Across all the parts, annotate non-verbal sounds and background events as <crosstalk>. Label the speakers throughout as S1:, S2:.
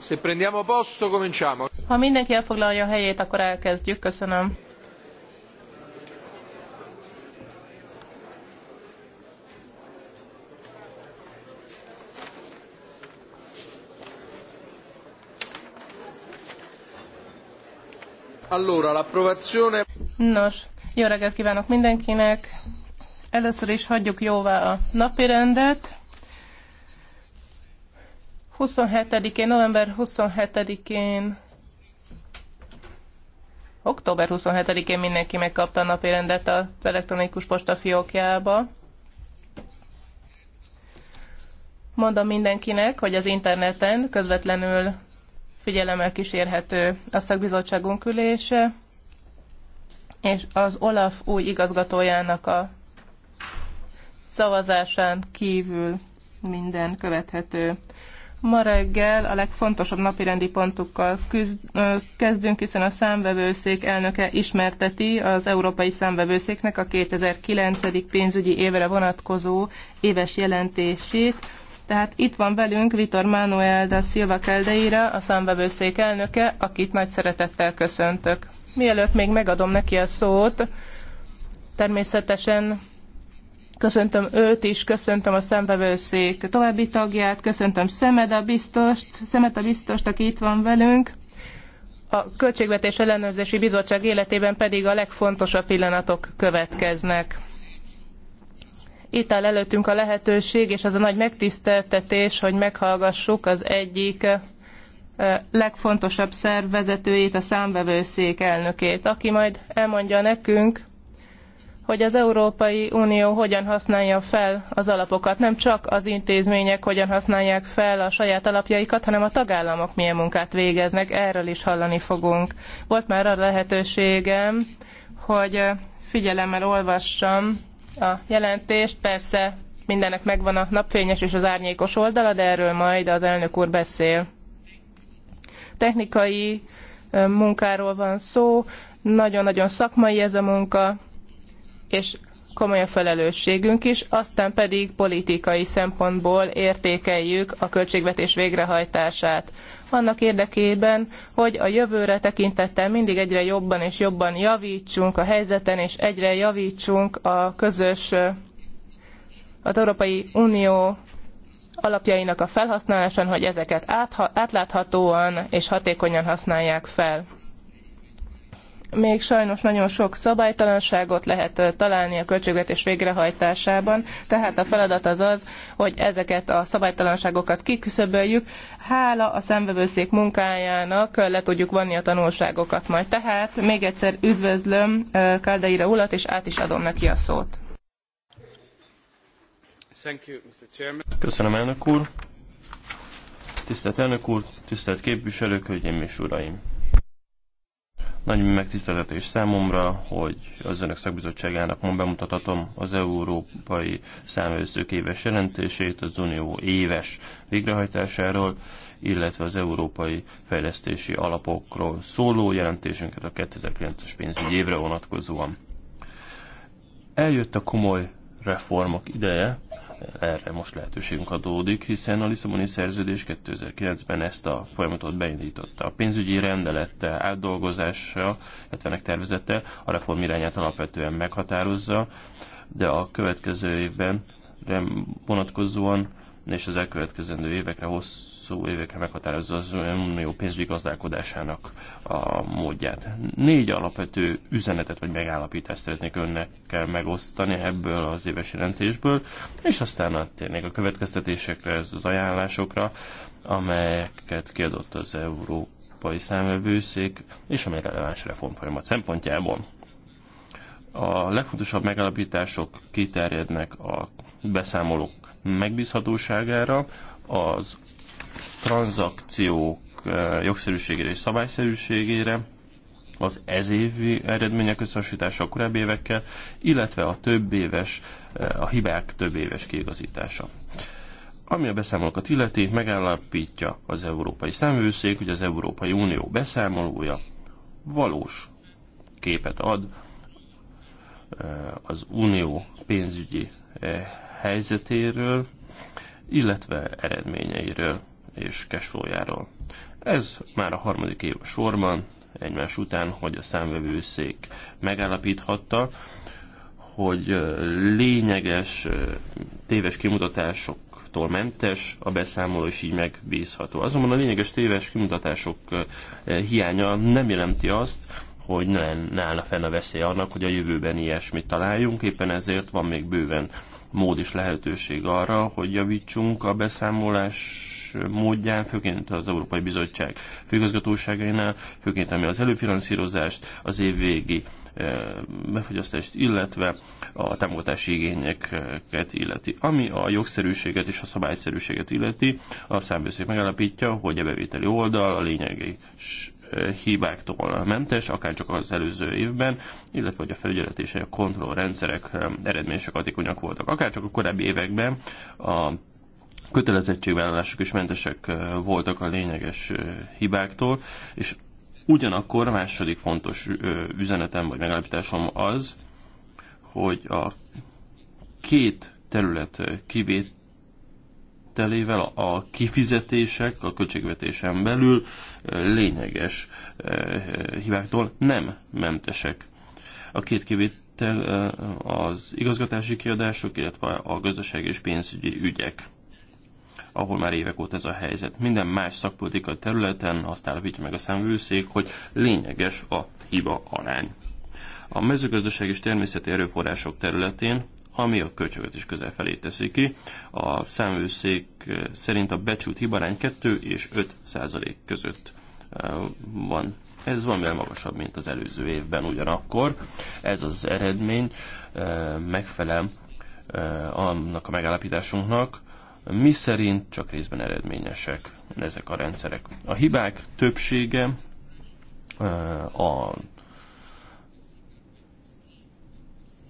S1: Se prendiamo posto, cominciamo.
S2: Ha mindenki elfoglalja a helyét, akkor elkezdjük. Köszönöm.
S1: Allora, l'approvazione...
S2: Nos, jó reggelt kívánok mindenkinek! Először is hagyjuk jóvá a napirendet. 27-én, november 27-én, október 27-én mindenki megkapta a napirendet az elektronikus posta fiókjába. Mondom mindenkinek, hogy az interneten közvetlenül figyelemmel kísérhető a szakbizottságunk ülése, és az Olaf új igazgatójának a szavazásán kívül minden követhető. Ma reggel a legfontosabb napirendi pontokkal küzd, kezdünk, hiszen a számvevőszék elnöke ismerteti az Európai Számvevőszéknek a 2009. pénzügyi évre vonatkozó éves jelentését. Tehát itt van velünk Vitor Manuel da Silva Keldeira, a számvevőszék elnöke, akit nagy szeretettel köszöntök. Mielőtt még megadom neki a szót, természetesen Köszöntöm őt is, köszöntöm a szembevőszék további tagját, köszöntöm a biztost, a biztost, aki itt van velünk. A Költségvetés Ellenőrzési Bizottság életében pedig a legfontosabb pillanatok következnek. Itt áll előttünk a lehetőség, és az a nagy megtiszteltetés, hogy meghallgassuk az egyik eh, legfontosabb szervezetőjét, a számvevőszék elnökét, aki majd elmondja nekünk, hogy az Európai Unió hogyan használja fel az alapokat. Nem csak az intézmények hogyan használják fel a saját alapjaikat, hanem a tagállamok milyen munkát végeznek. Erről is hallani fogunk. Volt már arra lehetőségem, hogy figyelemmel olvassam a jelentést. Persze mindennek megvan a napfényes és az árnyékos oldala, de erről majd az elnök úr beszél. Technikai munkáról van szó, nagyon-nagyon szakmai ez a munka, és komoly a felelősségünk is, aztán pedig politikai szempontból értékeljük a költségvetés végrehajtását. Annak érdekében, hogy a jövőre tekintettel mindig egyre jobban és jobban javítsunk a helyzeten, és egyre javítsunk a közös, az Európai Unió alapjainak a felhasználásán, hogy ezeket átláthatóan és hatékonyan használják fel még sajnos nagyon sok szabálytalanságot lehet találni a költségvetés végrehajtásában, tehát a feladat az az, hogy ezeket a szabálytalanságokat kiküszöböljük, hála a szemvevőszék munkájának le tudjuk vonni a tanulságokat majd. Tehát még egyszer üdvözlöm Kaldeira Ulat, és át is adom neki a szót.
S1: Köszönöm, elnök úr! Tisztelt elnök úr, tisztelt képviselők, hölgyeim és uraim! Nagy megtiszteltetés számomra, hogy az Önök szakbizottságának ma bemutathatom az Európai Számőszők éves jelentését, az Unió éves végrehajtásáról, illetve az Európai Fejlesztési Alapokról szóló jelentésünket a 2009-es pénzügyi évre vonatkozóan. Eljött a komoly reformok ideje, erre most lehetőségünk adódik, hiszen a Lisszaboni szerződés 2009-ben ezt a folyamatot beindította. A pénzügyi rendelet átdolgozása, illetve tervezete a reform irányát alapvetően meghatározza, de a következő évben vonatkozóan és az elkövetkezendő évekre hossz, hosszú évekre meghatározza az unió pénzügyi gazdálkodásának a módját. Négy alapvető üzenetet vagy megállapítást szeretnék önnekkel megosztani ebből az éves jelentésből, és aztán áttérnék a következtetésekre, az ajánlásokra, amelyeket kiadott az Európai Számvevőszék, és amely releváns reformfolyamat szempontjából. A legfontosabb megállapítások kiterjednek a beszámolók megbízhatóságára, az tranzakciók eh, jogszerűségére és szabályszerűségére, az ez évi eredmények összehasonlítása a korábbi évekkel, illetve a több éves, eh, a hibák több éves kiigazítása. Ami a beszámolókat illeti, megállapítja az Európai Számvőszék, hogy az Európai Unió beszámolója valós képet ad eh, az unió pénzügyi helyzetéről, illetve eredményeiről és cashflow-járól. Ez már a harmadik év sorban, egymás után, hogy a számvevőszék megállapíthatta, hogy lényeges téves kimutatások mentes, a beszámoló is így megbízható. Azonban a lényeges téves kimutatások hiánya nem jelenti azt, hogy ne állna fenn a veszély annak, hogy a jövőben ilyesmit találjunk, éppen ezért van még bőven mód és lehetőség arra, hogy javítsunk a beszámolás módján, főként az Európai Bizottság főgazgatóságainál, főként ami az előfinanszírozást, az évvégi eh, befogyasztást, illetve a támogatási igényeket illeti. Ami a jogszerűséget és a szabályszerűséget illeti, a számbőszék megállapítja, hogy a bevételi oldal a lényegi eh, hibáktól mentes, akár csak az előző évben, illetve hogy a felügyelet és a kontrollrendszerek eh, eredményesek hatékonyak voltak. Akár csak a korábbi években a kötelezettségvállalások is mentesek voltak a lényeges hibáktól, és ugyanakkor második fontos üzenetem vagy megállapításom az, hogy a két terület kivételével a kifizetések a költségvetésen belül lényeges hibáktól nem mentesek. A két kivétel az igazgatási kiadások, illetve a gazdaság és pénzügyi ügyek ahol már évek óta ez a helyzet. Minden más szakpolitikai területen azt állapítja meg a számvőszék, hogy lényeges a hiba arány. A mezőgazdaság és természeti erőforrások területén ami a költségvetés közel felé teszi ki. A számvőszék eh, szerint a becsült hibarány 2 és 5 százalék között eh, van. Ez valamivel magasabb, mint az előző évben ugyanakkor. Ez az eredmény eh, megfelel annak a megállapításunknak, mi szerint csak részben eredményesek ezek a rendszerek. A hibák többsége a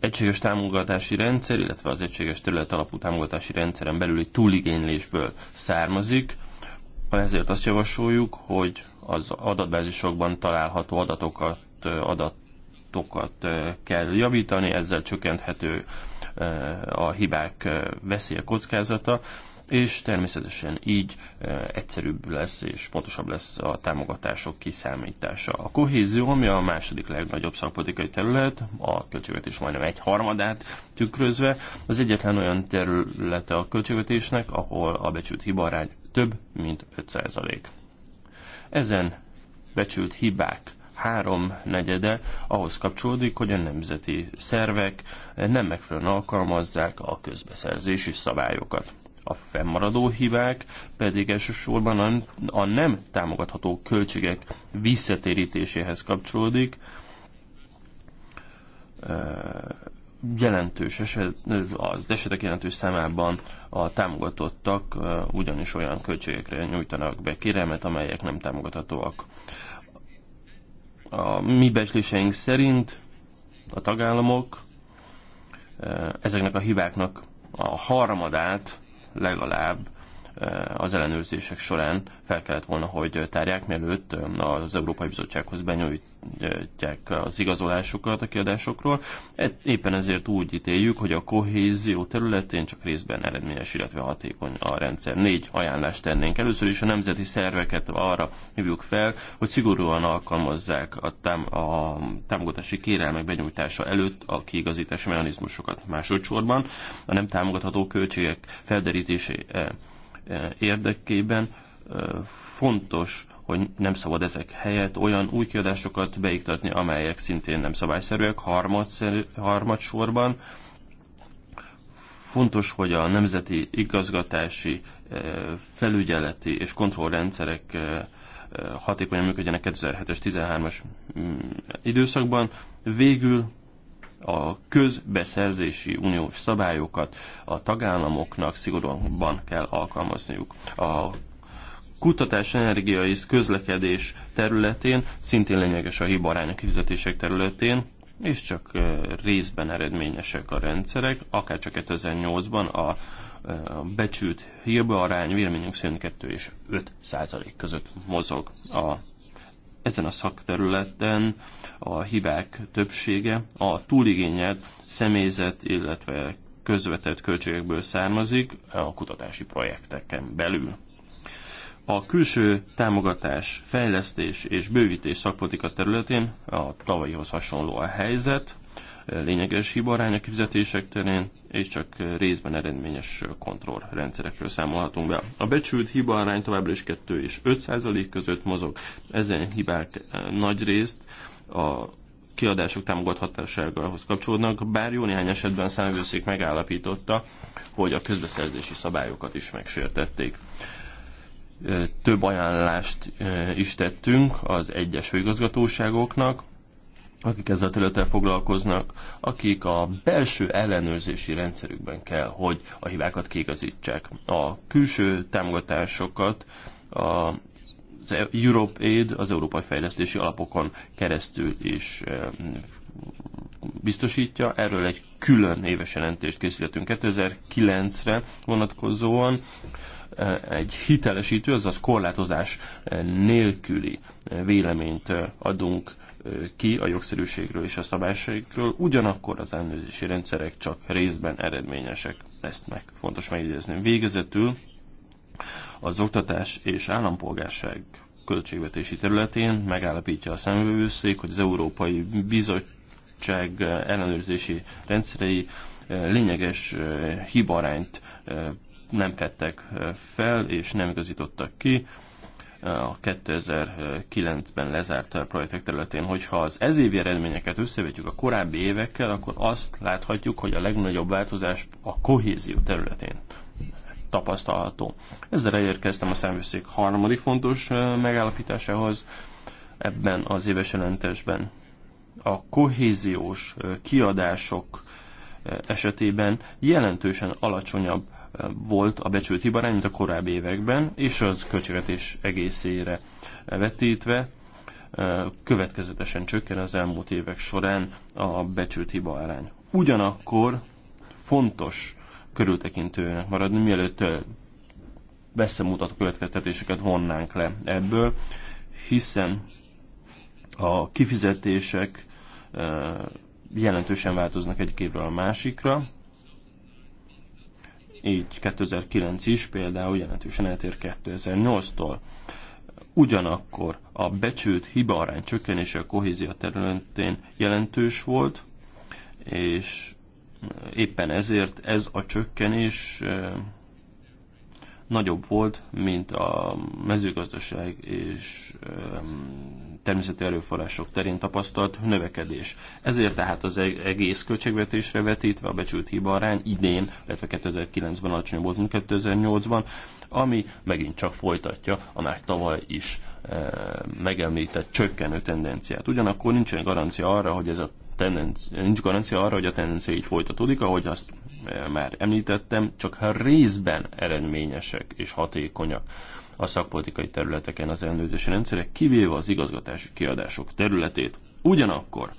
S1: egységes támogatási rendszer, illetve az egységes terület alapú támogatási rendszeren belüli túligénylésből származik. Ezért azt javasoljuk, hogy az adatbázisokban található adatokat, adatokat kell javítani, ezzel csökkenthető a hibák veszélye kockázata, és természetesen így egyszerűbb lesz és pontosabb lesz a támogatások kiszámítása. A kohézió, ami a második legnagyobb szakpolitikai terület, a költségvetés majdnem egy harmadát tükrözve, az egyetlen olyan területe a költségvetésnek, ahol a becsült hibarány több, mint 5%. Ezen becsült hibák három negyede ahhoz kapcsolódik, hogy a nemzeti szervek nem megfelelően alkalmazzák a közbeszerzési szabályokat. A fennmaradó hibák pedig elsősorban a nem támogatható költségek visszatérítéséhez kapcsolódik, jelentős eset, az esetek jelentős számában a támogatottak ugyanis olyan költségekre nyújtanak be kérelmet, amelyek nem támogathatóak. A mi becsléseink szerint a tagállamok eh, ezeknek a hibáknak a harmadát legalább Eh, az ellenőrzések során fel kellett volna, hogy tárják, mielőtt eh, az Európai Bizottsághoz benyújtják az igazolásukat a kiadásokról. Éppen ezért úgy ítéljük, hogy a kohézió területén csak részben eredményes, illetve hatékony a rendszer. Négy ajánlást tennénk. Először is a nemzeti szerveket arra hívjuk fel, hogy szigorúan alkalmazzák a, tám- a támogatási kérelmek benyújtása előtt a kiigazítási mechanizmusokat. Másodszorban a nem támogatható költségek felderítése eh, Eh, érdekében eh, fontos, hogy nem szabad ezek helyett olyan új kiadásokat beiktatni, amelyek szintén nem szabályszerűek. Harmadsorban fontos, hogy a nemzeti igazgatási, eh, felügyeleti és kontrollrendszerek hatékonyan működjenek 2007-es 13-as mm, időszakban. Végül a közbeszerzési uniós szabályokat a tagállamoknak szigorúan kell alkalmazniuk. A kutatás, energia és közlekedés területén szintén lényeges a hibarány a kifizetések területén, és csak részben eredményesek a rendszerek, akár csak 2008-ban a becsült hiba arány véleményünk szerint 2 és 5 százalék között mozog. A ezen a szakterületen a hibák többsége a túligényelt személyzet, illetve közvetett költségekből származik a kutatási projekteken belül. A külső támogatás, fejlesztés és bővítés szakpolitika területén a tavalyihoz hasonló a helyzet lényeges hibarány a kifizetések terén, és csak részben eredményes kontrollrendszerekről számolhatunk be. A becsült hibarány továbbra is 2 és 5 százalék között mozog. Ezen hibák eh, nagy részt a kiadások támogathatóságához kapcsolódnak, bár jó néhány esetben a számvőszék megállapította, hogy a közbeszerzési szabályokat is megsértették eh, több ajánlást eh, is tettünk az egyes főigazgatóságoknak, akik ezzel a területtel foglalkoznak, akik a belső ellenőrzési rendszerükben kell, hogy a hibákat kiigazítsák. A külső támogatásokat a az Europe Aid az Európai Fejlesztési Alapokon keresztül is eh, biztosítja. Erről egy külön éves jelentést készítettünk 2009-re vonatkozóan. Eh, egy hitelesítő, azaz korlátozás eh, nélküli véleményt adunk ki a jogszerűségről és a szabásaikról, ugyanakkor az ellenőrzési rendszerek csak részben eredményesek. Ezt meg fontos megjegyezni. Végezetül az oktatás és állampolgárság költségvetési területén megállapítja a szemvevőszék, hogy az Európai Bizottság ellenőrzési rendszerei eh, lényeges eh, hibarányt eh, nem tettek fel és nem igazítottak ki a 2009-ben lezárt projektek területén, hogyha az ez évi eredményeket összevetjük a korábbi évekkel, akkor azt láthatjuk, hogy a legnagyobb változás a kohézió területén tapasztalható. Ezzel elérkeztem a számvőszék harmadik fontos megállapításához ebben az éves jelentésben. A kohéziós kiadások esetében jelentősen alacsonyabb volt a becsült hibarány, mint a korábbi években, és az költségvetés egészére vetítve következetesen csökken az elmúlt évek során a becsült hiba Ugyanakkor fontos körültekintőnek maradni, mielőtt veszemutató következtetéseket vonnánk le ebből, hiszen a kifizetések jelentősen változnak egyik évről a másikra, így 2009 is például jelentősen eltér 2008-tól. Ugyanakkor a becsült arány csökkenése a kohézió területén jelentős volt, és éppen ezért ez a csökkenés eh, nagyobb volt, mint a mezőgazdaság és természeti erőforrások terén tapasztalt növekedés. Ezért tehát az e-, egész költségvetésre vetítve a becsült hiba arány idén, illetve 2009-ben alacsonyabb volt, mint 2008-ban, ami megint csak folytatja a már tavaly is megemlített csökkenő tendenciát. Ugyanakkor nincsen garancia arra, hogy ez a tendenci- nincs garancia arra, hogy a tendencia így folytatódik, ahogy azt már említettem, csak ha részben eredményesek és hatékonyak a szakpolitikai területeken az ellenőrzési rendszerek, kivéve az igazgatási kiadások területét. Ugyanakkor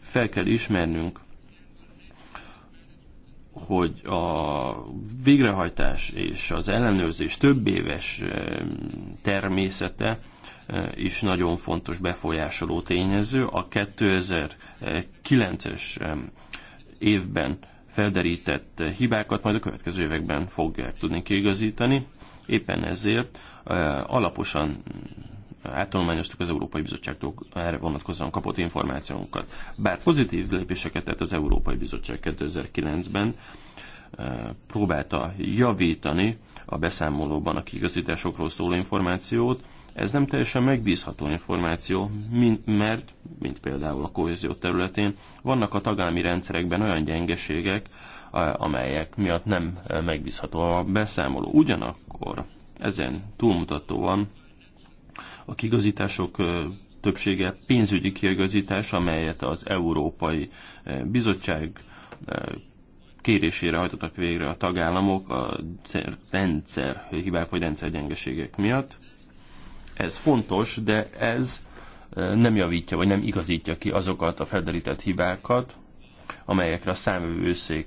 S1: fel kell ismernünk, hogy a végrehajtás és az ellenőrzés több éves eh, természete eh, is nagyon fontos befolyásoló tényező. A 2009-es eh, évben felderített hibákat majd a következő években fogják tudni kiigazítani. Éppen ezért alaposan áttanulmányoztuk az Európai Bizottságtól erre vonatkozóan kapott információnkat. Bár pozitív lépéseket tett az Európai Bizottság 2009-ben, próbálta javítani a beszámolóban a kiigazításokról szóló információt, ez nem teljesen megbízható információ, mint, mert, mint például a kohézió területén, vannak a tagállami rendszerekben olyan gyengeségek, amelyek miatt nem e, megbízható a beszámoló. Ugyanakkor ezen túlmutatóan a kigazítások e, többsége pénzügyi kiigazítás, amelyet az Európai e, Bizottság kérésére hajtottak végre a tagállamok a rendszer hibák vagy rendszergyengeségek miatt. Ez fontos, de ez nem javítja, vagy nem igazítja ki azokat a felderített hibákat, amelyekre a számvevőszék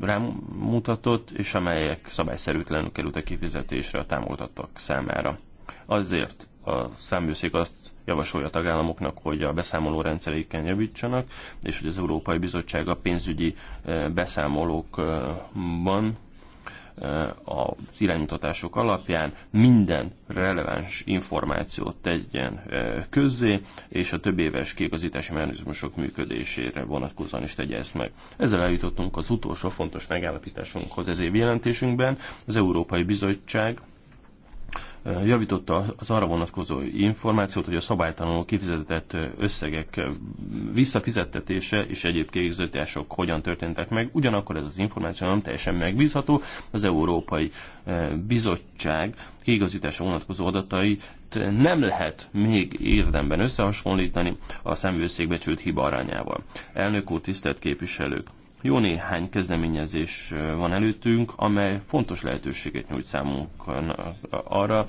S1: rámutatott, és amelyek szabályszerűtlenül kerültek kifizetésre a támogatottak számára. Azért a számvőszék azt javasolja a tagállamoknak, hogy a beszámoló rendszereiken javítsanak, és hogy az Európai Bizottság a pénzügyi beszámolókban az iránymutatások alapján minden releváns információt tegyen közzé, és a több éves kiigazítási mechanizmusok működésére vonatkozóan is tegye ezt meg. Ezzel eljutottunk az utolsó fontos megállapításunkhoz ez év jelentésünkben. Az Európai Bizottság javította az arra vonatkozó információt, hogy a szabálytalanul kifizetett összegek visszafizettetése és egyéb kiegzőtások hogyan történtek meg. Ugyanakkor ez az információ nem teljesen megbízható. Az Európai eh, Bizottság kiigazítása vonatkozó adatai nem lehet még érdemben összehasonlítani a szemvőszék becsült hiba arányával. Elnök úr, tisztelt képviselők! Jó néhány kezdeményezés van előttünk, amely fontos lehetőséget nyújt számunkra arra,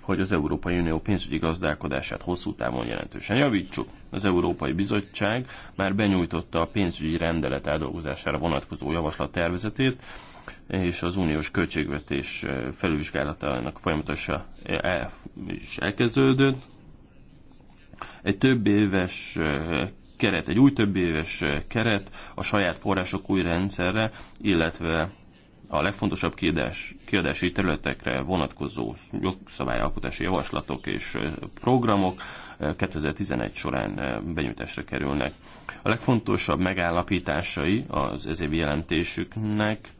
S1: hogy az Európai Unió pénzügyi gazdálkodását hosszú távon jelentősen javítsuk. Az Európai Bizottság már benyújtotta a pénzügyi rendelet eldolgozására vonatkozó javaslat tervezetét, és az uniós költségvetés felülvizsgálatának folyamatosan el, is elkezdődött. Egy több éves keret, egy új több éves eh, keret a saját források új rendszerre, illetve a legfontosabb kiadás, kiadási területekre vonatkozó jogszabályalkotási javaslatok és eh, programok 2011 eh, során benyújtásra kerülnek. A legfontosabb megállapításai az ezévi jelentésüknek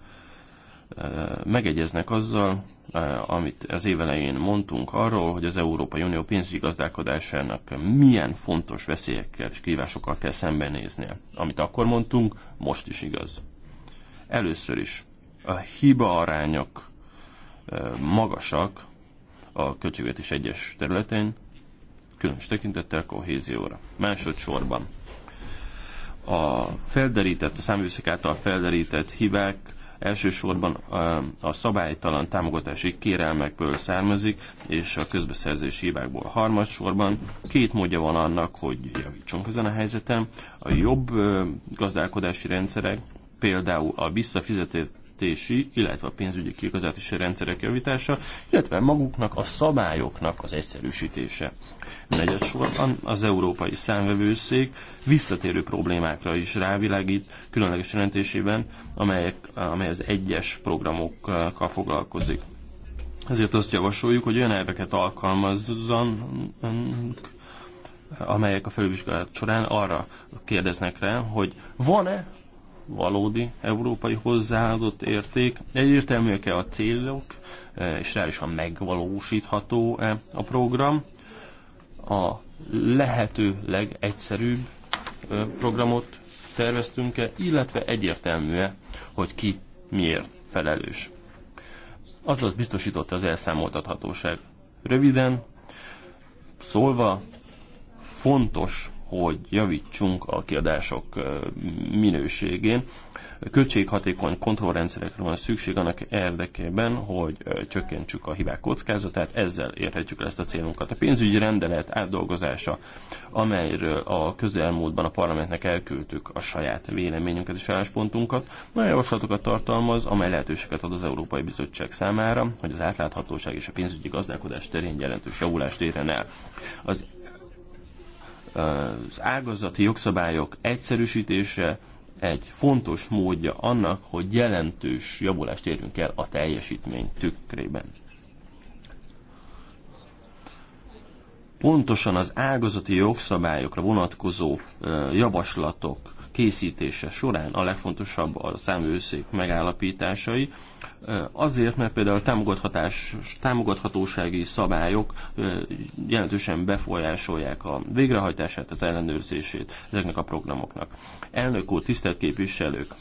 S1: megegyeznek azzal, Eh, amit az év elején mondtunk arról, hogy az Európai Unió pénzügyi gazdálkodásának milyen fontos veszélyekkel és kívásokkal kell szembenéznie. Amit akkor mondtunk, most is igaz. Először is a hiba arányok eh, magasak a költségvetés egyes területén, különös tekintettel kohézióra. Másodszorban a felderített, a számvőszék által felderített hibák Elsősorban a szabálytalan támogatási kérelmekből származik, és a közbeszerzési hibákból harmadsorban. Két módja van annak, hogy javítsunk ezen a helyzeten. A jobb gazdálkodási rendszerek, például a visszafizetett költségvetési, illetve a pénzügyi kiigazítási rendszerek javítása, illetve maguknak a szabályoknak az egyszerűsítése. Negyedsorban az Európai Számvevőszék visszatérő problémákra is rávilágít különleges jelentésében, amelyek, amely az egyes programokkal foglalkozik. Ezért azt javasoljuk, hogy olyan elveket alkalmazzanak, amelyek a felülvizsgálat során arra kérdeznek rá, hogy van-e valódi európai hozzáadott érték. Egyértelműek-e a célok, e, és reálisan megvalósítható-e a program? A lehető legegyszerűbb e, programot terveztünk-e, illetve egyértelmű-e, hogy ki miért felelős. Azaz biztosította az elszámoltathatóság. Röviden szólva, fontos hogy javítsunk a kiadások minőségén. Költséghatékony kontrollrendszerekre van szükség annak érdekében, hogy csökkentsük a hibák kockázatát, ezzel érhetjük el ezt a célunkat. A pénzügyi rendelet átdolgozása, amelyről a közelmúltban a parlamentnek elküldtük a saját véleményünket és álláspontunkat, olyan javaslatokat tartalmaz, amely lehetőséget ad az Európai Bizottság számára, hogy az átláthatóság és a pénzügyi gazdálkodás terén jelentős javulást érjen el. Az az ágazati jogszabályok egyszerűsítése egy fontos módja annak, hogy jelentős javulást érjünk el a teljesítmény tükrében. Pontosan az ágazati jogszabályokra vonatkozó javaslatok készítése során a legfontosabb a számőszék megállapításai, Azért, mert például a támogathatás, támogathatósági szabályok jelentősen befolyásolják a végrehajtását, az ellenőrzését ezeknek a programoknak. Elnök úr, tisztelt képviselők!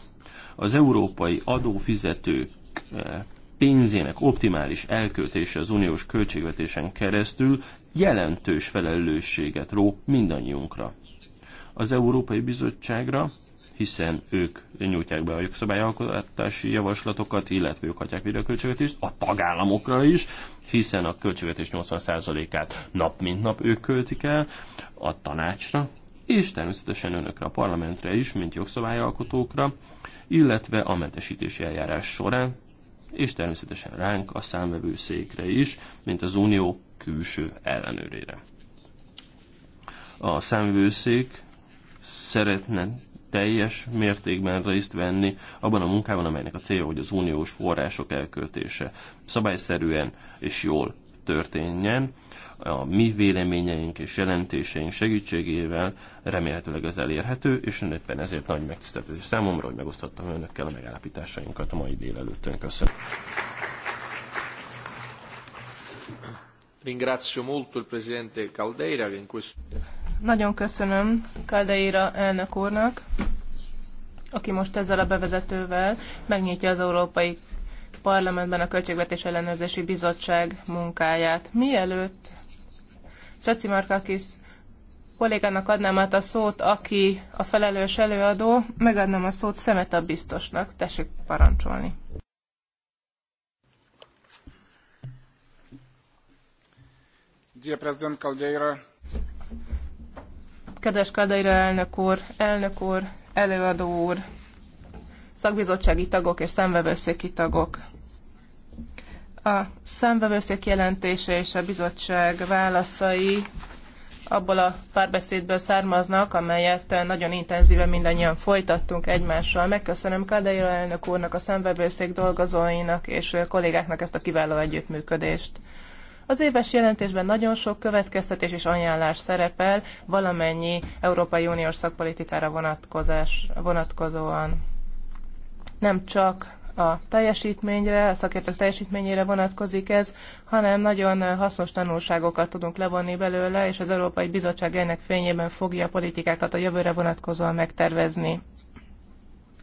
S1: Az európai adófizetők pénzének optimális elköltése az uniós költségvetésen keresztül jelentős felelősséget ró mindannyiunkra. Az Európai Bizottságra, hiszen ők nyújtják be a jogszabályalkotási javaslatokat, illetve ők hagyják végre a költségvetést, a tagállamokra is, hiszen a költségvetés 80%-át nap mint nap ők költik el a tanácsra, és természetesen önökre, a parlamentre is, mint jogszabályalkotókra, illetve a mentesítési eljárás során, és természetesen ránk a számvevőszékre is, mint az unió külső ellenőrére. A szék szeretne teljes mértékben részt venni abban a munkában, amelynek a célja, hogy az uniós források elköltése szabályszerűen és jól történjen. A mi véleményeink és jelentéseink segítségével remélhetőleg ez elérhető, és éppen ezért nagy megtiszteltetés számomra, hogy megosztottam önökkel a megállapításainkat a mai délelőttön. Köszönöm. Ringrazio molto il presidente Caldeira che in questo
S2: nagyon köszönöm Kaldeira elnök úrnak, aki most ezzel a bevezetővel megnyitja az Európai Parlamentben a Költségvetés Ellenőrzési Bizottság munkáját. Mielőtt Csaci Markakis kollégának adnám át a szót, aki a felelős előadó, megadnám a szót szemet a biztosnak. Tessék parancsolni.
S1: Dear President Caldeira,
S2: Kedves Kadaira elnök úr, elnök úr, előadó úr, szakbizottsági tagok és szemvevőszéki tagok. A szemvevőszék jelentése és a bizottság válaszai abból a párbeszédből származnak, amelyet nagyon intenzíven mindannyian folytattunk egymással. Megköszönöm Kadeira elnök úrnak, a szemvevőszék dolgozóinak és kollégáknak ezt a kiváló együttműködést. Az éves jelentésben nagyon sok következtetés és ajánlás szerepel valamennyi Európai Uniós szakpolitikára vonatkozás, vonatkozóan. Nem csak a teljesítményre, a szakértők teljesítményére vonatkozik ez, hanem nagyon hasznos tanulságokat tudunk levonni belőle, és az Európai Bizottság ennek fényében fogja a politikákat a jövőre vonatkozóan megtervezni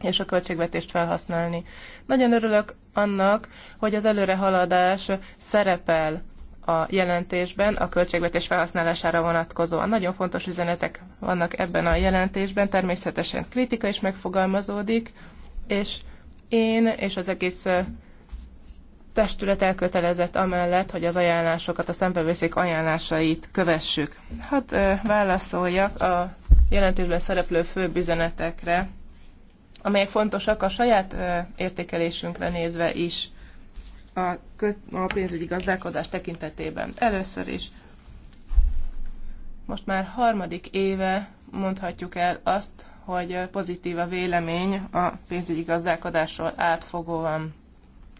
S2: és a költségvetést felhasználni. Nagyon örülök annak, hogy az előrehaladás szerepel a jelentésben a költségvetés felhasználására vonatkozóan. Nagyon fontos üzenetek vannak ebben a jelentésben, természetesen kritika is megfogalmazódik, és én és az egész testület elkötelezett amellett, hogy az ajánlásokat, a szembevőszék ajánlásait kövessük. Hát válaszoljak a jelentésben szereplő főbb üzenetekre, amelyek fontosak a saját értékelésünkre nézve is a, köt, a pénzügyi gazdálkodás tekintetében. Először is most már harmadik éve mondhatjuk el azt, hogy pozitív a vélemény a pénzügyi gazdálkodásról átfogóan.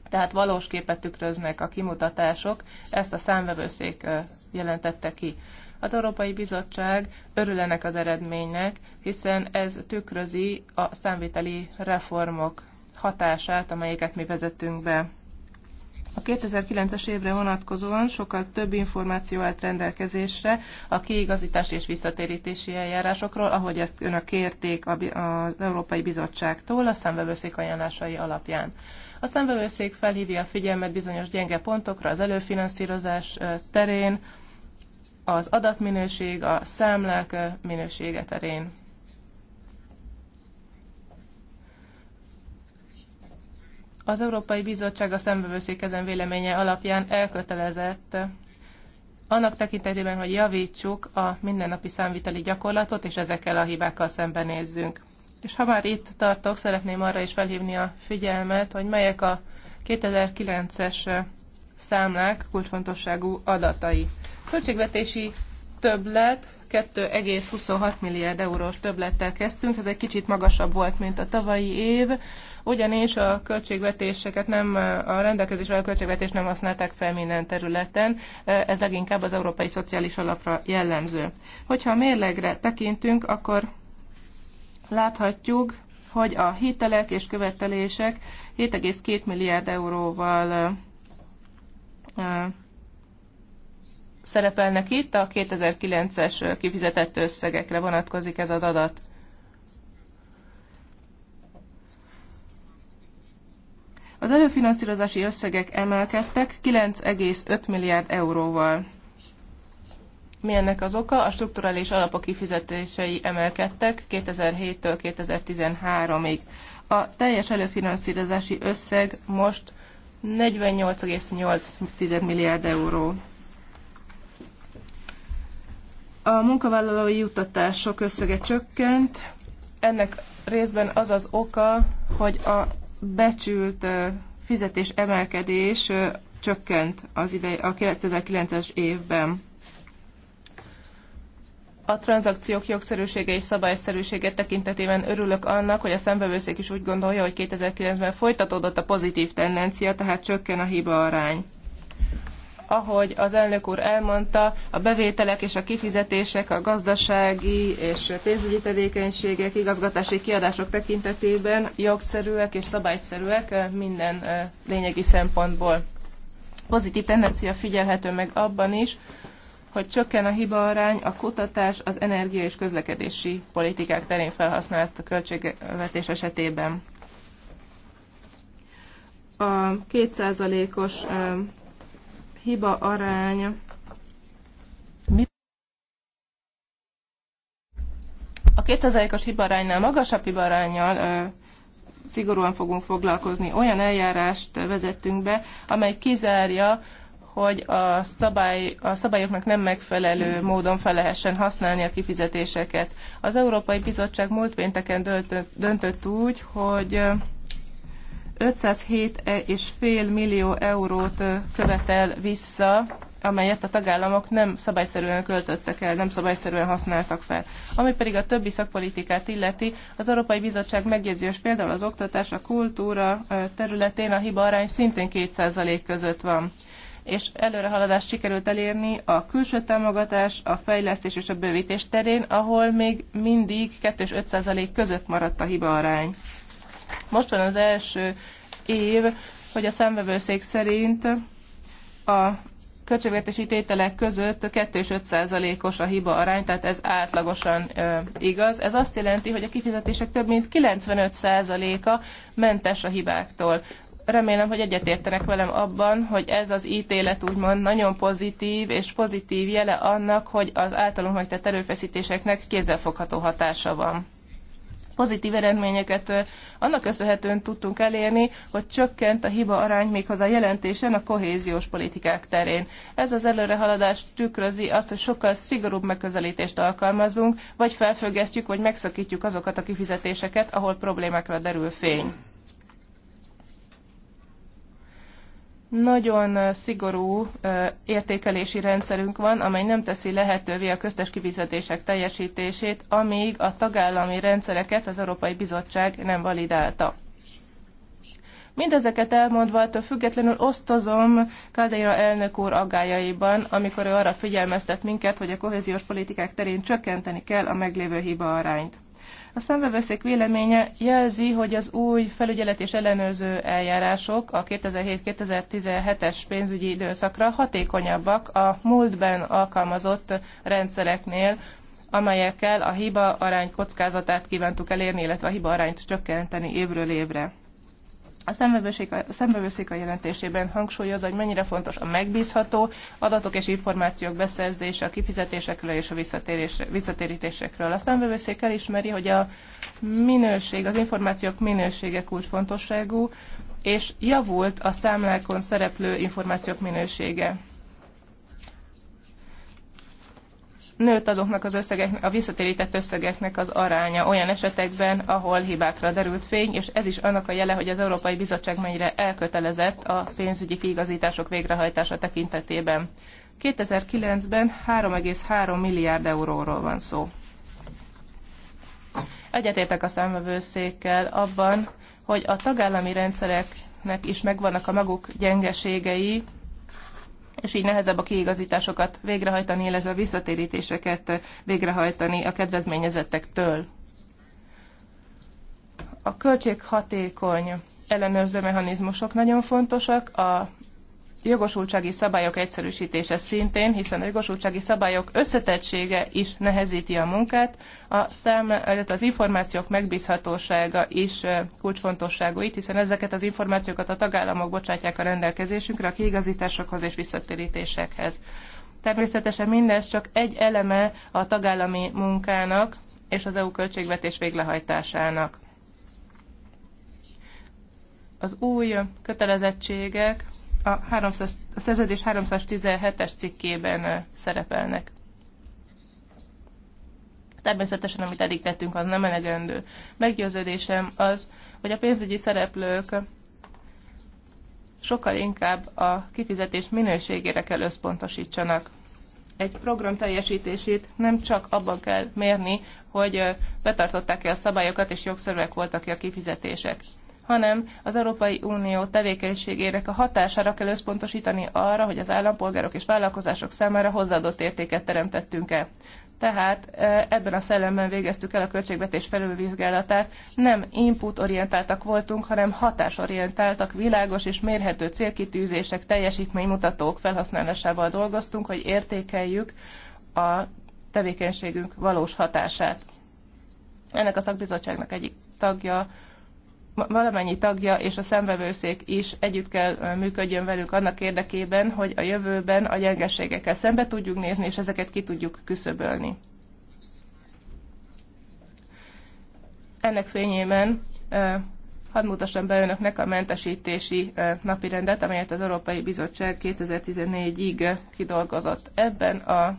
S2: Tehát valós képet tükröznek a kimutatások, ezt a számvevőszék jelentette ki. Az Európai Bizottság örülenek az eredménynek, hiszen ez tükrözi a számviteli reformok hatását, amelyeket mi vezetünk be. A 2009-es évre vonatkozóan sokkal több információ állt rendelkezésre a kiigazítási és visszatérítési eljárásokról, ahogy ezt önök kérték az Európai Bizottságtól a szemvevőszék ajánlásai alapján. A szemvevőszék felhívja a figyelmet bizonyos gyenge pontokra az előfinanszírozás terén, az adatminőség, a számlák minősége terén. Az Európai Bizottság a szembevőszék ezen véleménye alapján elkötelezett annak tekintetében, hogy javítsuk a mindennapi számviteli gyakorlatot, és ezekkel a hibákkal szembenézzünk. És ha már itt tartok, szeretném arra is felhívni a figyelmet, hogy melyek a 2009-es számlák kulcsfontosságú adatai. Költségvetési többlet 2,26 milliárd eurós többlettel kezdtünk, ez egy kicsit magasabb volt, mint a tavalyi év, ugyanis a költségvetéseket nem, a rendelkezésre a költségvetést nem használták fel minden területen, ez leginkább az Európai Szociális Alapra jellemző. Hogyha a mérlegre tekintünk, akkor láthatjuk, hogy a hitelek és követelések 7,2 milliárd euróval szerepelnek itt, a 2009-es kifizetett összegekre vonatkozik ez az adat. Az előfinanszírozási összegek emelkedtek 9,5 milliárd euróval. Mi ennek az oka? A strukturális alapok kifizetései emelkedtek 2007-től 2013-ig. A teljes előfinanszírozási összeg most 48,8 milliárd euró. A munkavállalói juttatások összege csökkent. Ennek részben az az oka, hogy a becsült fizetés emelkedés csökkent az idei, a 2009-es évben. A tranzakciók jogszerűsége és szabályszerűsége tekintetében örülök annak, hogy a szembevőszék is úgy gondolja, hogy 2009-ben folytatódott a pozitív tendencia, tehát csökken a hiba arány ahogy az elnök úr elmondta, a bevételek és a kifizetések a gazdasági és pénzügyi tevékenységek, igazgatási kiadások tekintetében jogszerűek és szabályszerűek minden lényegi szempontból. Pozitív tendencia figyelhető meg abban is, hogy csökken a hibaarány a kutatás, az energia és közlekedési politikák terén felhasznált költségvetés esetében a kétszázalékos hiba aránya. A 2000-os hibaránynál magasabb hibarányjal ö, szigorúan fogunk foglalkozni. Olyan eljárást vezettünk be, amely kizárja, hogy a, szabály, a szabályoknak nem megfelelő módon fel lehessen használni a kifizetéseket. Az Európai Bizottság múlt pénteken döntött, döntött úgy, hogy 507,5 millió eurót követel vissza, amelyet a tagállamok nem szabályszerűen költöttek el, nem szabályszerűen használtak fel. Ami pedig a többi szakpolitikát illeti, az Európai Bizottság megjegyzi, hogy például az oktatás, a kultúra területén a hiba arány szintén 2% között van és előrehaladást sikerült elérni a külső támogatás, a fejlesztés és a bővítés terén, ahol még mindig 2 5 között maradt a hiba arány. Most van az első év, hogy a szemvevőszék szerint a költségvetési tételek között 2 5 os a hiba arány, tehát ez átlagosan ö, igaz. Ez azt jelenti, hogy a kifizetések több mint 95 a mentes a hibáktól. Remélem, hogy egyetértenek velem abban, hogy ez az ítélet úgymond nagyon pozitív, és pozitív jele annak, hogy az általunk megtett erőfeszítéseknek kézzelfogható hatása van pozitív eredményeket annak köszönhetően tudtunk elérni, hogy csökkent a hiba arány méghozzá jelentésen a kohéziós politikák terén. Ez az előrehaladás tükrözi azt, hogy sokkal szigorúbb megközelítést alkalmazunk, vagy felfüggesztjük, vagy megszakítjuk azokat a kifizetéseket, ahol problémákra derül fény. nagyon szigorú értékelési rendszerünk van, amely nem teszi lehetővé a köztes kifizetések teljesítését, amíg a tagállami rendszereket az Európai Bizottság nem validálta. Mindezeket elmondva, attól függetlenül osztozom Kaldeira elnök úr aggájaiban, amikor ő arra figyelmeztet minket, hogy a kohéziós politikák terén csökkenteni kell a meglévő hiba arányt. A számvevőszék véleménye jelzi, hogy az új felügyelet és ellenőrző eljárások a 2007-2017-es pénzügyi időszakra hatékonyabbak a múltban alkalmazott rendszereknél, amelyekkel a hiba arány kockázatát kívántuk elérni, illetve a hiba arányt csökkenteni évről évre. A szembevőszék a, jelentésében hangsúlyozza, hogy mennyire fontos a megbízható adatok és információk beszerzése a kifizetésekről és a visszatérítésekről. A szembevőszék elismeri, hogy a minőség, az információk minősége kulcsfontosságú, és javult a számlákon szereplő információk minősége. nőtt azoknak az összegeknek, a visszatérített összegeknek az aránya olyan esetekben, ahol hibákra derült fény, és ez is annak a jele, hogy az Európai Bizottság mennyire elkötelezett a pénzügyi kiigazítások végrehajtása tekintetében. 2009-ben 3,3 milliárd euróról van szó. Egyetértek a számvevőszékkel abban, hogy a tagállami rendszereknek is megvannak a maguk gyengeségei, és így nehezebb a kiigazításokat végrehajtani, illetve a visszatérítéseket végrehajtani a kedvezményezettektől. A költséghatékony ellenőrző mechanizmusok nagyon fontosak, a jogosultsági szabályok egyszerűsítése szintén, hiszen a jogosultsági szabályok összetettsége is nehezíti a munkát, a szám, illetve az információk megbízhatósága is kulcsfontosságú itt, hiszen ezeket az információkat a tagállamok bocsátják a rendelkezésünkre a kiigazításokhoz és visszatérítésekhez. Természetesen mindez csak egy eleme a tagállami munkának és az EU költségvetés véglehajtásának. Az új kötelezettségek a, 300, a szerződés 317-es cikkében szerepelnek. Természetesen, amit eddig tettünk, az nem elegendő. Meggyőződésem az, hogy a pénzügyi szereplők sokkal inkább a kifizetés minőségére kell összpontosítsanak. Egy program teljesítését nem csak abban kell mérni, hogy betartották-e a szabályokat és jogszerűek voltak-e a kifizetések hanem az Európai Unió tevékenységének a hatására kell összpontosítani arra, hogy az állampolgárok és vállalkozások számára hozzáadott értéket teremtettünk-e. Tehát e, ebben a szellemben végeztük el a költségvetés felülvizsgálatát. Nem input-orientáltak voltunk, hanem hatásorientáltak, világos és mérhető célkitűzések, teljesítménymutatók felhasználásával dolgoztunk, hogy értékeljük a tevékenységünk valós hatását. Ennek a szakbizottságnak egyik tagja valamennyi tagja és a szembevőszék is együtt kell működjön velük annak érdekében, hogy a jövőben a gyengeségekkel szembe tudjuk nézni, és ezeket ki tudjuk küszöbölni. Ennek fényében hadd mutassam be önöknek a mentesítési napirendet, amelyet az Európai Bizottság 2014-ig kidolgozott. Ebben a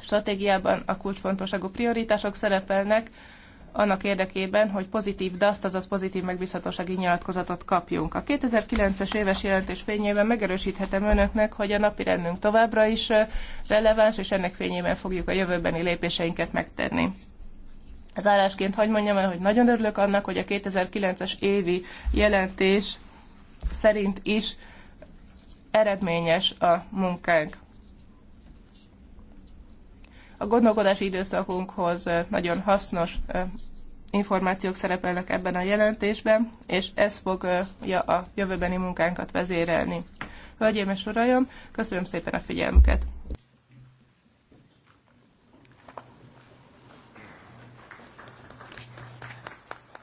S2: stratégiában a kulcsfontosságú prioritások szerepelnek, annak érdekében, hogy pozitív DASZT, azaz pozitív megbízhatósági nyilatkozatot kapjunk. A 2009-es éves jelentés fényében megerősíthetem önöknek, hogy a napi rendünk továbbra is releváns, és ennek fényében fogjuk a jövőbeni lépéseinket megtenni. állásként hagyd mondjam el, hogy nagyon örülök annak, hogy a 2009-es évi jelentés szerint is eredményes a munkánk. A gondolkodási időszakunkhoz nagyon hasznos információk szerepelnek ebben a jelentésben, és ez fogja a jövőbeni munkánkat vezérelni. Hölgyeim és uraim, köszönöm szépen a figyelmüket!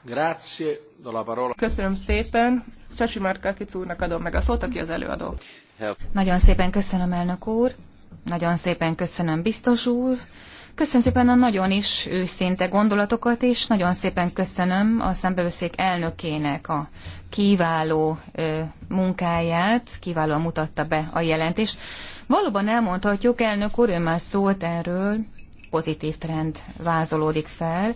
S2: Grazie, do la parola. Köszönöm szépen. Csacsi Márkákic úrnak adom meg a szót, aki az előadó.
S3: Nagyon szépen köszönöm, elnök úr. Nagyon szépen köszönöm, biztos úr. Köszönöm szépen a nagyon is őszinte gondolatokat, és nagyon szépen köszönöm a szembevőszék elnökének a kiváló munkáját, kiválóan mutatta be a jelentést. Valóban elmondhatjuk, elnök úr, ő már szólt erről, pozitív trend vázolódik fel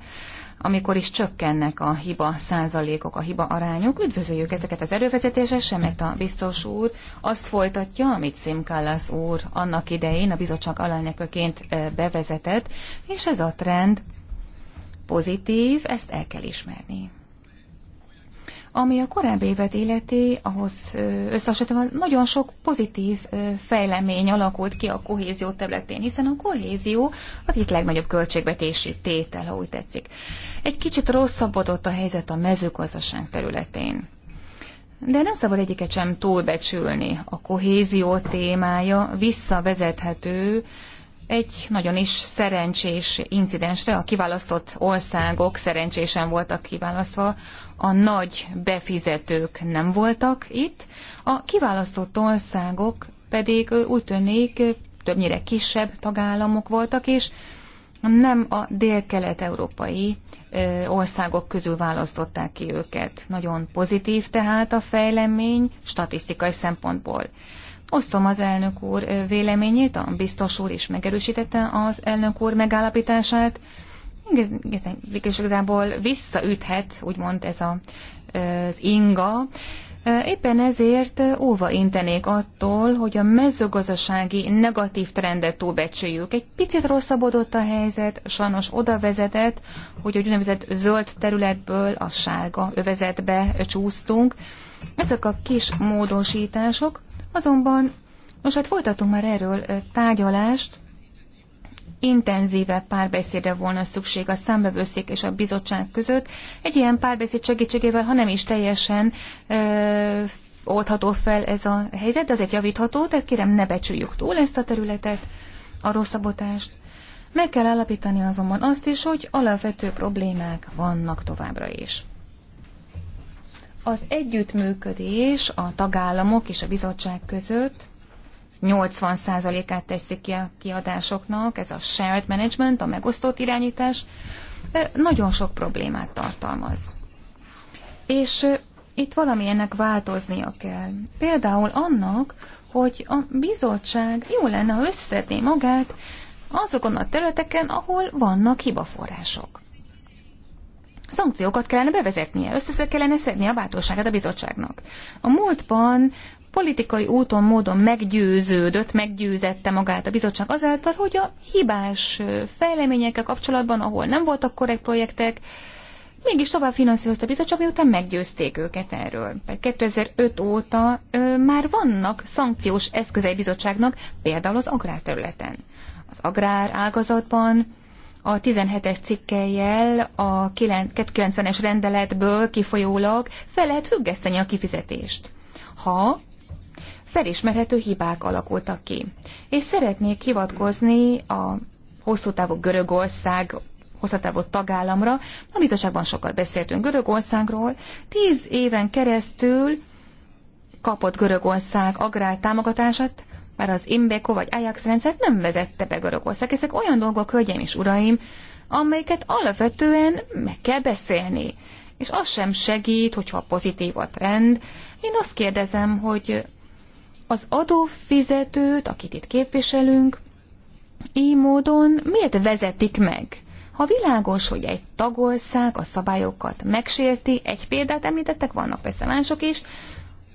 S3: amikor is csökkennek a hiba százalékok, a hiba arányok. Üdvözöljük ezeket az erővezetésesemet a biztos úr. Azt folytatja, amit Simkallas úr annak idején a bizottság alelnököként bevezetett, és ez a trend pozitív, ezt el kell ismerni. Ami a korábbi évet illeti, ahhoz összehasonlítva nagyon sok pozitív fejlemény alakult ki a kohézió területén, hiszen a kohézió az egyik legnagyobb költségvetési tétel, ha úgy tetszik. Egy kicsit rosszabbodott a helyzet a mezőgazdaság területén. De nem szabad egyiket sem túlbecsülni. A kohézió témája visszavezethető egy nagyon is szerencsés incidensre. A kiválasztott országok szerencsésen voltak kiválasztva a nagy befizetők nem voltak itt, a kiválasztott országok pedig úgy tűnik többnyire kisebb tagállamok voltak, és nem a dél-kelet-európai országok közül választották ki őket. Nagyon pozitív tehát a fejlemény statisztikai szempontból. Osztom az elnök úr véleményét, a biztos úr is megerősítette az elnök úr megállapítását. Végülis igazából visszaüthet, úgymond ez a, az inga. Éppen ezért óva intenék attól, hogy a mezőgazdasági negatív trendet túlbecsüljük. Egy picit rosszabbodott a helyzet, sajnos oda vezetett, hogy a úgynevezett zöld területből a sárga övezetbe csúsztunk. Ezek a kis módosítások, azonban most hát folytatunk már erről tárgyalást, intenzívebb párbeszédre volna szükség a számbevőszék és a bizottság között. Egy ilyen párbeszéd segítségével, ha nem is teljesen ö, oldható fel ez a helyzet, de azért javítható, tehát kérem ne becsüljük túl ezt a területet, a rosszabotást. Meg kell állapítani azonban azt is, hogy alapvető problémák vannak továbbra is. Az együttműködés a tagállamok és a bizottság között 80%-át teszik ki a kiadásoknak, ez a shared management, a megosztott irányítás, nagyon sok problémát tartalmaz. És itt ennek változnia kell. Például annak, hogy a bizottság jó lenne, ha összedné magát azokon a területeken, ahol vannak hibaforrások. Szankciókat kellene bevezetnie, össze kellene szedni a bátorságát a bizottságnak. A múltban politikai úton, módon meggyőződött, meggyőzette magát a bizottság azáltal, hogy a hibás fejleményekkel kapcsolatban, ahol nem voltak korrekt projektek, mégis tovább finanszírozta a bizottság, miután meggyőzték őket erről. 2005 óta ö, már vannak szankciós eszközei bizottságnak, például az agrárterületen. Az agrár ágazatban a 17-es cikkelyel a 90-es rendeletből kifolyólag fel lehet függeszteni a kifizetést. Ha felismerhető hibák alakultak ki. És szeretnék hivatkozni a hosszú távú Görögország hosszú távú tagállamra. A bizottságban sokat beszéltünk Görögországról. Tíz éven keresztül kapott Görögország agrártámogatását, mert az Imbeko vagy Ajax rendszert nem vezette be Görögország. Ezek olyan dolgok, hölgyeim és uraim, amelyeket alapvetően meg kell beszélni. És az sem segít, hogyha pozitív a trend. Én azt kérdezem, hogy az adófizetőt, akit itt képviselünk, így módon miért vezetik meg? Ha világos, hogy egy tagország a szabályokat megsérti, egy példát említettek, vannak persze mások is,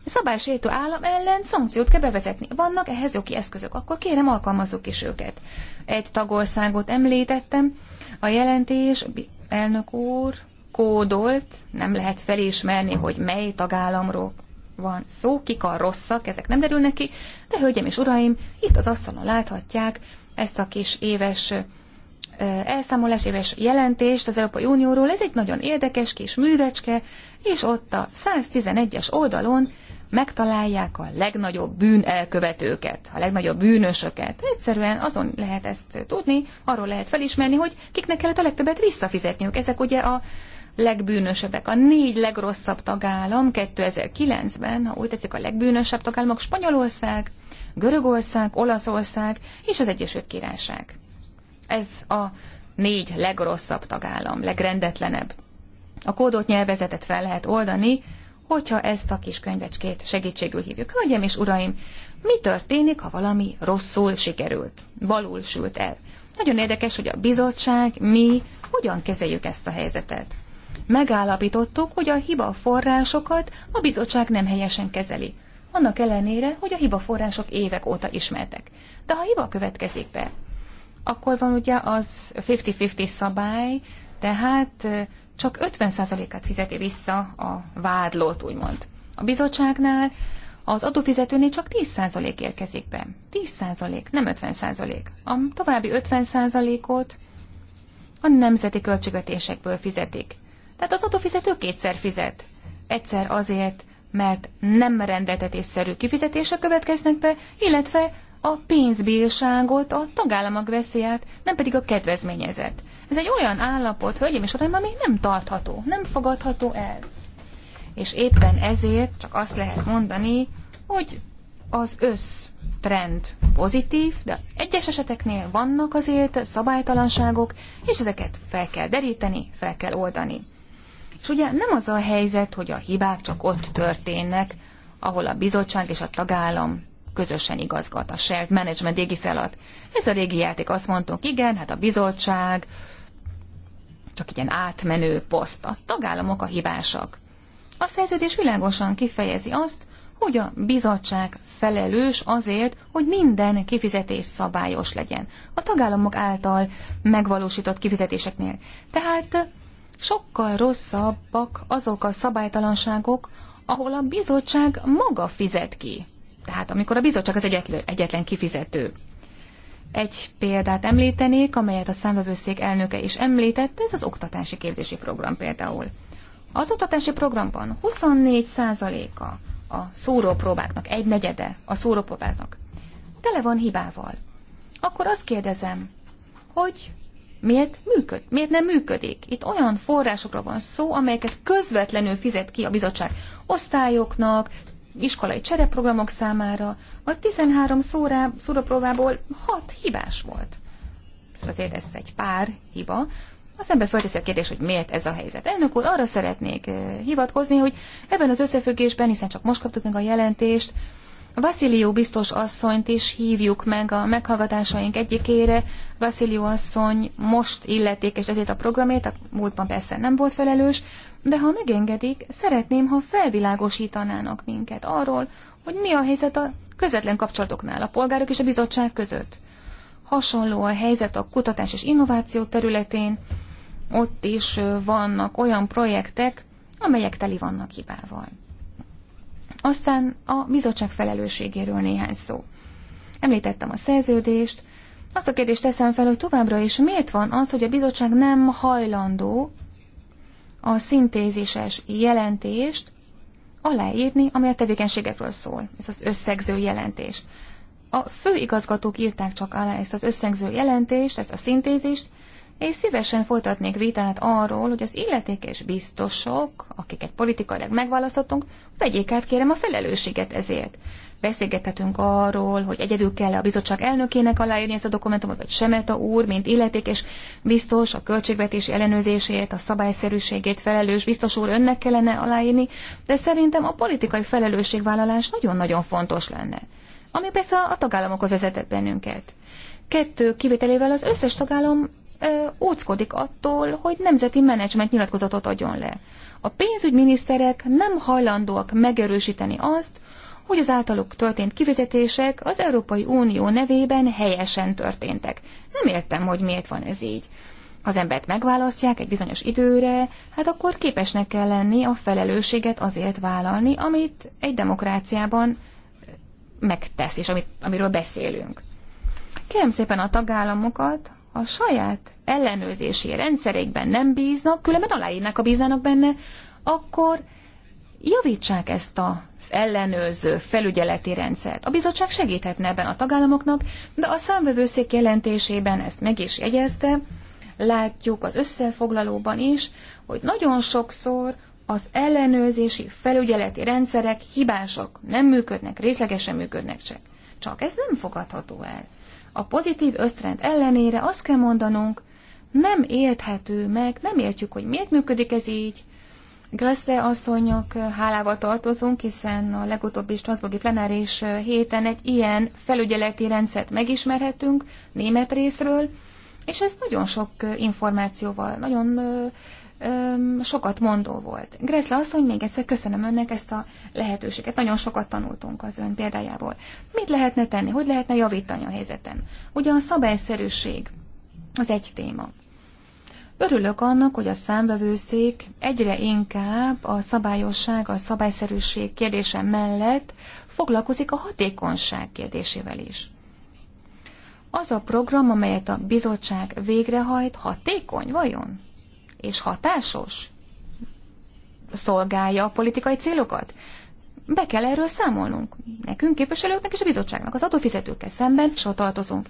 S3: szabálysértő állam ellen szankciót kell bevezetni. Vannak ehhez jogi eszközök, akkor kérem alkalmazzuk is őket. Egy tagországot említettem, a jelentés, elnök úr, kódolt, nem lehet felismerni, hogy mely tagállamról van szó, kik a rosszak, ezek nem derülnek ki, de hölgyem és uraim, itt az asztalon láthatják ezt a kis éves elszámolás éves jelentést az Európai Unióról. Ez egy nagyon érdekes kis művecske, és ott a 111-es oldalon megtalálják a legnagyobb bűn elkövetőket, a legnagyobb bűnösöket. Egyszerűen azon lehet ezt tudni, arról lehet felismerni, hogy kiknek kellett a legtöbbet visszafizetniük. Ezek ugye a legbűnösebbek. A négy legrosszabb tagállam 2009-ben, ha úgy tetszik, a legbűnösebb tagállamok Spanyolország, Görögország, Olaszország és az Egyesült Királyság. Ez a négy legrosszabb tagállam, legrendetlenebb. A kódot nyelvezetet fel lehet oldani, hogyha ezt a kis könyvecskét segítségül hívjuk. Hölgyem és uraim, mi történik, ha valami rosszul sikerült, balul sült el? Nagyon érdekes, hogy a bizottság, mi hogyan kezeljük ezt a helyzetet. Megállapítottuk, hogy a hiba forrásokat a bizottság nem helyesen kezeli. Annak ellenére, hogy a hiba források évek óta ismertek. De ha hiba következik be, akkor van ugye az 50-50 szabály, tehát csak 50%-át fizeti vissza a vádlót, úgymond. A bizottságnál az adófizetőnél csak 10% érkezik be. 10%, nem 50%. A további 50%-ot a nemzeti költségvetésekből fizetik. Tehát az adófizető kétszer fizet. Egyszer azért, mert nem rendeltetésszerű kifizetések következnek be, illetve a pénzbírságot a tagállamok veszi át, nem pedig a kedvezményezett. Ez egy olyan állapot, hölgyeim és uraim, ami nem tartható, nem fogadható el. És éppen ezért csak azt lehet mondani, hogy az össz trend pozitív, de egyes eseteknél vannak azért szabálytalanságok, és ezeket fel kell deríteni, fel kell oldani. És ugye nem az a helyzet, hogy a hibák csak ott történnek, ahol a bizottság és a tagállam közösen igazgat, a shared management égisz alatt. Ez a régi játék, azt mondtunk, igen, hát a bizottság, csak ilyen átmenő poszt, a tagállamok a hibásak. A szerződés világosan kifejezi azt, hogy a bizottság felelős azért, hogy minden kifizetés szabályos legyen a tagállamok által megvalósított kifizetéseknél. Tehát sokkal rosszabbak azok a szabálytalanságok, ahol a bizottság maga fizet ki. Tehát amikor a bizottság az egyetlen, egyetlen kifizető. Egy példát említenék, amelyet a számvevőszék elnöke is említett, ez az oktatási képzési program például. Az oktatási programban 24%-a a szórópróbáknak, egy negyede a szórópróbáknak tele van hibával. Akkor azt kérdezem, hogy miért, működ, miért nem működik. Itt olyan forrásokra van szó, amelyeket közvetlenül fizet ki a bizottság osztályoknak, iskolai csereprogramok számára, a 13 szóra szórapróbából 6 hibás volt. Azért ez egy pár hiba. Az ember felteszi a kérdést, hogy miért ez a helyzet. Elnök úr, arra szeretnék eh, hivatkozni, hogy ebben az összefüggésben, hiszen csak most kaptuk meg a jelentést, Vasilió biztos asszonyt is hívjuk meg a meghallgatásaink egyikére. Vasilió asszony most illeték, és ezért a programért, a múltban persze nem volt felelős, de ha megengedik, szeretném, ha felvilágosítanának minket arról, hogy mi a helyzet a közvetlen kapcsolatoknál a polgárok és a bizottság között. Hasonló a helyzet a kutatás és innováció területén, ott is vannak olyan projektek, amelyek teli vannak hibával. Aztán a bizottság felelősségéről néhány szó. Említettem a szerződést, azt a kérdést teszem fel, hogy továbbra is miért van az, hogy a bizottság nem hajlandó a szintézises jelentést aláírni, ami a tevékenységekről szól. Ez az összegző jelentés. A főigazgatók írták csak alá ezt az összegző jelentést, ezt a szintézist, és szívesen folytatnék vitát arról, hogy az illetékes biztosok, akiket politikailag megválasztottunk, vegyék át kérem a felelősséget ezért. Beszélgethetünk arról, hogy egyedül kell -e a bizottság elnökének aláírni ezt a dokumentumot, vagy Semeta úr, mint illetékes biztos, a költségvetési ellenőrzését, a szabályszerűségét felelős biztos úr önnek kellene aláírni, de szerintem a politikai felelősségvállalás nagyon-nagyon fontos lenne. Ami persze a tagállamokhoz vezetett bennünket. Kettő kivételével az összes tagállam óckodik attól, hogy nemzeti menedzsment nyilatkozatot adjon le. A pénzügyminiszterek nem hajlandóak megerősíteni azt, hogy az általuk történt kivizetések az Európai Unió nevében helyesen történtek. Nem értem, hogy miért van ez így. Ha az embert megválasztják egy bizonyos időre, hát akkor képesnek kell lenni a felelősséget azért vállalni, amit egy demokráciában megtesz, és amit, amiről beszélünk. Kérem szépen a tagállamokat, a saját ellenőrzési rendszerékben nem bíznak, különben aláírnak, a bíznának benne, akkor javítsák ezt az ellenőrző felügyeleti rendszert. A bizottság segíthetne ebben a tagállamoknak, de a számvevőszék jelentésében ezt meg is jegyezte, látjuk az összefoglalóban is, hogy nagyon sokszor az ellenőrzési felügyeleti rendszerek hibásak, nem működnek, részlegesen működnek csak. Csak ez nem fogadható el. A pozitív ösztrend ellenére azt kell mondanunk, nem érthető meg, nem értjük, hogy miért működik ez így. Grasse asszonyok eh, hálával tartozunk, hiszen a legutóbbi Strasbourgi plenáris eh, héten egy ilyen felügyeleti rendszert megismerhetünk német részről, és ez nagyon sok eh, információval, nagyon öm, sokat mondó volt. azt asszony, még egyszer köszönöm önnek ezt a lehetőséget. Nagyon sokat tanultunk az ön példájából. Mit lehetne tenni? Hogy lehetne javítani a helyzeten? Ugye a szabályszerűség az egy téma. Örülök annak, hogy a számbevőszék egyre inkább a szabályosság, a szabályszerűség kérdése mellett foglalkozik a hatékonyság kérdésével is. Az a program, amelyet a bizottság végrehajt, hatékony vajon? és hatásos? Szolgálja a politikai célokat? Be kell erről számolnunk. Nekünk, képviselőknek és a bizottságnak, az adófizetőkkel szemben so tartozunk.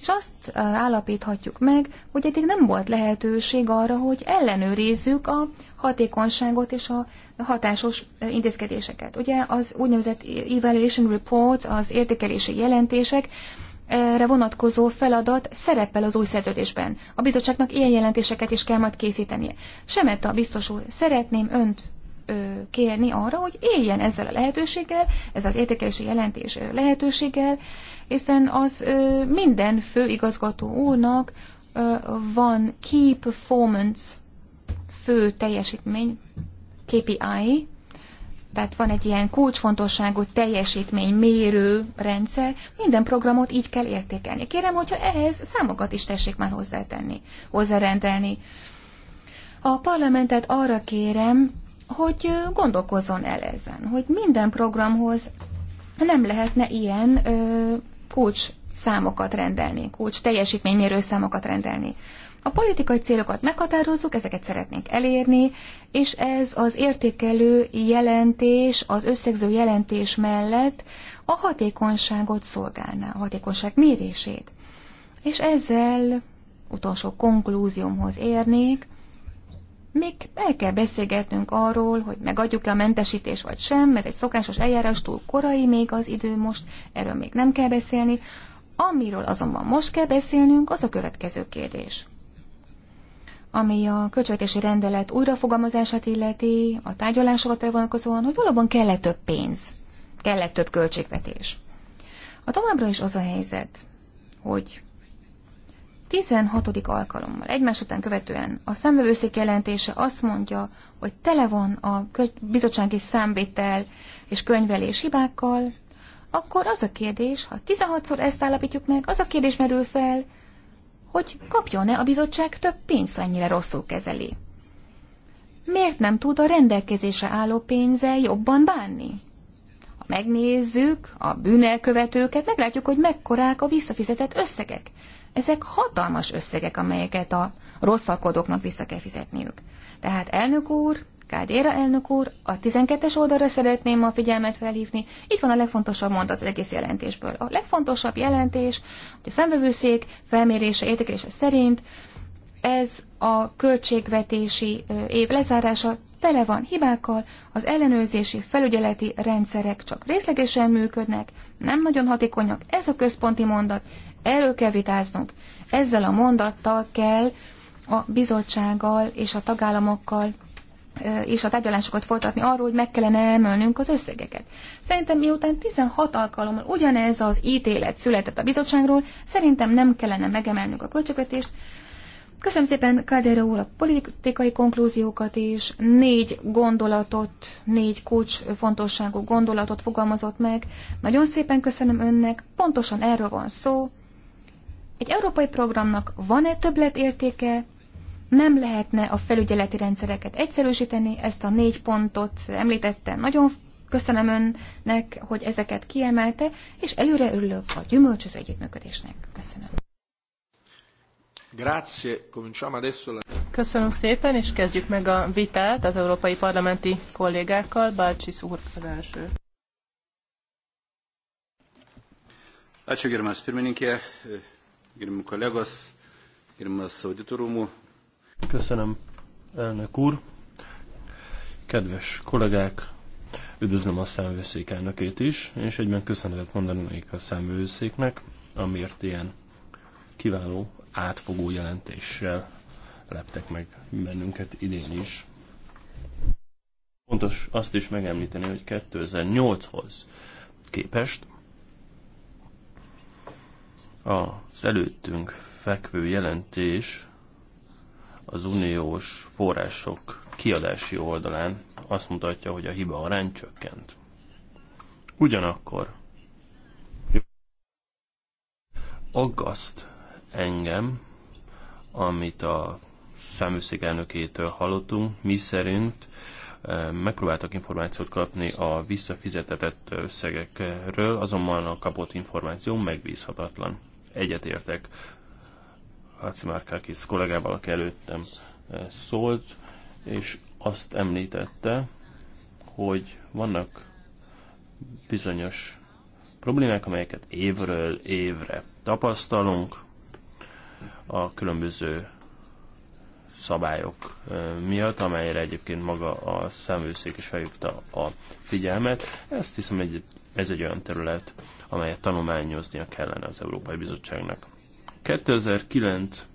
S3: És azt állapíthatjuk meg, hogy eddig nem volt lehetőség arra, hogy ellenőrizzük a hatékonyságot és a hatásos intézkedéseket. Ugye az úgynevezett evaluation reports, az értékelési jelentések, erre vonatkozó feladat szerepel az új szerződésben. A bizottságnak ilyen jelentéseket is kell majd készítenie. a biztos úr, szeretném önt ö, kérni arra, hogy éljen ezzel a lehetőséggel, ez az értékelési jelentés lehetőséggel, hiszen az ö, minden főigazgató úrnak ö, van key performance fő teljesítmény, KPI, tehát van egy ilyen kulcsfontosságú teljesítmény mérő rendszer, minden programot így kell értékelni. Kérem, hogyha ehhez számokat is tessék már hozzátenni, hozzárendelni. A parlamentet arra kérem, hogy gondolkozzon el ezen, hogy minden programhoz nem lehetne ilyen ö, kulcs számokat rendelni, kulcs teljesítménymérő számokat rendelni. A politikai célokat meghatározzuk, ezeket szeretnénk elérni, és ez az értékelő jelentés, az összegző jelentés mellett a hatékonyságot szolgálná, a hatékonyság mérését. És ezzel utolsó konklúziómhoz érnék, még el kell beszélgetnünk arról, hogy megadjuk-e a mentesítést vagy sem, ez egy szokásos eljárás, túl korai még az idő most, erről még nem kell beszélni. Amiről azonban most kell beszélnünk, az a következő kérdés ami a költségvetési rendelet újrafogalmazását illeti, a tárgyalásokat vonatkozóan, hogy valóban kellett több pénz, kellett több költségvetés. A továbbra is az a helyzet, hogy 16. alkalommal, egymás után követően a számvevőszék jelentése azt mondja, hogy tele van a bizottsági számvétel és könyvelés hibákkal, akkor az a kérdés, ha 16-szor ezt állapítjuk meg, az a kérdés merül fel, hogy kapjon-e a bizottság több pénzt, ennyire rosszul kezeli. Miért nem tud a rendelkezésre álló pénze jobban bánni? Ha megnézzük a bűnelkövetőket, meglátjuk, hogy mekkorák a visszafizetett összegek. Ezek hatalmas összegek, amelyeket a rosszalkodóknak vissza kell fizetniük. Tehát elnök úr, Kádéra elnök úr, a 12-es oldalra szeretném a figyelmet felhívni. Itt van a legfontosabb mondat az egész jelentésből. A legfontosabb jelentés, hogy a szemvevőszék felmérése, értékelése szerint ez a költségvetési év lezárása tele van hibákkal, az ellenőrzési felügyeleti rendszerek csak részlegesen működnek, nem nagyon hatékonyak. Ez a központi mondat, erről kell vitáznunk. Ezzel a mondattal kell a bizottsággal és a tagállamokkal és a tárgyalásokat folytatni arról, hogy meg kellene emelnünk az összegeket. Szerintem miután 16 alkalommal ugyanez az ítélet született a bizottságról, szerintem nem kellene megemelnünk a költségvetést. Köszönöm szépen Kádére úr a politikai konklúziókat és négy gondolatot, négy kulcs fontosságú gondolatot fogalmazott meg. Nagyon szépen köszönöm önnek, pontosan erről van szó. Egy európai programnak van-e többletértéke, nem lehetne a felügyeleti rendszereket egyszerűsíteni, ezt a négy pontot említette, nagyon köszönöm önnek, hogy ezeket kiemelte, és előre örülök a gyümölcsöz együttműködésnek. Köszönöm. Köszönöm szépen, és kezdjük meg
S2: a vitát az európai parlamenti kollégákkal. Bácsis úr az első.
S1: Ačiū, gerbiamas pirmininkė, gerbiami kolegos, gerbiamas auditorumų Köszönöm, elnök úr. Kedves kollégák, üdvözlöm a számvőszék elnökét is, és egyben köszönetet mondanék a számvőszéknek, amiért ilyen kiváló, átfogó jelentéssel leptek meg bennünket idén is. Fontos azt is megemlíteni, hogy 2008-hoz képest az előttünk fekvő jelentés az uniós források kiadási oldalán azt mutatja, hogy a hiba arány csökkent. Ugyanakkor aggaszt engem, amit a száműszék elnökétől hallottunk, mi szerint eh, megpróbáltak információt kapni a visszafizetetett összegekről, azonban a kapott információ megbízhatatlan. Egyetértek Hacimárkákis kollégával, aki előttem eh, szólt, és azt említette, hogy vannak bizonyos problémák, amelyeket évről évre tapasztalunk a különböző szabályok eh, miatt, amelyre egyébként maga a számvőszék is felhívta a figyelmet. Ezt hiszem, egy, ez egy olyan terület, amelyet tanulmányoznia kellene az Európai Bizottságnak. 2009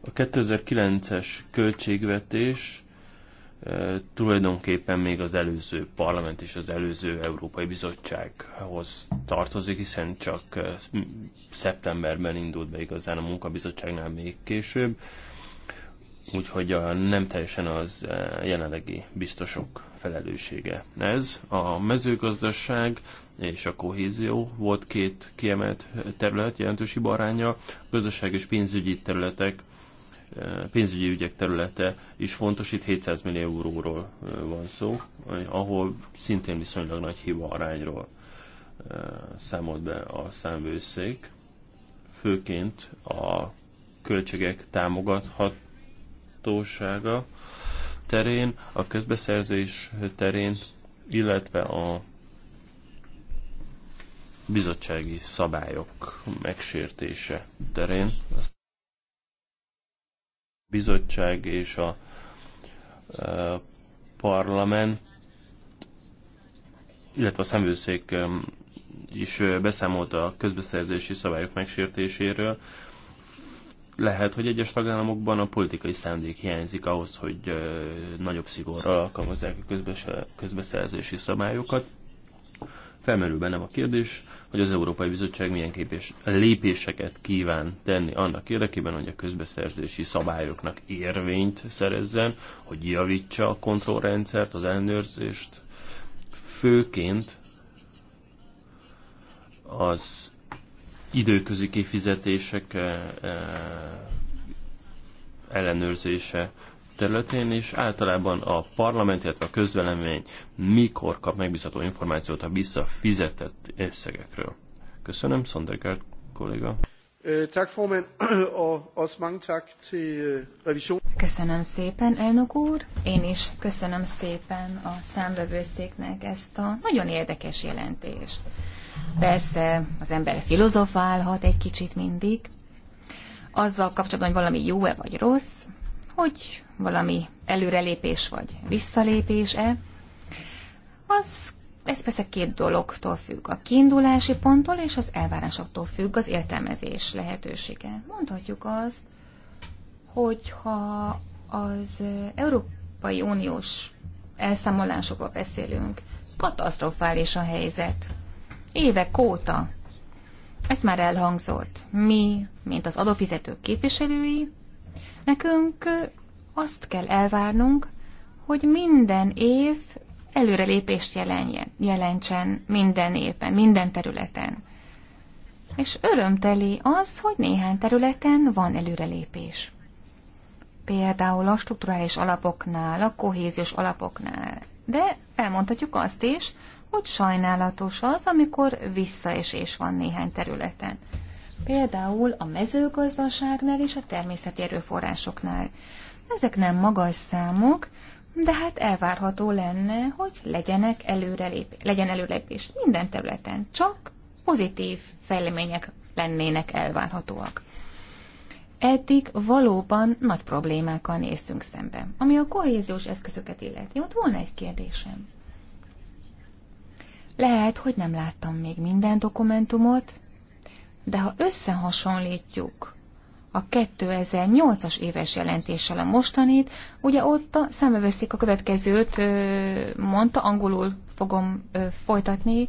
S1: a 2009-es költségvetés e, tulajdonképpen még az előző parlament és az előző Európai Bizottsághoz tartozik, hiszen csak e, szeptemberben indult be igazán a munkabizottságnál még később, úgyhogy a, eh, nem teljesen az e, jelenlegi biztosok felelőssége. Ez a mezőgazdaság és a kohézió volt két kiemelt terület, jelentős ibaránya, gazdaság és pénzügyi területek, eh, pénzügyi ügyek területe is fontos, itt 700 millió euróról eh, van szó, ahol szintén viszonylag nagy hiba arányról eh, számolt be a számvőszék, főként a költségek támogathatósága, terén, a közbeszerzés terén, illetve a bizottsági szabályok megsértése terén. A bizottság és a e, parlament, illetve a szemvőszék e, is beszámolt a közbeszerzési szabályok megsértéséről. Lehet, hogy egyes tagállamokban a politikai szándék hiányzik ahhoz, hogy nagyobb szigorral alkalmazzák a közbeszerzési szabályokat. Felmerül bennem a kérdés, hogy az Európai Bizottság milyen képés, lépéseket kíván tenni annak érdekében, hogy a közbeszerzési szabályoknak érvényt szerezzen, hogy javítsa a kontrollrendszert, az ellenőrzést, főként az időközi kifizetések e, e, ellenőrzése területén, és általában a parlament, illetve a közvelemény mikor kap megbízható információt a visszafizetett összegekről. Köszönöm, Sondergaard kolléga.
S3: Øh, köszönöm szépen, elnök úr. Én is köszönöm szépen a számvevőszéknek ezt a nagyon érdekes jelentést. Persze az ember filozofálhat egy kicsit mindig, azzal kapcsolatban, hogy valami jó-e vagy rossz, hogy valami előrelépés vagy visszalépés-e. Az, ez persze két dologtól függ, a kiindulási ponttól és az elvárásoktól függ az értelmezés lehetősége. Mondhatjuk azt, hogyha az Európai Uniós elszámolásokról beszélünk, katasztrofális a helyzet Évek óta. Ez már elhangzott. Mi, mint az adófizetők képviselői, nekünk azt kell elvárnunk, hogy minden év előrelépést jelentsen minden évben, minden területen. És örömteli az, hogy néhány területen van előrelépés. Például a strukturális alapoknál, a kohéziós alapoknál. De elmondhatjuk azt is, hogy sajnálatos az, amikor visszaesés van néhány területen. Például a mezőgazdaságnál és a természeti erőforrásoknál. Ezek nem magas számok, de hát elvárható lenne, hogy legyenek előrelép, legyen előrelépés minden területen, csak pozitív fejlemények lennének elvárhatóak. Eddig valóban nagy problémákkal néztünk szembe, ami a kohéziós eszközöket illeti. Ott volna egy kérdésem. Lehet, hogy nem láttam még minden dokumentumot, de ha összehasonlítjuk a 2008-as éves jelentéssel a mostanit, ugye ott a számöveszik a következőt, mondta, angolul fogom folytatni,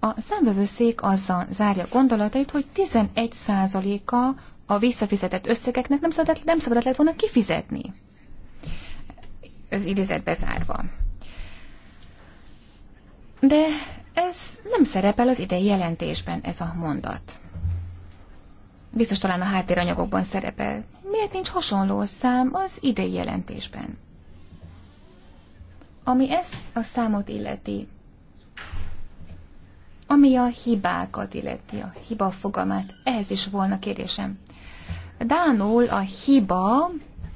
S3: a számbevőszék azzal zárja gondolatait, hogy 11%-a a visszafizetett összegeknek nem szabad, nem szabad lett volna kifizetni. Ez idézet bezárva. De ez nem szerepel az idei jelentésben, ez a mondat. Biztos talán a háttéranyagokban szerepel. Miért nincs hasonló szám az idei jelentésben? Ami ezt a számot illeti, ami a hibákat illeti, a hiba fogalmát, ehhez is volna kérésem. Dánul a hiba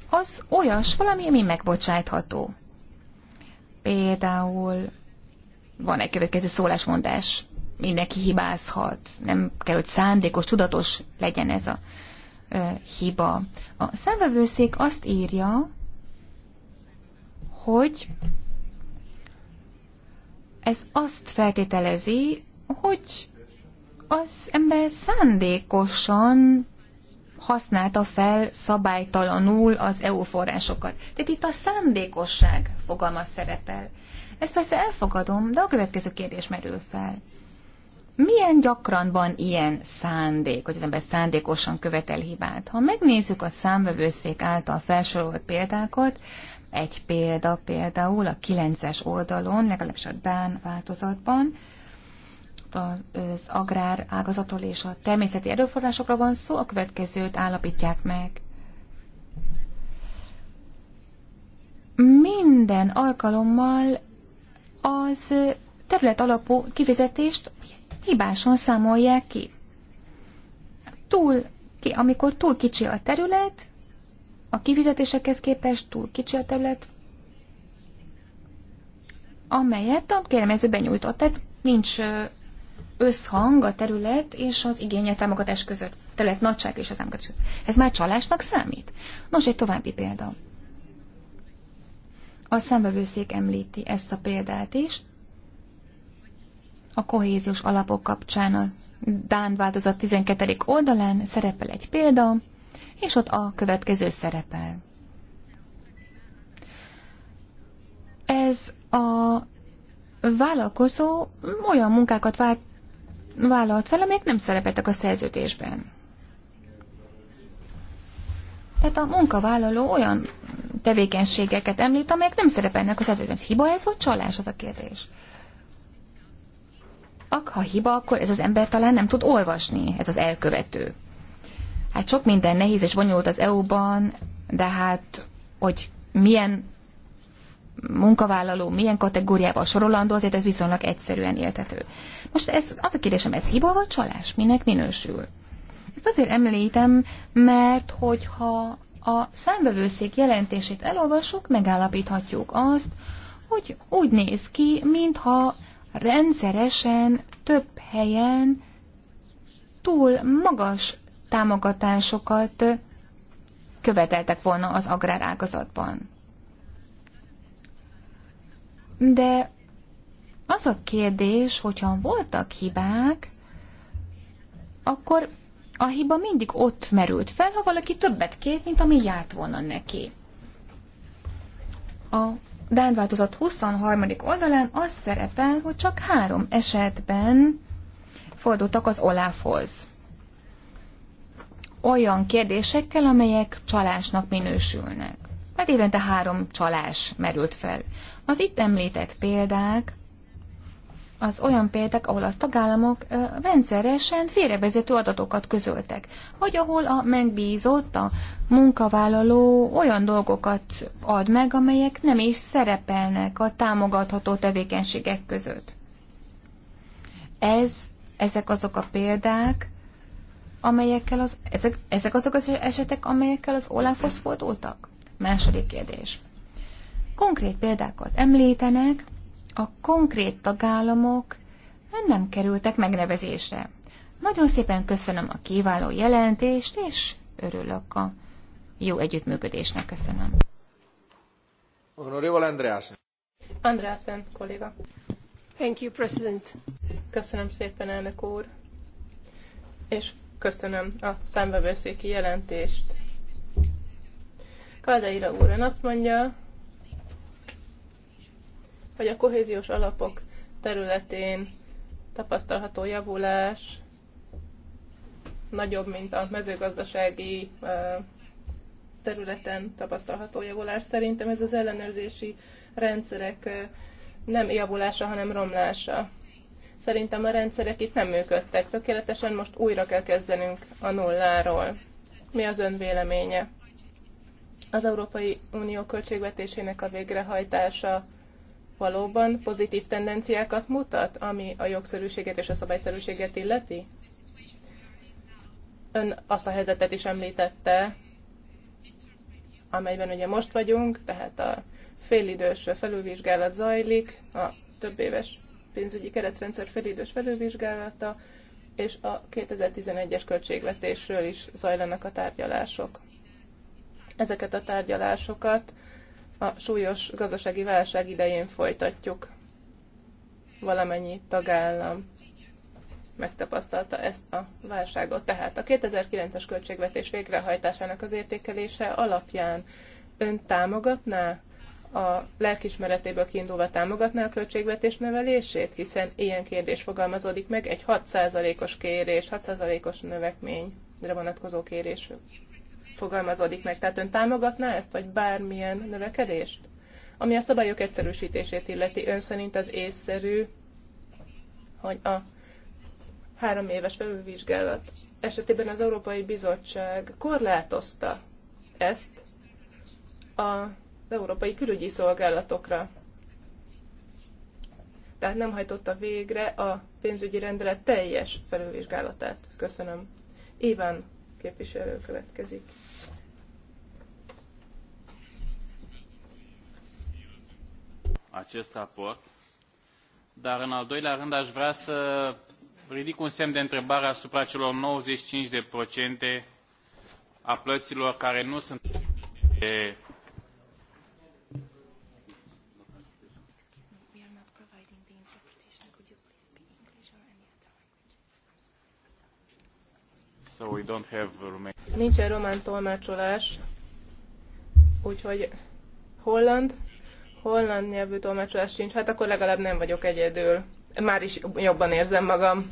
S3: az olyas valami, ami megbocsátható Például van egy következő szólásmondás, mindenki hibázhat, nem kell, hogy szándékos, tudatos legyen ez a ö, hiba. A szemvevőszék azt írja, hogy ez azt feltételezi, hogy az ember szándékosan használta fel szabálytalanul az EU forrásokat. Tehát itt a szándékosság fogalma szerepel. Ezt persze elfogadom, de a következő kérdés merül fel. Milyen gyakran van ilyen szándék, hogy az ember szándékosan követel hibát? Ha megnézzük a számvevőszék által felsorolt példákat, egy példa például a 9-es oldalon, legalábbis a Dán változatban, az agrár ágazatról és a természeti erőforrásokra van szó, a következőt állapítják meg. Minden alkalommal az terület alapú kifizetést hibásan számolják ki. Túl, ki, amikor túl kicsi a terület, a kifizetésekhez képest túl kicsi a terület, amelyet a kérelmező benyújtott. Tehát nincs összhang a terület és az igénye támogatás között. Terület nagyság és az támogatás között. Ez már csalásnak számít? Nos, egy további példa. A szembevőszék említi ezt a példát is. A kohéziós alapok kapcsán a Dán változat 12. oldalán szerepel egy példa, és ott a következő szerepel. Ez a vállalkozó olyan munkákat vált, vállalt fel, amelyek nem szerepeltek a szerződésben. Tehát a munkavállaló olyan tevékenységeket említ, amelyek nem szerepelnek az ezredben. Ez hiba ez, vagy csalás az a kérdés? Ak, ha hiba, akkor ez az ember talán nem tud olvasni, ez az elkövető. Hát sok minden nehéz és bonyolult az EU-ban, de hát, hogy milyen munkavállaló milyen kategóriával sorolandó, azért ez viszonylag egyszerűen érthető. Most ez, az a kérdésem, ez hiba vagy csalás? Minek minősül? Ezt azért említem, mert hogyha a számvevőszék jelentését elolvassuk, megállapíthatjuk azt, hogy úgy néz ki, mintha rendszeresen több helyen túl magas támogatásokat követeltek volna az agrárágazatban. De az a kérdés, hogyha voltak hibák, akkor a hiba mindig ott merült fel, ha valaki többet kért, mint ami járt volna neki. A Dán változat 23. oldalán az szerepel, hogy csak három esetben fordultak az Olafhoz. Olyan kérdésekkel, amelyek csalásnak minősülnek. Mert hát évente három csalás merült fel. Az itt említett példák az olyan példák, ahol a tagállamok rendszeresen félrevezető adatokat közöltek, vagy ahol a megbízott, a munkavállaló olyan dolgokat ad meg, amelyek nem is szerepelnek a támogatható tevékenységek között. Ez, ezek azok a példák, amelyekkel az, ezek, ezek azok az esetek, amelyekkel az Olafhoz fordultak? Második kérdés. Konkrét példákat említenek, a konkrét tagállamok nem kerültek megnevezésre. Nagyon szépen köszönöm a kiváló jelentést, és örülök a jó együttműködésnek. Köszönöm.
S1: Honorable Andreasen.
S2: Andreasen kolléga. Thank you, President. Köszönöm szépen, elnök úr. És köszönöm a számbevőszéki jelentést. Kaldaira úr, ön azt mondja, hogy a kohéziós alapok területén tapasztalható javulás nagyobb, mint a mezőgazdasági területen tapasztalható javulás. Szerintem ez az ellenőrzési rendszerek nem javulása, hanem romlása. Szerintem a rendszerek itt nem működtek tökéletesen, most újra kell kezdenünk a nulláról. Mi az ön véleménye? Az Európai Unió költségvetésének a végrehajtása valóban pozitív tendenciákat mutat, ami a jogszerűséget és a szabályszerűséget illeti? Ön azt a helyzetet is említette, amelyben ugye most vagyunk, tehát a félidős felülvizsgálat zajlik, a több éves pénzügyi keretrendszer félidős felülvizsgálata, és a 2011-es költségvetésről is zajlanak a tárgyalások. Ezeket a tárgyalásokat a súlyos gazdasági válság idején folytatjuk. Valamennyi tagállam megtapasztalta ezt a válságot. Tehát a 2009-es költségvetés végrehajtásának az értékelése alapján ön támogatná a lelkismeretéből kiindulva támogatná a költségvetés növelését, hiszen ilyen kérdés fogalmazódik meg, egy 6%-os kérés, 6%-os növekményre vonatkozó kérésük fogalmazódik meg. Tehát ön támogatná ezt, vagy bármilyen növekedést? Ami a szabályok egyszerűsítését illeti, ön szerint az észszerű, hogy a három éves felülvizsgálat esetében az Európai Bizottság korlátozta ezt az Európai Külügyi Szolgálatokra. Tehát nem hajtotta végre a pénzügyi rendelet teljes felülvizsgálatát. Köszönöm. Éven képviselő következik.
S1: acest raport, dar în al doilea rând aș vrea să ridic un semn de întrebare asupra celor 95% a plăților care nu sunt de so we don't have Romanian. Nincsen román
S2: tolmácsolás, úgyhogy holland, holland nyelvű tolmácsolás sincs, hát akkor legalább nem vagyok egyedül. Már is jobban érzem magam.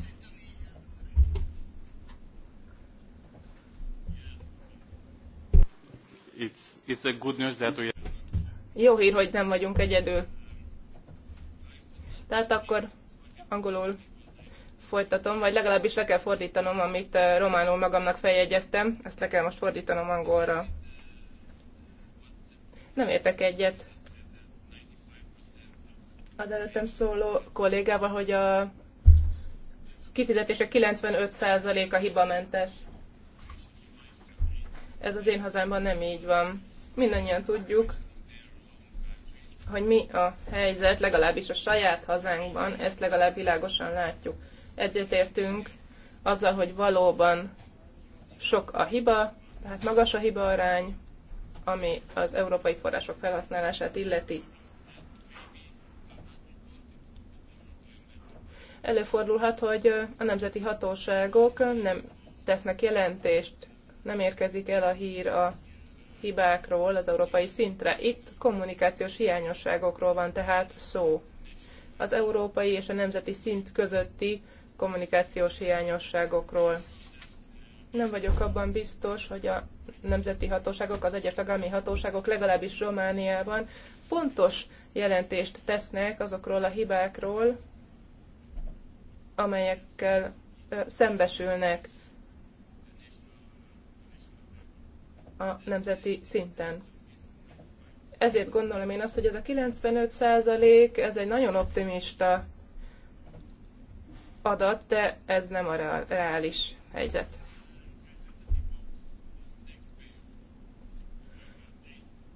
S1: It's, it's a good news that we...
S2: Jó hír, hogy nem vagyunk egyedül. Tehát akkor angolul folytatom, vagy legalábbis le kell fordítanom, amit románul magamnak feljegyeztem. Ezt le kell most fordítanom angolra. Nem értek egyet az előttem szóló kollégával, hogy a kifizetése 95%-a hibamentes. Ez az én hazámban nem így van. Mindannyian tudjuk, hogy mi a helyzet, legalábbis a saját hazánkban, ezt legalább világosan látjuk egyetértünk azzal, hogy valóban sok a hiba, tehát magas a hiba arány, ami az európai források felhasználását illeti. Előfordulhat, hogy a nemzeti hatóságok nem tesznek jelentést, nem érkezik el a hír a hibákról az európai szintre. Itt kommunikációs hiányosságokról van tehát szó. Az európai és a nemzeti szint közötti kommunikációs hiányosságokról. Nem vagyok abban biztos, hogy a nemzeti hatóságok, az egyes tagállami hatóságok legalábbis Romániában pontos jelentést tesznek azokról a hibákról, amelyekkel szembesülnek a nemzeti szinten. Ezért gondolom én azt, hogy ez a 95 százalék, ez egy nagyon optimista adat, de ez nem a reális helyzet.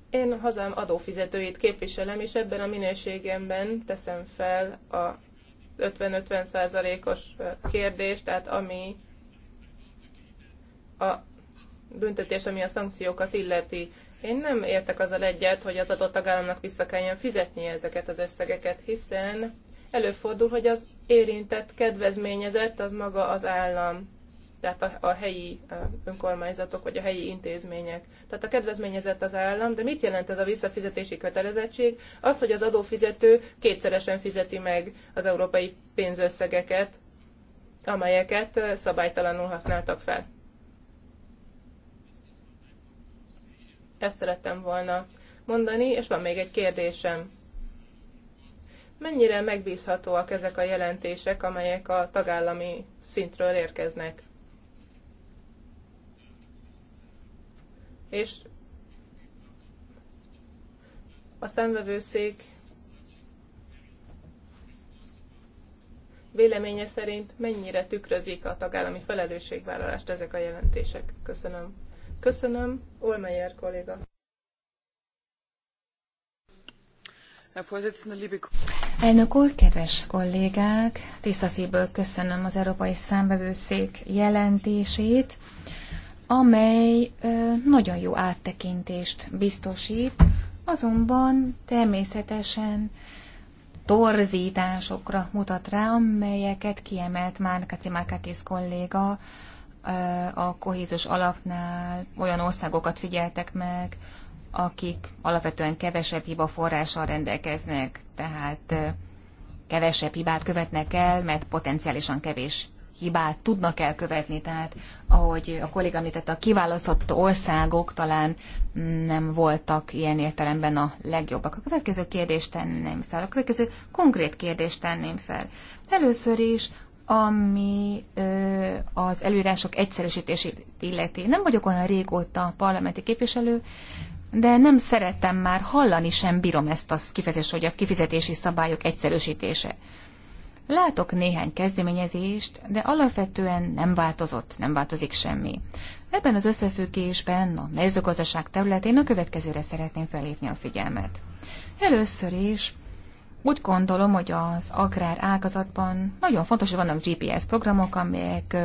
S2: Én hazám adófizetőit képviselem, és ebben a minőségemben teszem fel a 50-50 százalékos -50 kérdést, tehát ami a büntetés, ami a szankciókat illeti. Én nem értek azzal egyet, hogy az adott tagállamnak vissza kelljen fizetni ezeket az összegeket, hiszen előfordul, hogy az érintett kedvezményezett az maga az állam, tehát a, a helyi önkormányzatok vagy a helyi intézmények. Tehát a kedvezményezett az állam, de mit jelent ez a visszafizetési kötelezettség? Az, hogy az adófizető kétszeresen fizeti meg az európai pénzösszegeket, amelyeket szabálytalanul használtak fel. Ezt szerettem volna mondani, és van még egy kérdésem mennyire megbízhatóak ezek a jelentések, amelyek a tagállami szintről érkeznek. És a szemvevőszék véleménye szerint mennyire tükrözik a tagállami felelősségvállalást ezek a jelentések. Köszönöm. Köszönöm, Olmeyer kolléga.
S3: Elnök úr, kedves kollégák, tiszta szívből köszönöm az Európai Számbevőszék jelentését, amely nagyon jó áttekintést biztosít, azonban természetesen torzításokra mutat rá, amelyeket kiemelt már Kacimákakis kolléga a kohézus alapnál olyan országokat figyeltek meg, akik alapvetően kevesebb hiba forrással rendelkeznek, tehát kevesebb hibát követnek el, mert potenciálisan kevés hibát tudnak elkövetni. Tehát, ahogy a kolléga említette, a kiválasztott országok talán nem voltak ilyen értelemben a legjobbak. A következő kérdést tenném fel, a következő konkrét kérdést tenném fel. Először is, ami ö, az előírások egyszerűsítését illeti. Nem vagyok olyan régóta parlamenti képviselő, de nem szeretem már hallani sem bírom ezt a kifejezést, hogy a kifizetési szabályok egyszerűsítése. Látok néhány kezdeményezést, de alapvetően nem változott, nem változik semmi. Ebben az összefüggésben a mezőgazdaság területén a következőre szeretném felhívni a figyelmet. Először is úgy gondolom, hogy az agrár ágazatban nagyon fontos, hogy vannak GPS programok, amelyek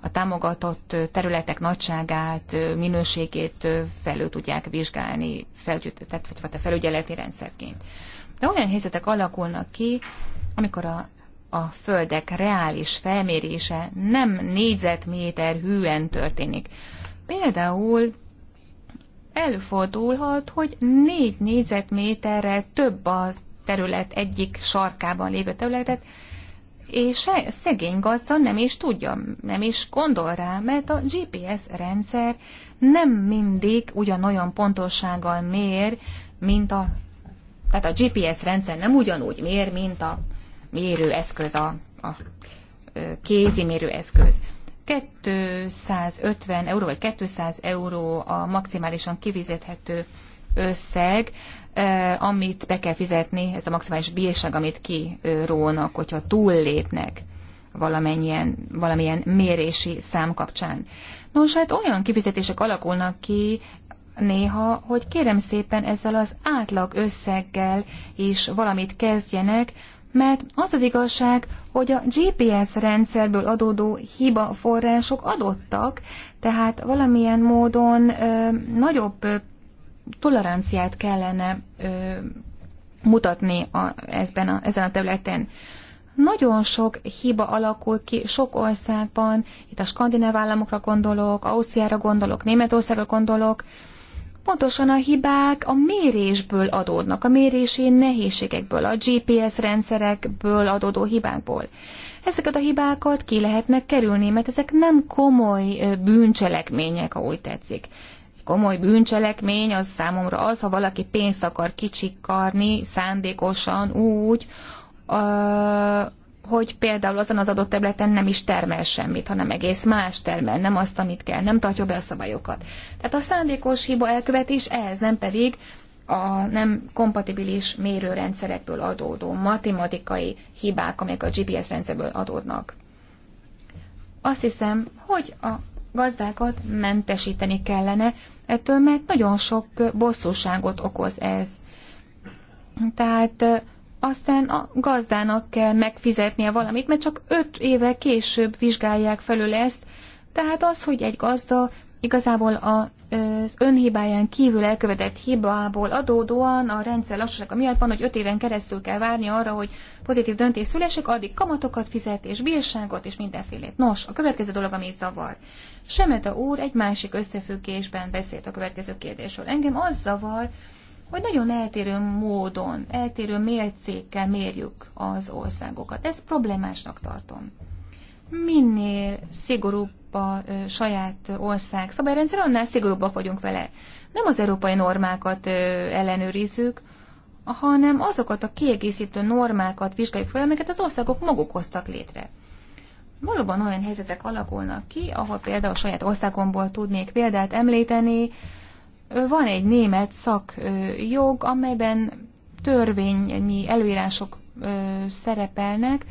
S3: a támogatott területek nagyságát, minőségét felül tudják vizsgálni, tehát vagy a felügyeleti rendszerként. De olyan helyzetek alakulnak ki, amikor a, a földek reális felmérése nem négyzetméter hűen történik. Például előfordulhat, hogy négy négyzetméterrel több az terület egyik sarkában lévő területet, és szegény gazda nem is tudja, nem is gondol rá, mert a GPS rendszer nem mindig ugyanolyan pontossággal mér, mint a... Tehát a GPS rendszer nem ugyanúgy mér, mint a mérőeszköz, a, a kézi mérőeszköz. 250 euró, vagy 200 euró a maximálisan kivizethető összeg Eh, amit be kell fizetni, ez a maximális bírság, amit kirónak, hogyha túllépnek valamennyien, valamilyen mérési szám kapcsán. Nos, hát olyan kifizetések alakulnak ki, néha, hogy kérem szépen ezzel az átlag összeggel is valamit kezdjenek, mert az az igazság, hogy a GPS rendszerből adódó hiba források adottak, tehát valamilyen módon ö, eh, nagyobb eh, toleranciát kellene ö, mutatni a, ezben a, ezen a területen. Nagyon sok hiba alakul ki sok országban, itt a skandináv államokra gondolok, Ausztriára gondolok, Németországra gondolok, Pontosan a hibák a mérésből adódnak, a mérési nehézségekből, a GPS rendszerekből adódó hibákból. Ezeket a hibákat ki lehetnek kerülni, mert ezek nem komoly bűncselekmények, ahogy tetszik komoly bűncselekmény az számomra az, ha valaki pénzt akar kicsikarni szándékosan úgy, hogy például azon az adott területen nem is termel semmit, hanem egész más termel, nem azt, amit kell, nem tartja be a szabályokat. Tehát a szándékos hiba elkövetés ehhez, nem pedig a nem kompatibilis mérőrendszerekből adódó matematikai hibák, amelyek a GPS rendszerből adódnak. Azt hiszem, hogy a gazdákat mentesíteni kellene, ettől mert nagyon sok bosszúságot okoz ez. Tehát aztán a gazdának kell megfizetnie valamit, mert csak öt éve később vizsgálják felül ezt, tehát az, hogy egy gazda igazából a az önhibáján kívül elkövetett hibából adódóan a rendszer lassúsága miatt van, hogy öt éven keresztül kell várni arra, hogy pozitív döntés szülesek, addig kamatokat fizet és bírságot és mindenfélét. Nos, a következő dolog, ami zavar. Semeta úr egy másik összefüggésben beszélt a következő kérdésről. Engem az zavar, hogy nagyon eltérő módon, eltérő mércékkel mérjük az országokat. Ezt problémásnak tartom minél szigorúbb a saját ország szabályrendszer, annál szigorúbbak vagyunk vele. Nem az európai normákat ellenőrizzük, hanem azokat a kiegészítő normákat vizsgáljuk fel, amiket az országok maguk hoztak létre. Valóban olyan helyzetek alakulnak ki, ahol például a saját országomból tudnék példát említeni. Van egy német szakjog, amelyben törvényi előírások szerepelnek,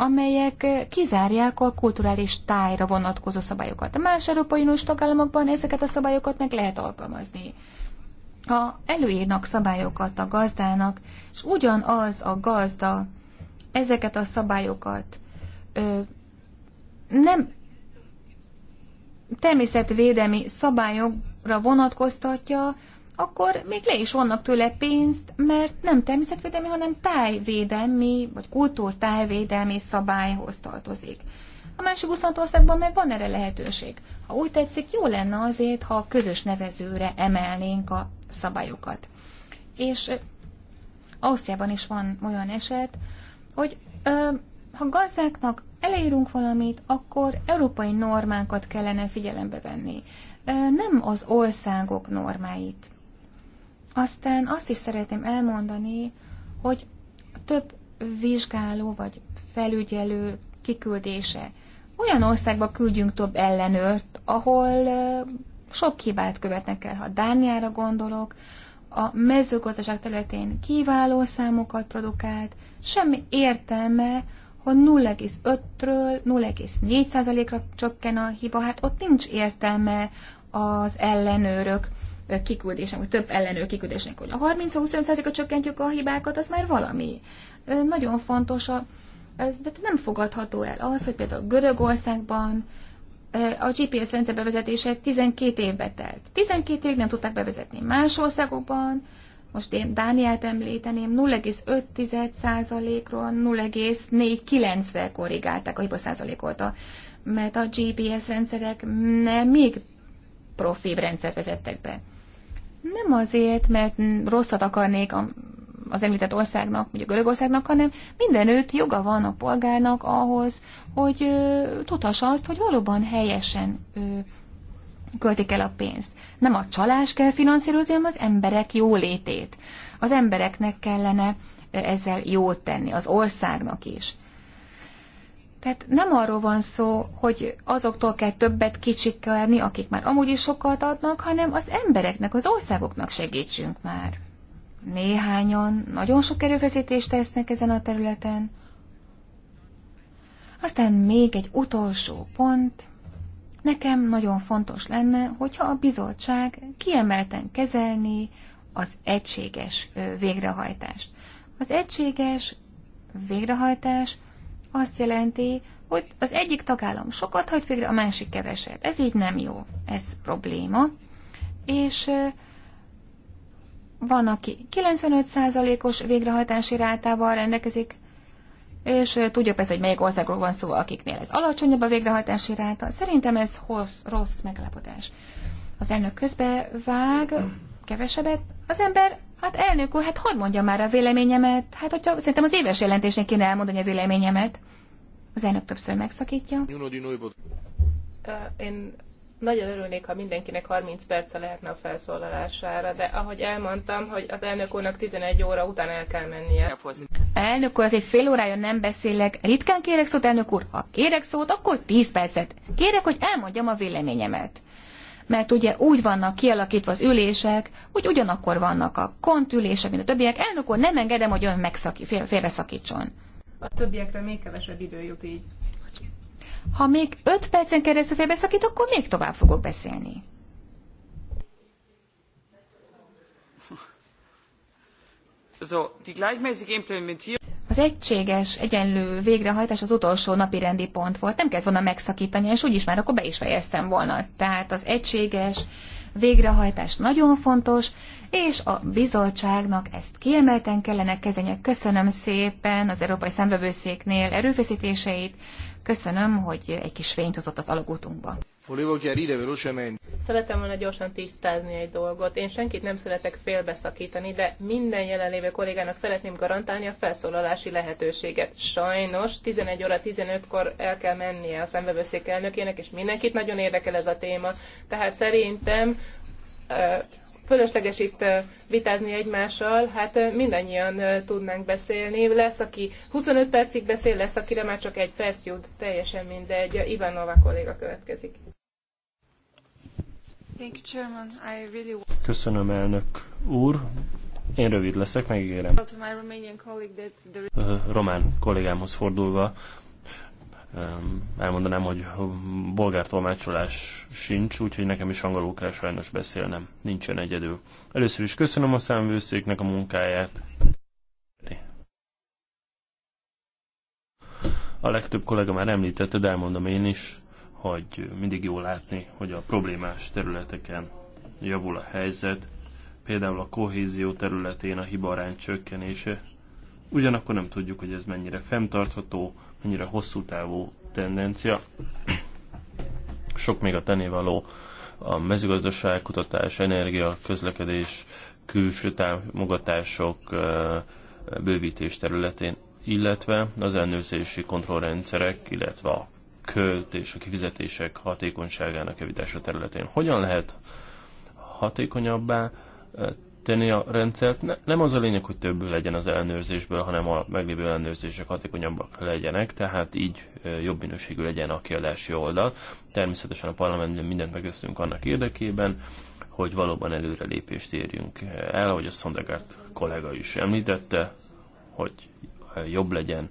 S3: amelyek kizárják a kulturális tájra vonatkozó szabályokat. A más Európai Uniós tagállamokban ezeket a szabályokat meg lehet alkalmazni. Ha előírnak szabályokat a gazdának, és ugyanaz a gazda ezeket a szabályokat ö, nem természetvédelmi szabályokra vonatkoztatja, akkor még le is vonnak tőle pénzt, mert nem természetvédelmi, hanem tájvédelmi, vagy kultúrtájvédelmi szabályhoz tartozik. A másik 20 országban meg van erre lehetőség. Ha úgy tetszik, jó lenne azért, ha a közös nevezőre emelnénk a szabályokat. És Ausztriában is van olyan eset, hogy ö, ha gazdáknak elérünk valamit, akkor európai normákat kellene figyelembe venni, nem az országok normáit. Aztán azt is szeretném elmondani, hogy több vizsgáló vagy felügyelő kiküldése. Olyan országba küldjünk több ellenőrt, ahol sok hibát követnek el. Ha Dániára gondolok, a mezőgazdaság területén kiváló számokat produkált, semmi értelme, hogy 0,5-ről 0,4%-ra csökken a hiba, hát ott nincs értelme az ellenőrök kiküldésének, több ellenőr kiküldésének, hogy a 30-25%-a csökkentjük a hibákat, az már valami. Nagyon fontos, a, ez de nem fogadható el az, hogy például Görögországban a GPS rendszer bevezetése 12 évbe telt. 12 évig nem tudták bevezetni. Más országokban, most én Dániát említeném, 0,5%-ról 0,49-re korrigálták a hiba százalékot, mert a GPS rendszerek ne, még profibb rendszer vezettek be. Nem azért, mert rosszat akarnék a, az említett országnak, mondjuk Görögországnak, hanem mindenütt joga van a polgárnak ahhoz, hogy ö, tudhassa azt, hogy valóban helyesen ö, költik el a pénzt. Nem a csalás kell finanszírozni, hanem az emberek jólétét. Az embereknek kellene ezzel jót tenni, az országnak is. Tehát nem arról van szó, hogy azoktól kell többet kicsikelni, akik már amúgy is sokat adnak, hanem az embereknek, az országoknak segítsünk már. Néhányan nagyon sok erőfeszítést tesznek ezen a területen. Aztán még egy utolsó pont. Nekem nagyon fontos lenne, hogyha a bizottság kiemelten kezelni az egységes végrehajtást. Az egységes végrehajtás azt jelenti, hogy az egyik tagállam sokat hagy végre, a másik kevesebb. Ez így nem jó, ez probléma. És van, aki 95%-os végrehajtási rátával rendelkezik, és tudja persze, hogy melyik országról van szó, akiknél ez alacsonyabb a végrehajtási ráta. Szerintem ez rossz, rossz megállapodás. Az elnök közbe vág, kevesebbet. Az ember, hát elnök úr, hát hadd mondja már a véleményemet. Hát hogyha szerintem az éves jelentésnél kéne elmondani a véleményemet. Az elnök többször megszakítja.
S2: Én nagyon örülnék, ha mindenkinek 30 perce lehetne a felszólalására, de ahogy elmondtam, hogy az elnök úrnak 11 óra után el kell mennie.
S3: Elnök úr, azért fél órája nem beszélek. Ritkán kérek szót, elnök úr. Ha kérek szót, akkor 10 percet. Kérek, hogy elmondjam a véleményemet mert ugye úgy vannak kialakítva az ülések, hogy ugyanakkor vannak a kontülések, mint a többiek. Elnök úr, nem engedem, hogy ön megszaki, fél, félreszakítson.
S2: A többiekre még kevesebb idő jut így.
S3: Ha még öt percen keresztül félbeszakít, akkor még tovább fogok beszélni. So, die gleichmäßige Implementierung az egységes, egyenlő végrehajtás az utolsó napi rendi pont volt. Nem kellett volna megszakítani, és úgyis már akkor be is fejeztem volna. Tehát az egységes végrehajtás nagyon fontos, és a bizottságnak ezt kiemelten kellene kezdeni. Köszönöm szépen az Európai Szembevőszéknél erőfeszítéseit, köszönöm, hogy egy kis fényt hozott az alagútunkba.
S1: Volevo
S2: Szeretem volna gyorsan tisztázni egy dolgot. Én senkit nem szeretek félbeszakítani, de minden jelenlévő kollégának szeretném garantálni a felszólalási lehetőséget. Sajnos 11 óra 15-kor el kell mennie a szembevőszék elnökének, és mindenkit nagyon érdekel ez a téma. Tehát szerintem fölösleges itt vitázni egymással, hát mindannyian tudnánk beszélni. Lesz, aki 25 percig beszél, lesz, akire már csak egy perc jut, teljesen mindegy. Ivanova kolléga következik.
S1: Köszönöm, elnök úr. Én rövid leszek, megígérem. Uh, román kollégámhoz fordulva um, elmondanám, hogy bolgár tolmácsolás sincs, úgyhogy nekem is angolul kell sajnos beszélnem. Nincsen egyedül. Először is köszönöm a számvőszéknek a munkáját. A legtöbb kollega már említette, de elmondom én is hogy mindig jó látni, hogy a problémás területeken javul a helyzet, például a kohézió területén a hibarány csökkenése, ugyanakkor nem tudjuk, hogy ez mennyire fenntartható, mennyire hosszú távú tendencia. Sok még a tenévaló a mezőgazdaság, kutatás, energia, közlekedés, külső támogatások, bővítés területén, illetve az ellenőrzési kontrollrendszerek, illetve a a kifizetések hatékonyságának javítása területén. Hogyan lehet hatékonyabbá tenni a rendszert? Ne, nem az a lényeg, hogy több legyen az ellenőrzésből, hanem a meglévő ellenőrzések hatékonyabbak legyenek, tehát így jobb minőségű legyen a kiadási oldal. Természetesen a parlamentben mindent megösszünk annak érdekében, hogy valóban előrelépést érjünk el, ahogy a Szondegárt kollega is említette, hogy jobb legyen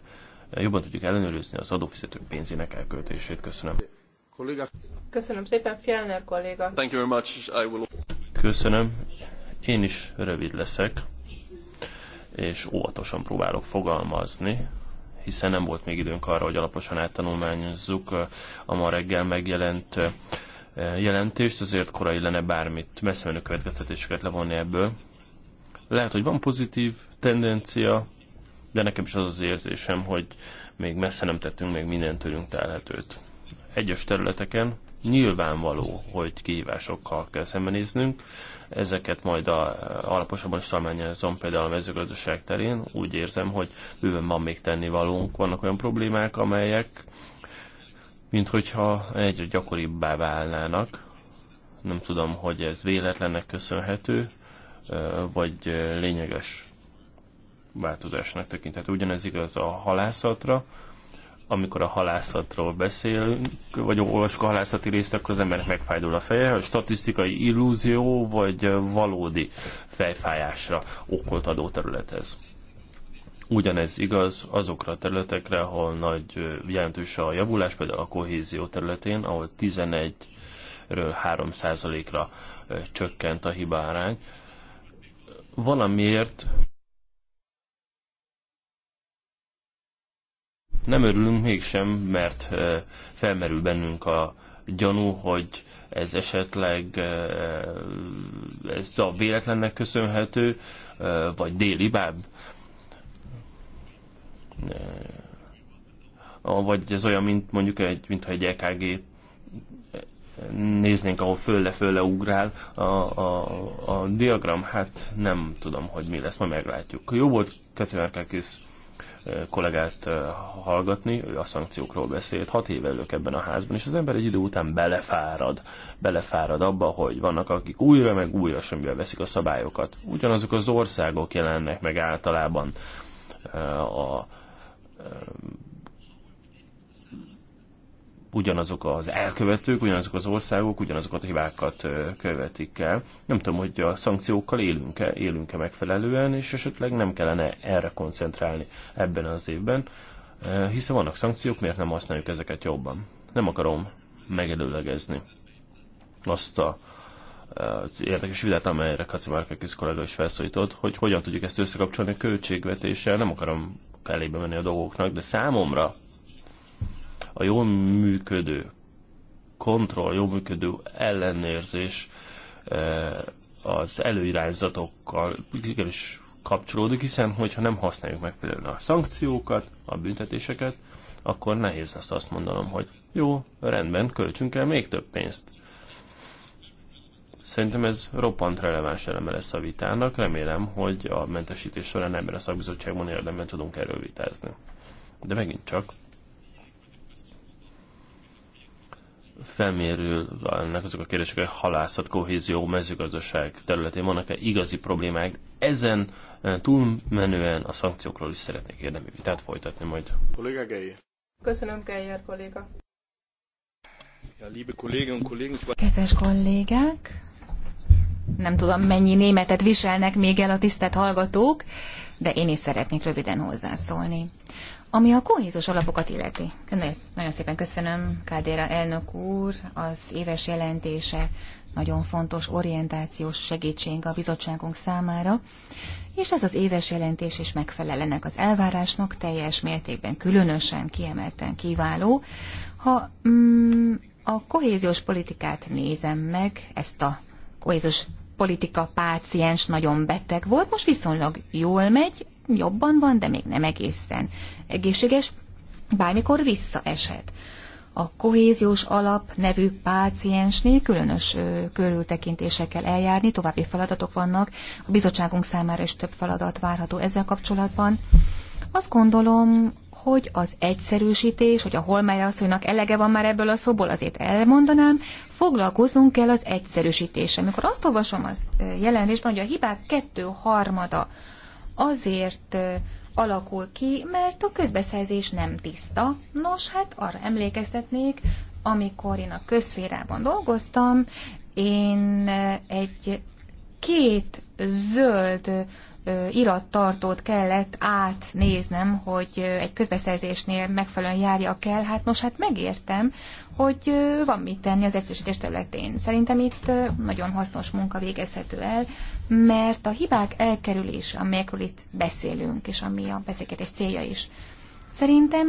S1: jobban tudjuk ellenőrizni az adófizetők pénzének elköltését. Köszönöm.
S2: Köszönöm szépen, Fjellner kolléga.
S1: Thank you very much. I will... Köszönöm. Én is rövid leszek, és óvatosan próbálok fogalmazni, hiszen nem volt még időnk arra, hogy alaposan áttanulmányozzuk a ma reggel megjelent eh, jelentést, azért korai lenne bármit messze menő következtetéseket levonni ebből. Lehet, hogy van pozitív tendencia, de nekem is az az érzésem, hogy még messze nem tettünk még minden tőlünk telhetőt. Egyes területeken nyilvánvaló, hogy kihívásokkal kell szembenéznünk, ezeket majd a, alaposabban is találmányozom, például a mezőgazdaság terén. Úgy érzem, hogy bőven van még tennivalónk, vannak olyan problémák, amelyek mint hogyha egyre gyakoribbá válnának. Nem tudom, hogy ez véletlennek köszönhető, vagy lényeges változásnak tekinthető. Ugyanez igaz a halászatra, amikor a halászatról beszélünk, vagy olvasok a halászati részt, akkor az embernek megfájdul a feje, a statisztikai illúzió, vagy valódi fejfájásra okolt adó területhez. Ugyanez igaz azokra a területekre, ahol nagy jelentős a javulás, például a kohézió területén, ahol 11-ről 3%-ra csökkent a hibárány. Valamiért Nem örülünk mégsem, mert felmerül bennünk a gyanú, hogy ez esetleg ez a véletlennek köszönhető, vagy báb. vagy ez olyan, mint mondjuk egy, mintha egy EKG néznénk, ahol fölle-fölle ugrál a, a, a diagram, hát nem tudom, hogy mi lesz, majd meglátjuk. Jó volt Kacimárkákis kollégát hallgatni, ő a szankciókról beszélt, hat éve ülök ebben a házban, és az ember egy idő után belefárad, belefárad abba, hogy vannak akik újra meg újra semmivel veszik a szabályokat. Ugyanazok az országok jelennek meg általában a ugyanazok az elkövetők, ugyanazok az országok, ugyanazokat a hibákat követik el. Nem tudom, hogy a szankciókkal élünk-e, élünk-e megfelelően, és esetleg nem kellene erre koncentrálni ebben az évben, hiszen vannak szankciók, miért nem használjuk ezeket jobban? Nem akarom megelőlegezni azt a az érdekes vitát, amelyre Kacimárkakis kollega is felszólított, hogy hogyan tudjuk ezt összekapcsolni a költségvetéssel. Nem akarom elébe menni a dolgoknak, de számomra a jól működő kontroll, jól működő ellenőrzés e, az előirányzatokkal is kapcsolódik, hiszen hogyha nem használjuk meg például a szankciókat, a büntetéseket, akkor nehéz lesz azt mondanom, hogy jó, rendben, költsünk el még több pénzt. Szerintem ez roppant releváns eleme lesz a vitának. Remélem, hogy a mentesítés során ebben a szakbizottságban érdemben tudunk erről vitázni. De megint csak felmérül ennek azok a kérdések, hogy halászat, kohézió, mezőgazdaság területén vannak-e igazi problémák. Ezen eh, túlmenően a szankciókról is szeretnék érdemi vitát folytatni majd. Kolléga Geyer.
S2: Köszönöm,
S3: Geyer kolléga.
S1: Ja, liebe Kolleginnen Kollegen,
S3: Kedves kollégák, nem tudom mennyi németet viselnek még el a tisztelt hallgatók, de én is szeretnék röviden hozzászólni. Ami a kohézus alapokat illeti, nagyon szépen köszönöm Kádéra elnök úr, az éves jelentése nagyon fontos orientációs segítség a bizottságunk számára, és ez az éves jelentés is megfelel ennek az elvárásnak, teljes mértékben, különösen, kiemelten kiváló. Ha mm, a kohéziós politikát nézem meg, ezt a kohéziós politika páciens nagyon beteg volt, most viszonylag jól megy, jobban van, de még nem egészen egészséges, bármikor visszaeshet. A kohéziós alap nevű páciensnél különös körültekintésekkel eljárni, további feladatok vannak, a bizottságunk számára is több feladat várható ezzel kapcsolatban. Azt gondolom, hogy az egyszerűsítés, hogy a Holmeyer asszonynak elege van már ebből a szóból, azért elmondanám, foglalkozunk kell az egyszerűsítéssel. Amikor azt olvasom a az jelentésben, hogy a hibák kettő harmada azért alakul ki, mert a közbeszerzés nem tiszta. Nos, hát arra emlékeztetnék, amikor én a közférában dolgoztam, én egy két zöld irattartót kellett átnéznem, hogy egy közbeszerzésnél megfelelően járja kell. Hát most hát megértem, hogy van mit tenni az egyszerűsítés területén. Szerintem itt nagyon hasznos munka végezhető el, mert a hibák elkerülése, amelyekről itt beszélünk, és ami a beszélgetés célja is, szerintem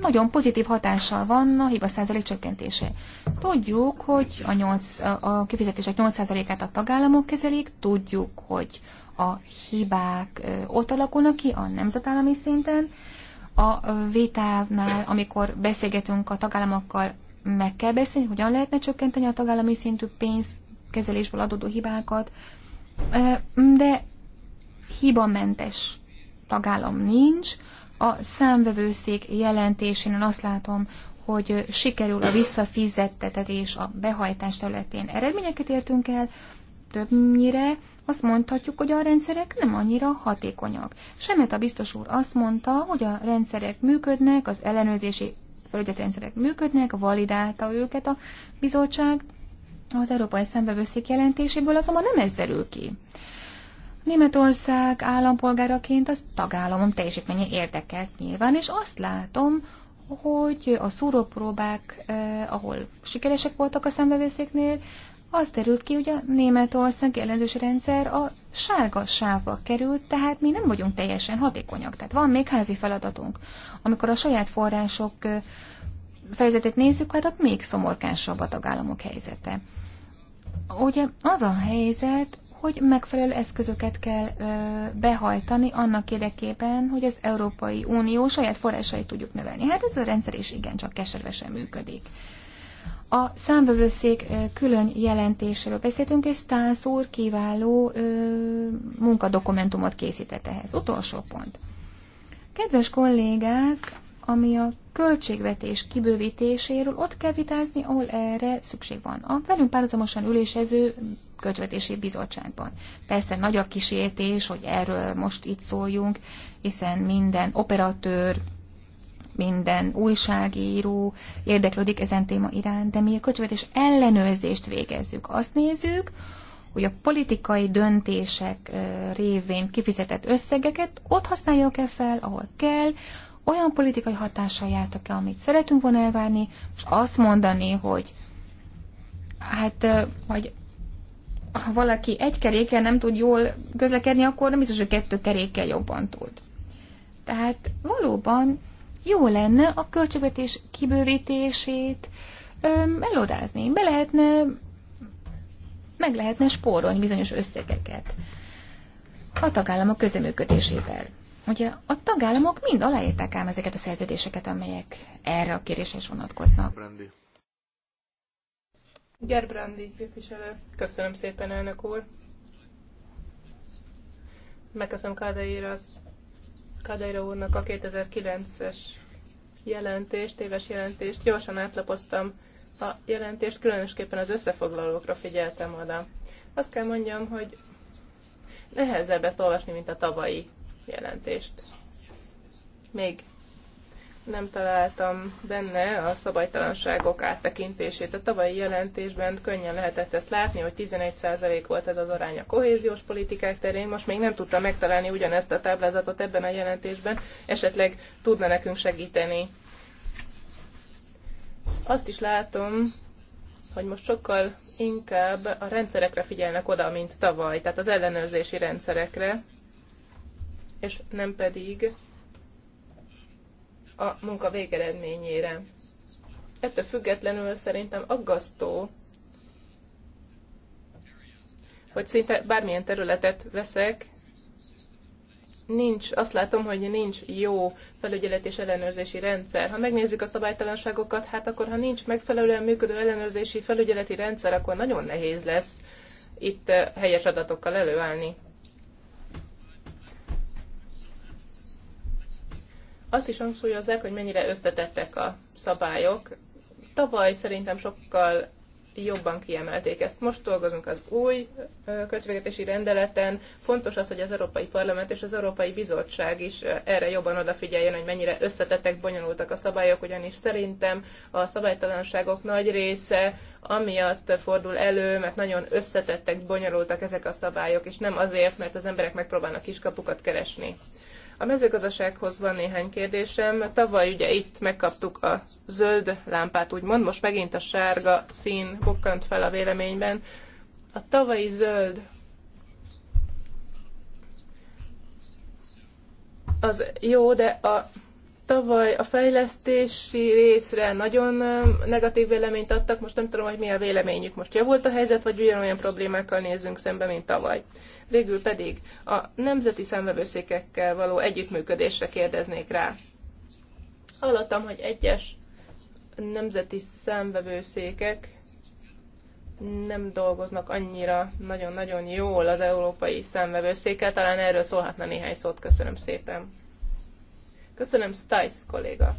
S3: nagyon pozitív hatással van a hiba százalék csökkentése. Tudjuk, hogy a, 8, a kifizetések 8%-át a tagállamok kezelik, tudjuk, hogy a hibák ott alakulnak ki a nemzetállami szinten. A vétávnál, amikor beszélgetünk a tagállamokkal, meg kell beszélni, hogyan lehetne csökkenteni a tagállami szintű pénzkezelésből adódó hibákat, de hibamentes tagállam nincs, a számvevőszék jelentésénél azt látom, hogy sikerül a visszafizettetetés a behajtás területén eredményeket értünk el, többnyire azt mondhatjuk, hogy a rendszerek nem annyira hatékonyak. Semet a biztos úr azt mondta, hogy a rendszerek működnek, az ellenőrzési felügyeletrendszerek működnek, validálta őket a bizottság. Az Európai Szembevőszék jelentéséből azonban nem ez derül ki. Németország állampolgáraként az tagállamom teljesítménye érdekelt nyilván, és azt látom, hogy a szúrópróbák, eh, ahol sikeresek voltak a szembevészéknél, az derült ki, hogy a Németország jellemzős rendszer a sárga sávba került, tehát mi nem vagyunk teljesen hatékonyak. Tehát van még házi feladatunk. Amikor a saját források eh, fejezetét nézzük, hát ott még szomorkásabb a tagállamok helyzete. Ugye az a helyzet, hogy megfelelő eszközöket kell behajtani annak érdekében, hogy az Európai Unió saját forrásait tudjuk növelni. Hát ez a rendszer is igencsak keservesen működik. A számvevőszék külön jelentéséről beszéltünk, és Stász úr kiváló ö, munkadokumentumot készített ehhez. Utolsó pont. Kedves kollégák, ami a költségvetés kibővítéséről ott kell vitázni, ahol erre szükség van. A velünk párhuzamosan ülésező Költségvetési Bizottságban. Persze nagy a kísértés, hogy erről most itt szóljunk, hiszen minden operatőr, minden újságíró érdeklődik ezen téma iránt, de mi a költségvetés ellenőrzést végezzük. Azt nézzük, hogy a politikai döntések révén kifizetett összegeket ott használjuk-e fel, ahol kell, olyan politikai hatással jártak-e, amit szeretünk volna elvárni, és azt mondani, hogy hát, vagy ha valaki egy kerékkel nem tud jól közlekedni, akkor nem biztos, hogy kettő kerékkel jobban tud. Tehát valóban jó lenne a költségvetés kibővítését öm, elodázni. Be lehetne, meg lehetne spórolni bizonyos összegeket a tagállamok közeműködésével. Ugye a tagállamok mind aláírták ám ezeket a szerződéseket, amelyek erre a kérésre vonatkoznak.
S2: Gerbrandi képviselő. Köszönöm szépen, elnök úr. Megköszönöm Kádeira, Kádeira úrnak a 2009-es jelentést, éves jelentést. Gyorsan átlapoztam a jelentést, különösképpen az összefoglalókra figyeltem oda. Azt kell mondjam, hogy nehezebb ezt olvasni, mint a tavalyi jelentést. Még nem találtam benne a szabálytalanságok áttekintését. A tavalyi jelentésben könnyen lehetett ezt látni, hogy 11% volt ez az arány a kohéziós politikák terén. Most még nem tudta megtalálni ugyanezt a táblázatot ebben a jelentésben. Esetleg tudna nekünk segíteni. Azt is látom, hogy most sokkal inkább a rendszerekre figyelnek oda, mint tavaly, tehát az ellenőrzési rendszerekre, és nem pedig a munka végeredményére. Ettől függetlenül szerintem aggasztó, hogy szinte bármilyen területet veszek, nincs, azt látom, hogy nincs jó felügyelet és ellenőrzési rendszer. Ha megnézzük a szabálytalanságokat, hát akkor ha nincs megfelelően működő ellenőrzési felügyeleti rendszer, akkor nagyon nehéz lesz itt eh, helyes adatokkal előállni. Azt is hangsúlyozzák, hogy mennyire összetettek a szabályok. Tavaly szerintem sokkal jobban kiemelték ezt. Most dolgozunk az új költségvetési rendeleten. Fontos az, hogy az Európai Parlament és az Európai Bizottság is erre jobban odafigyeljen, hogy mennyire összetettek, bonyolultak a szabályok, ugyanis szerintem a szabálytalanságok nagy része amiatt fordul elő, mert nagyon összetettek, bonyolultak ezek a szabályok, és nem azért, mert az emberek megpróbálnak kiskapukat keresni. A mezőgazdasághoz van néhány kérdésem. Tavaly ugye itt megkaptuk a zöld lámpát, úgymond, most megint a sárga szín bukkant fel a véleményben. A tavalyi zöld az jó, de a Tavaly a fejlesztési részre nagyon negatív véleményt adtak, most nem tudom, hogy mi a véleményük. Most javult a helyzet, vagy ugyanolyan problémákkal nézzünk szembe, mint tavaly. Végül pedig a nemzeti számvevőszékekkel való együttműködésre kérdeznék rá. Hallottam, hogy egyes nemzeti számvevőszékek nem dolgoznak annyira nagyon-nagyon jól az európai számvevőszékkel. Talán erről szólhatna néhány szót. Köszönöm szépen. Köszönöm, Stice kolléga.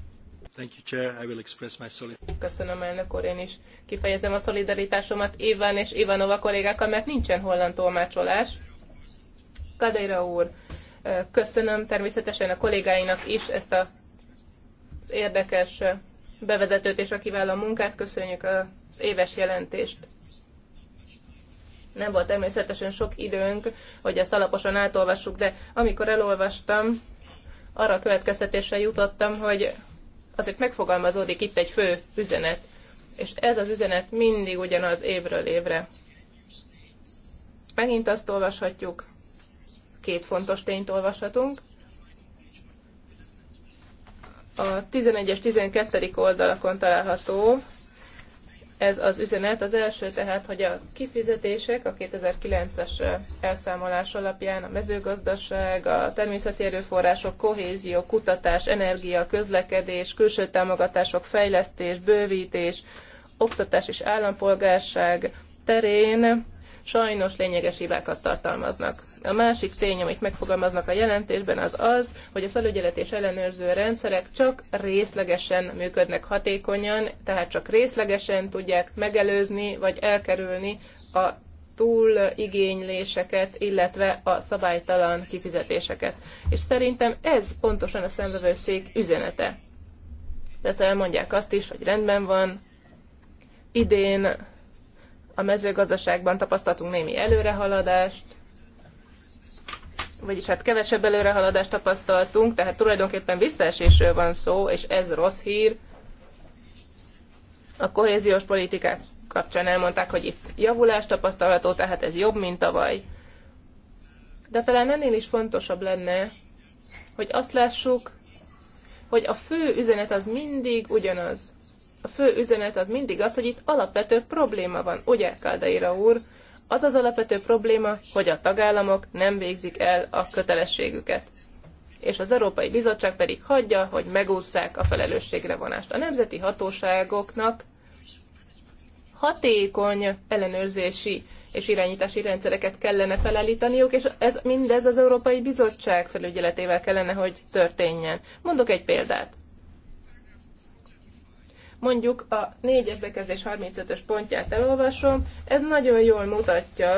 S3: Thank you, Chair. I
S1: will express my
S2: Köszönöm, elnök úr, én is kifejezem a szolidaritásomat Iván és Ivanova kollégákkal, mert nincsen holland tolmácsolás. Kadeira úr, köszönöm természetesen a kollégáinak is ezt a, az érdekes bevezetőt és a kiváló munkát. Köszönjük az éves jelentést. Nem volt természetesen sok időnk, hogy ezt alaposan átolvassuk, de amikor elolvastam, arra a következtetésre jutottam, hogy azért megfogalmazódik itt egy fő üzenet, és ez az üzenet mindig ugyanaz évről évre. Megint azt olvashatjuk, két fontos tényt olvashatunk. A 11 és 12. oldalakon található ez az üzenet. Az első tehát, hogy a kifizetések a 2009-es elszámolás alapján a mezőgazdaság, a természeti erőforrások, kohézió, kutatás, energia, közlekedés, külső támogatások, fejlesztés, bővítés, oktatás és állampolgárság terén sajnos lényeges hibákat tartalmaznak. A másik tény, amit megfogalmaznak a jelentésben, az az, hogy a felügyelet és ellenőrző rendszerek csak részlegesen működnek hatékonyan, tehát csak részlegesen tudják megelőzni vagy elkerülni a túl igényléseket, illetve a szabálytalan kifizetéseket. És szerintem ez pontosan a szemvevőszék üzenete. Persze elmondják azt is, hogy rendben van, idén a mezőgazdaságban tapasztaltunk némi előrehaladást, vagyis hát kevesebb előrehaladást tapasztaltunk, tehát tulajdonképpen visszaesésről van szó, és ez rossz hír. A kohéziós politikák kapcsán elmondták, hogy itt javulás tapasztalható, tehát ez jobb, mint tavaly. De talán ennél is fontosabb lenne, hogy azt lássuk, hogy a fő üzenet az mindig ugyanaz a fő üzenet az mindig az, hogy itt alapvető probléma van, ugye, Kaldaira úr? Az az alapvető probléma, hogy a tagállamok nem végzik el a kötelességüket. És az Európai Bizottság pedig hagyja, hogy megússzák a felelősségre vonást. A nemzeti hatóságoknak hatékony ellenőrzési és irányítási rendszereket kellene felállítaniuk, és ez mindez az Európai Bizottság felügyeletével kellene, hogy történjen. Mondok egy példát. Mondjuk a 4-es bekezdés 35-ös pontját elolvasom. Ez nagyon jól mutatja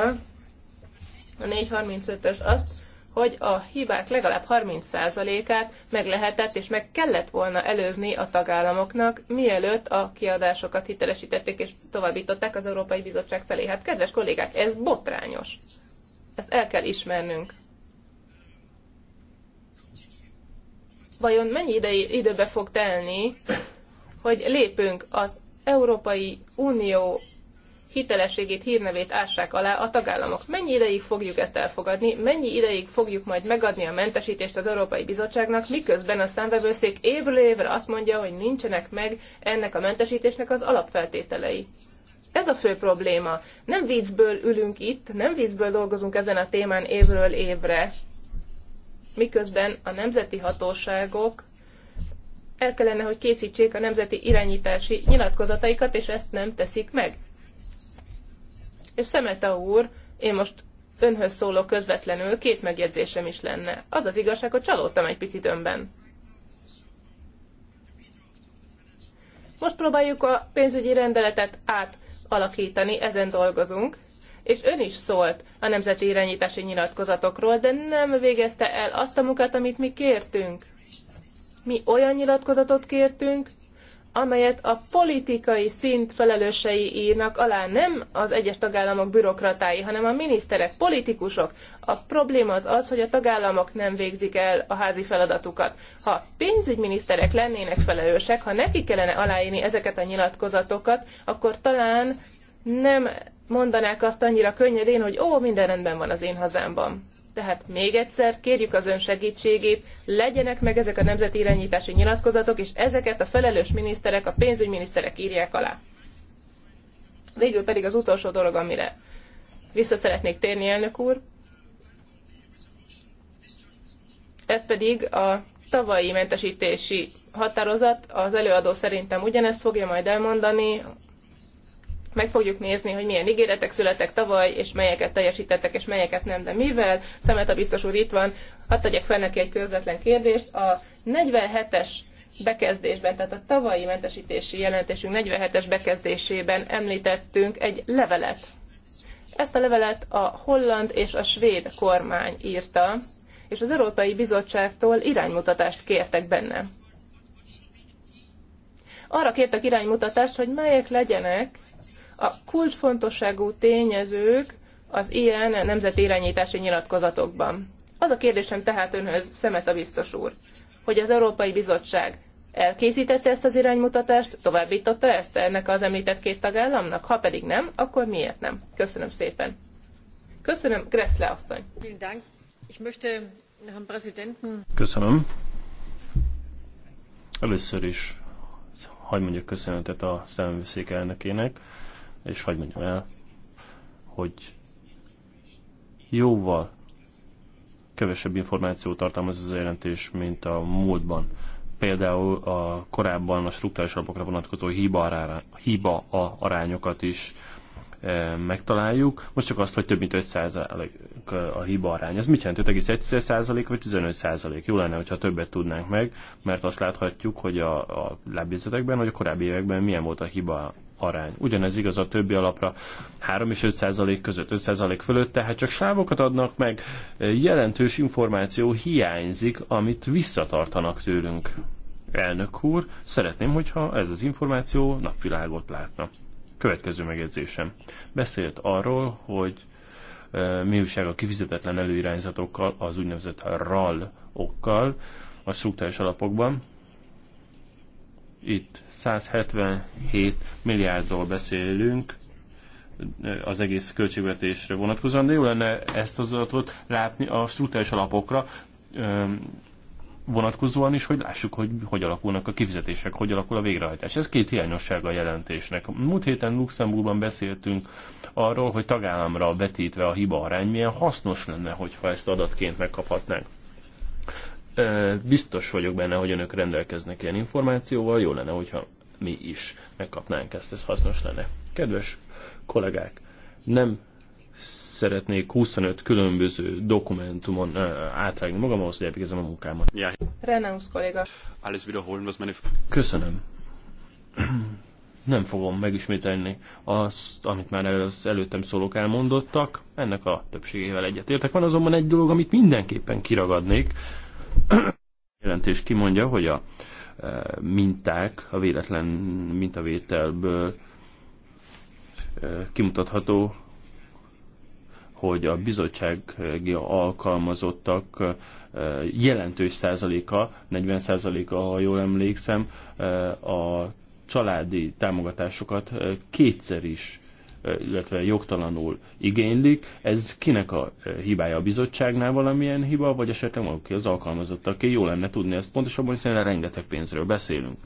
S2: a 435-ös azt, hogy a hibák legalább 30%-át meg lehetett és meg kellett volna előzni a tagállamoknak, mielőtt a kiadásokat hitelesítették és továbbították az Európai Bizottság felé. Hát kedves kollégák, ez botrányos. Ezt el kell ismernünk. Vajon mennyi idei, időbe fog telni, hogy lépünk az Európai Unió hitelességét, hírnevét ássák alá a tagállamok. Mennyi ideig fogjuk ezt elfogadni, mennyi ideig fogjuk majd megadni a mentesítést az Európai Bizottságnak, miközben a számvevőszék évről évre azt mondja, hogy nincsenek meg ennek a mentesítésnek az alapfeltételei. Ez a fő probléma. Nem vízből ülünk itt, nem vízből dolgozunk ezen a témán évről évre, miközben a nemzeti hatóságok el kellene, hogy készítsék a nemzeti irányítási nyilatkozataikat, és ezt nem teszik meg. És Szemeta úr, én most önhöz szólok közvetlenül, két megjegyzésem is lenne. Az az igazság, hogy csalódtam egy picit önben. Most próbáljuk a pénzügyi rendeletet átalakítani, ezen dolgozunk, és ön is szólt a nemzeti irányítási nyilatkozatokról, de nem végezte el azt a munkát, amit mi kértünk. Mi olyan nyilatkozatot kértünk, amelyet a politikai szint felelősei írnak alá, nem az egyes tagállamok bürokratái, hanem a miniszterek, politikusok. A probléma az az, hogy a tagállamok nem végzik el a házi feladatukat. Ha pénzügyminiszterek lennének felelősek, ha neki kellene aláírni ezeket a nyilatkozatokat, akkor talán nem mondanák azt annyira könnyedén, hogy ó, minden rendben van az én hazámban. Tehát még egyszer kérjük az ön segítségét, legyenek meg ezek a nemzeti irányítási nyilatkozatok, és ezeket a felelős miniszterek, a pénzügyminiszterek írják alá. Végül pedig az utolsó dolog, amire vissza szeretnék térni, elnök úr, ez pedig a tavalyi mentesítési határozat, az előadó szerintem ugyanezt fogja majd elmondani, meg fogjuk nézni, hogy milyen ígéretek születtek tavaly, és melyeket teljesítettek, és melyeket nem. De mivel szemet a biztos úr itt van, hadd tegyek fel neki egy közvetlen kérdést. A 47-es bekezdésben, tehát a tavalyi mentesítési jelentésünk 47-es bekezdésében említettünk egy levelet. Ezt a levelet a holland és a svéd kormány írta, és az Európai Bizottságtól iránymutatást kértek benne. Arra kértek iránymutatást, hogy melyek legyenek a kulcsfontosságú tényezők az ilyen nemzeti irányítási nyilatkozatokban. Az a kérdésem tehát önhöz, szemet a biztos úr, hogy az Európai Bizottság elkészítette ezt az iránymutatást, továbbította ezt ennek az említett két tagállamnak? Ha pedig nem, akkor miért nem? Köszönöm szépen. Köszönöm, Gressle asszony.
S1: Köszönöm. Először is hagyd mondjak köszönetet a szemvőszék elnökének és hagyd mondjam el, hogy jóval kevesebb információt tartalmaz ez a jelentés, mint a múltban. Például a korábban a struktúrás alapokra vonatkozó hiba, arára, hiba a arányokat is e, megtaláljuk. Most csak azt, hogy több mint 5% a hiba arány. Ez mit jelent? 5,1% vagy 15%? Jó lenne, hogyha többet tudnánk meg, mert azt láthatjuk, hogy a, a lábjegyzetekben, vagy a korábbi években milyen volt a hiba arány. Ugyanez igaz a többi alapra 3 és 5 százalék között, 5 százalék fölött, tehát csak sávokat adnak meg, jelentős információ hiányzik, amit visszatartanak tőlünk. Elnök úr, szeretném, hogyha ez az információ napvilágot látna. Következő megjegyzésem. Beszélt arról, hogy e, mi újság a kifizetetlen előirányzatokkal, az úgynevezett RAL-okkal a struktúrás alapokban. Itt 177 milliárdról beszélünk az egész költségvetésre vonatkozóan, de jó lenne ezt az adatot látni a struktúrális alapokra vonatkozóan is, hogy lássuk, hogy hogy alakulnak a kifizetések, hogy alakul a végrehajtás. Ez két hiányossága a jelentésnek. Múlt héten Luxemburgban beszéltünk arról, hogy tagállamra vetítve a hiba arány milyen hasznos lenne, hogyha ezt adatként megkaphatnánk. Biztos vagyok benne, hogy önök rendelkeznek ilyen információval, jó lenne, hogyha mi is megkapnánk ezt, ez hasznos lenne. Kedves kollégák, nem szeretnék 25 különböző dokumentumon átrágni magam ahhoz, hogy elvégezem a munkámat. Ja.
S2: Renaus kolléga.
S1: Alles wiederholen, was meine... Köszönöm. Nem fogom megismételni azt, amit már az előttem szólók elmondottak. Ennek a többségével egyetértek. Van azonban egy dolog, amit mindenképpen kiragadnék jelentés kimondja, hogy a e, minták, a véletlen mintavételből e, kimutatható, hogy a bizottsági alkalmazottak e, jelentős százaléka, 40 százaléka, ha jól emlékszem, a családi támogatásokat kétszer is illetve jogtalanul igénylik. Ez kinek a eh, hibája a bizottságnál valamilyen hiba, vagy esetleg valaki az alkalmazottaké? Jó lenne tudni ezt pontosabban, hiszen rengeteg pénzről beszélünk.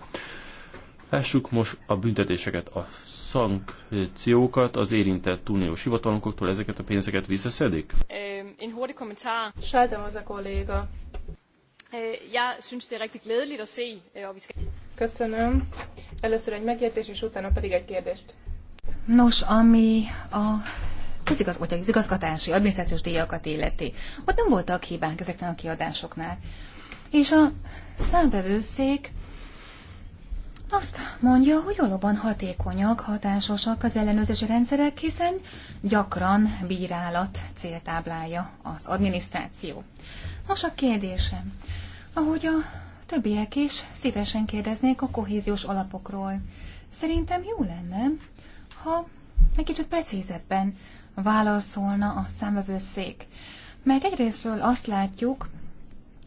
S1: Lássuk most a büntetéseket, a szankciókat, az érintett uniós hivatalunkoktól ezeket a pénzeket visszaszedik?
S2: En hurtig kommentar. az a kolléga. Jeg synes, det er rigtig glædeligt at se, øh, og vi skal... Köszönöm. Először egy megjegyzés, és utána pedig egy kérdést.
S3: Nos, ami a közigaz, vagy az igazgatási, adminisztrációs díjakat illeti. Ott nem voltak hibák ezeknek a kiadásoknál. És a számvevőszék azt mondja, hogy valóban hatékonyak, hatásosak az ellenőrzési rendszerek, hiszen gyakran bírálat céltáblája az adminisztráció. Nos, a kérdésem, ahogy a többiek is szívesen kérdeznék a kohéziós alapokról. Szerintem jó lenne, ha egy kicsit precízebben válaszolna a számvevőszék. Mert egyrésztről azt látjuk,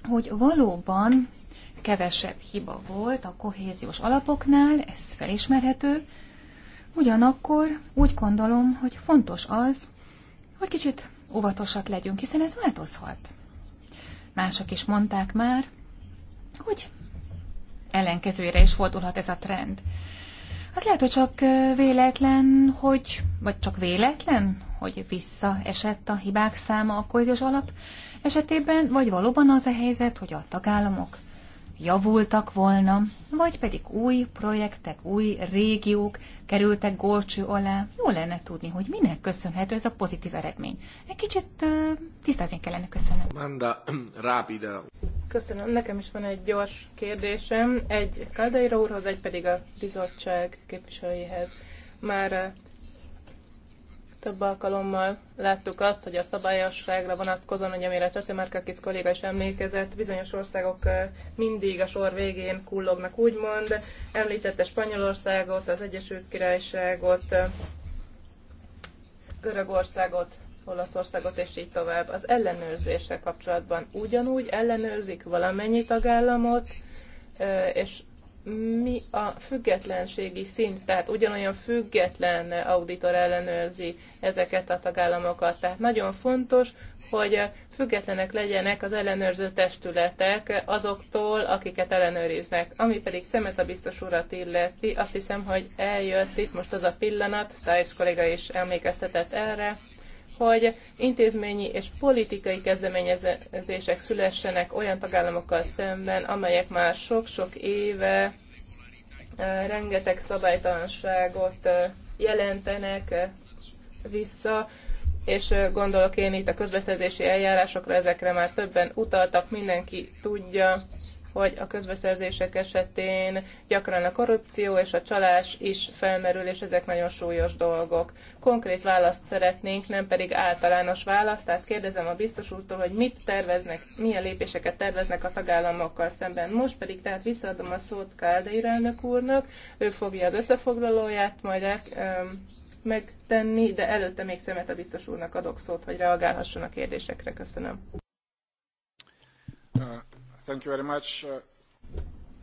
S3: hogy valóban kevesebb hiba volt a kohéziós alapoknál, ez felismerhető, ugyanakkor úgy gondolom, hogy fontos az, hogy kicsit óvatosak legyünk, hiszen ez változhat. Mások is mondták már, hogy ellenkezőre is fordulhat ez a trend. Az lehet, hogy csak véletlen, hogy, vagy csak véletlen, hogy visszaesett a hibák száma a kohéziós alap esetében, vagy valóban az a helyzet, hogy a tagállamok javultak volna, vagy pedig új projektek, új régiók kerültek gorcső alá. Jó lenne tudni, hogy minek köszönhető ez a pozitív eredmény. Egy kicsit uh, tisztázni kellene, köszönöm.
S2: Manda, <clears throat> rápida. Köszönöm. Nekem is van egy gyors kérdésem. Egy Kaldeira úrhoz, egy pedig a bizottság képviselőjéhez. Már több alkalommal láttuk azt, hogy a szabályosságra vonatkozóan, ugye amire Csasi Márkakic kolléga is emlékezett, bizonyos országok mindig a sor végén kullognak, úgymond. Említette Spanyolországot, az Egyesült Királyságot, Görögországot, Olaszországot, és így tovább. Az ellenőrzéssel kapcsolatban ugyanúgy ellenőrzik valamennyi tagállamot, és mi a függetlenségi szint, tehát ugyanolyan független auditor ellenőrzi ezeket a tagállamokat. Tehát nagyon fontos, hogy függetlenek legyenek az ellenőrző testületek azoktól, akiket ellenőriznek. Ami pedig szemet a biztos urat illeti, azt hiszem, hogy eljött itt most az a pillanat, szájsz kolléga is emlékeztetett erre, hogy intézményi és politikai kezdeményezések szülessenek olyan tagállamokkal szemben, amelyek már sok-sok éve eh, rengeteg szabálytalanságot eh, jelentenek eh, vissza, és gondolok én itt a közbeszerzési eljárásokra, ezekre már többen utaltak, mindenki tudja, hogy a közbeszerzések esetén gyakran a korrupció és a csalás is felmerül, és ezek nagyon súlyos dolgok. Konkrét választ szeretnénk, nem pedig általános választ, tehát kérdezem a biztos úrtól, hogy mit terveznek, milyen lépéseket terveznek a tagállamokkal szemben. Most pedig tehát visszaadom a szót Káldeir elnök úrnak, ő fogja az összefoglalóját, majd el, um, megtenni, de előtte még szemet a biztos úrnak adok szót, hogy reagálhasson a kérdésekre. Köszönöm.
S1: Thank you very much.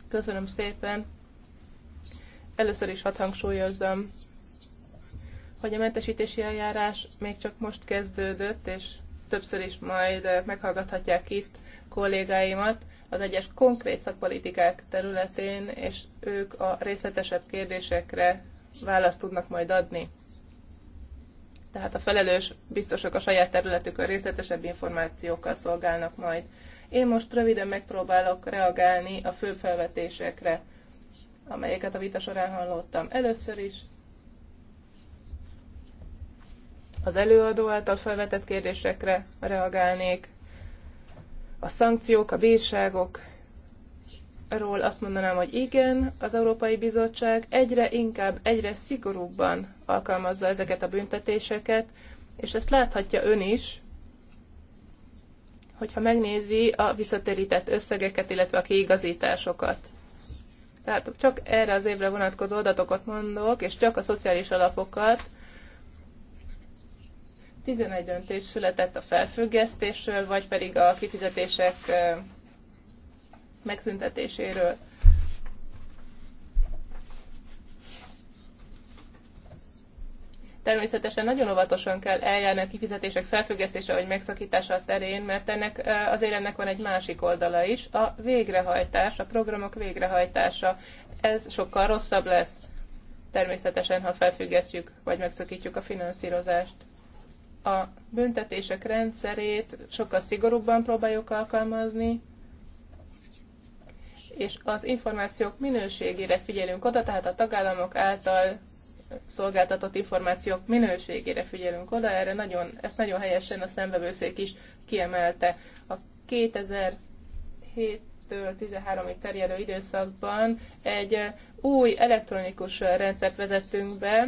S2: Köszönöm szépen. Először is hadd hangsúlyozzam, hogy a mentesítési eljárás még csak most kezdődött, és többször is majd eh, meghallgathatják itt kollégáimat az egyes konkrét szakpolitikák területén, és ők a részletesebb kérdésekre választ tudnak majd adni. Tehát a felelős biztosok a saját területükön részletesebb információkkal szolgálnak majd. Én most röviden megpróbálok reagálni a fő felvetésekre, amelyeket a vita során hallottam. Először is az előadó által felvetett kérdésekre reagálnék. A szankciók, a bírságok, ról azt mondanám, hogy igen, az Európai Bizottság egyre inkább, egyre szigorúbban alkalmazza ezeket a büntetéseket, és ezt láthatja ön is, hogyha megnézi a visszatérített összegeket, illetve a kiigazításokat. Tehát csak erre az évre vonatkozó adatokat mondok, és csak a szociális alapokat. 11 döntés született a felfüggesztésről, vagy pedig a kifizetések megszüntetéséről. Természetesen nagyon óvatosan kell eljárni a kifizetések felfüggesztése vagy megszakítása terén, mert ennek az ennek van egy másik oldala is, a végrehajtás, a programok végrehajtása. Ez sokkal rosszabb lesz természetesen, ha felfüggesztjük vagy megszakítjuk a finanszírozást. A büntetések rendszerét sokkal szigorúbban próbáljuk alkalmazni, és az információk minőségére figyelünk oda, tehát a tagállamok által szolgáltatott információk minőségére figyelünk oda, erre nagyon, ezt nagyon helyesen a szembevőszék is kiemelte. A 2007 től 13-ig terjedő időszakban egy új elektronikus rendszert vezettünk be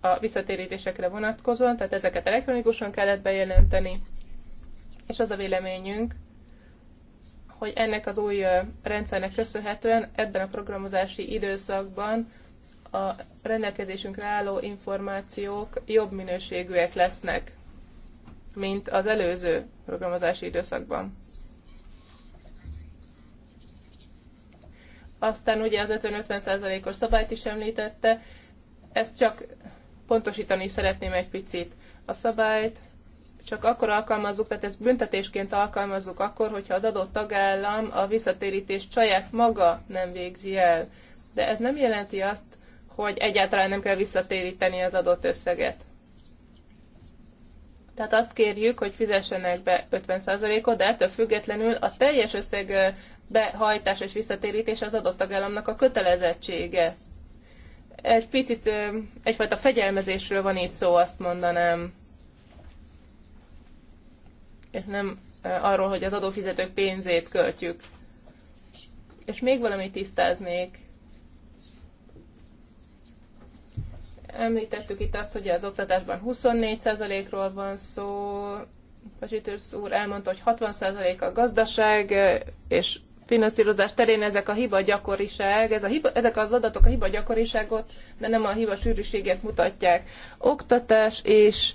S2: a visszatérítésekre vonatkozóan, tehát ezeket elektronikusan kellett bejelenteni, és az a véleményünk, hogy ennek az új rendszernek köszönhetően ebben a programozási időszakban a rendelkezésünkre álló információk jobb minőségűek lesznek, mint az előző programozási időszakban. Aztán ugye az 50-50%-os szabályt is említette, ezt csak pontosítani szeretném egy picit. A szabályt csak akkor alkalmazzuk, tehát ezt büntetésként alkalmazzuk akkor, hogyha az adott tagállam a visszatérítést saját maga nem végzi el. De ez nem jelenti azt, hogy egyáltalán nem kell visszatéríteni az adott összeget. Tehát azt kérjük, hogy fizessenek be 50%-ot, de ettől függetlenül a teljes összeg behajtás és visszatérítés az adott tagállamnak a kötelezettsége. Egy picit egyfajta fegyelmezésről van itt szó, azt mondanám. És nem arról, hogy az adófizetők pénzét költjük. És még valamit tisztáznék Említettük itt azt, hogy az oktatásban 24%-ról van szó, Pazsitősz úr elmondta, hogy 60% a gazdaság és finanszírozás terén ezek a hiba gyakoriság, ez a hiba, ezek az adatok a hiba gyakoriságot, de nem a hiba sűrűségét mutatják. Oktatás és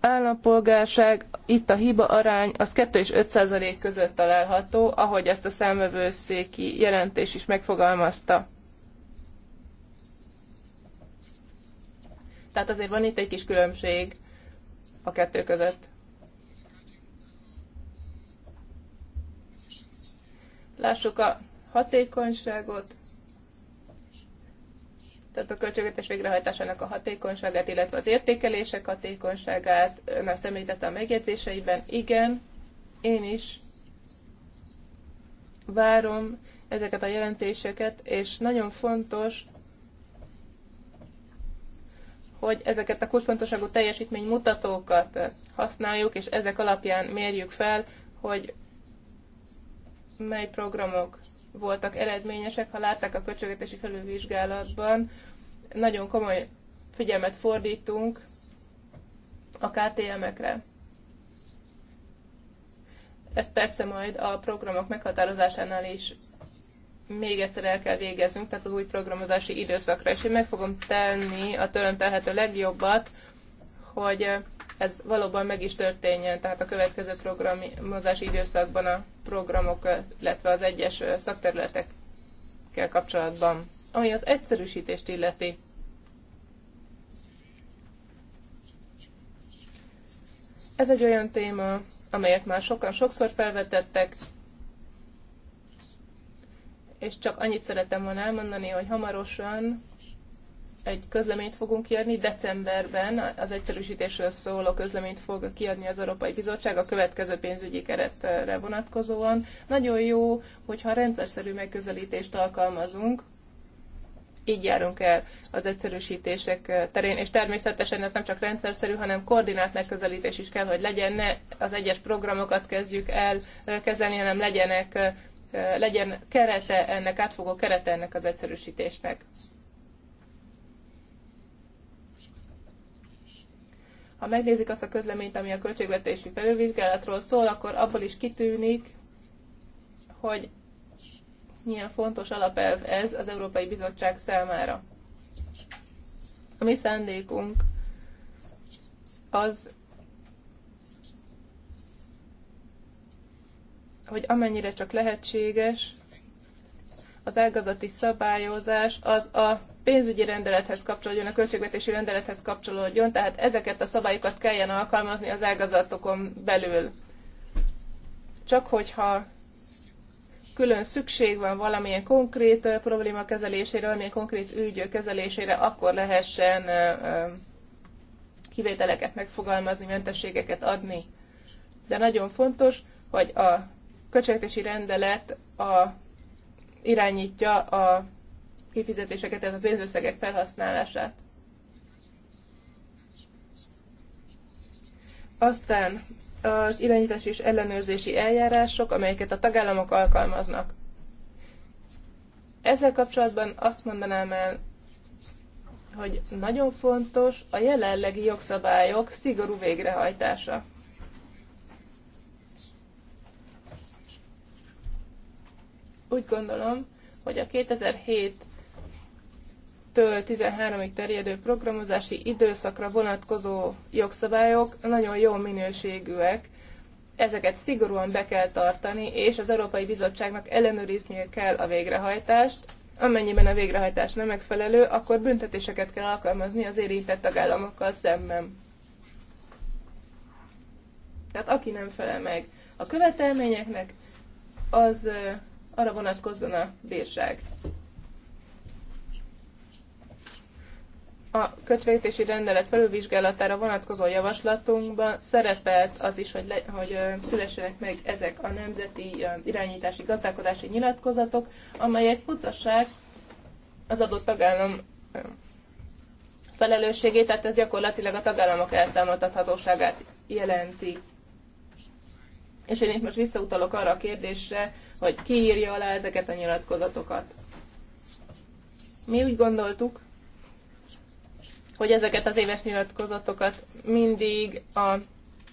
S2: állampolgárság, itt a hiba arány az 2 és 5 százalék között található, ahogy ezt a számövőszéki jelentés is megfogalmazta. Tehát azért van itt egy kis különbség a kettő között. Lássuk a hatékonyságot, tehát a költségvetés végrehajtásának a hatékonyságát, illetve az értékelések hatékonyságát, ön ezt említette a megjegyzéseiben. Igen, én is várom ezeket a jelentéseket, és nagyon fontos, hogy ezeket a kulcsfontosságú mutatókat használjuk, és ezek alapján mérjük fel, hogy mely programok voltak eredményesek, ha látták a költségvetési felülvizsgálatban, nagyon komoly figyelmet fordítunk a KTM-ekre. Ezt persze majd a programok meghatározásánál is még egyszer el kell végeznünk, tehát az új programozási időszakra. És én meg fogom tenni a tőlem telhető legjobbat, hogy ez valóban meg is történjen, tehát a következő programozási időszakban a programok, illetve az egyes szakterületekkel kapcsolatban. Ami az egyszerűsítést illeti. Ez egy olyan téma, amelyet már sokan sokszor felvetettek, és csak annyit szeretem volna elmondani, hogy hamarosan egy közleményt fogunk kiadni, decemberben az egyszerűsítésről szóló közleményt fog kiadni az Európai Bizottság a következő pénzügyi keretre vonatkozóan. Nagyon jó, hogyha rendszerszerű megközelítést alkalmazunk, így járunk el az egyszerűsítések terén, és természetesen ez nem csak rendszerszerű, hanem koordinált megközelítés is kell, hogy legyen, ne az egyes programokat kezdjük el kezelni, hanem legyenek legyen kerete ennek, átfogó kerete ennek az egyszerűsítésnek. Ha megnézik azt a közleményt, ami a költségvetési felülvizsgálatról szól, akkor abból is kitűnik, hogy milyen fontos alapelv ez az Európai Bizottság számára. A mi szándékunk az, hogy amennyire csak lehetséges, az ágazati szabályozás az a pénzügyi rendelethez kapcsolódjon, a költségvetési rendelethez kapcsolódjon, tehát ezeket a szabályokat kelljen alkalmazni az ágazatokon belül. Csak hogyha külön szükség van valamilyen konkrét probléma kezelésére, valamilyen konkrét ügy kezelésére, akkor lehessen kivételeket megfogalmazni, mentességeket adni. De nagyon fontos, hogy a költségvetési rendelet a, irányítja a kifizetéseket, ez a pénzösszegek felhasználását. Aztán az irányítási és ellenőrzési eljárások, amelyeket a tagállamok alkalmaznak. Ezzel kapcsolatban azt mondanám el, hogy nagyon fontos a jelenlegi jogszabályok szigorú végrehajtása. úgy gondolom, hogy a 2007 től 13-ig terjedő programozási időszakra vonatkozó jogszabályok nagyon jó minőségűek, ezeket szigorúan be kell tartani, és az Európai Bizottságnak ellenőriznie kell a végrehajtást. Amennyiben a végrehajtás nem megfelelő, akkor büntetéseket kell alkalmazni az érintett tagállamokkal szemben. Tehát aki nem felel meg a követelményeknek, az arra vonatkozzon a bírság. A kötvénytési rendelet felülvizsgálatára vonatkozó javaslatunkban szerepelt az is, hogy, le, hogy szülessenek meg ezek a nemzeti irányítási gazdálkodási nyilatkozatok, amelyek mutassák az adott tagállam felelősségét, tehát ez gyakorlatilag a tagállamok elszámoltathatóságát jelenti. És én itt most visszautalok arra a kérdésre, hogy ki írja alá ezeket a nyilatkozatokat. Mi úgy gondoltuk, hogy ezeket az éves nyilatkozatokat mindig a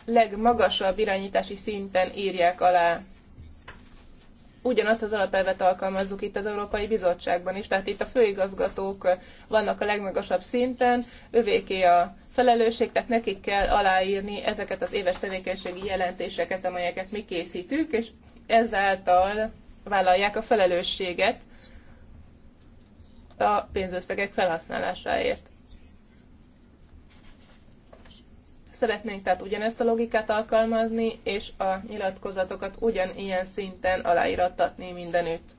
S2: legmagasabb irányítási szinten írják alá ugyanazt az alapelvet alkalmazzuk itt az Európai Bizottságban is, tehát itt a főigazgatók vannak a legmagasabb szinten, övéké a felelősség, tehát nekik kell aláírni ezeket az éves tevékenységi jelentéseket, amelyeket mi készítünk, és ezáltal vállalják a felelősséget a pénzösszegek felhasználásáért. Szeretnénk tehát ugyanezt a logikát alkalmazni, és a nyilatkozatokat ugyanilyen szinten aláírattatni mindenütt.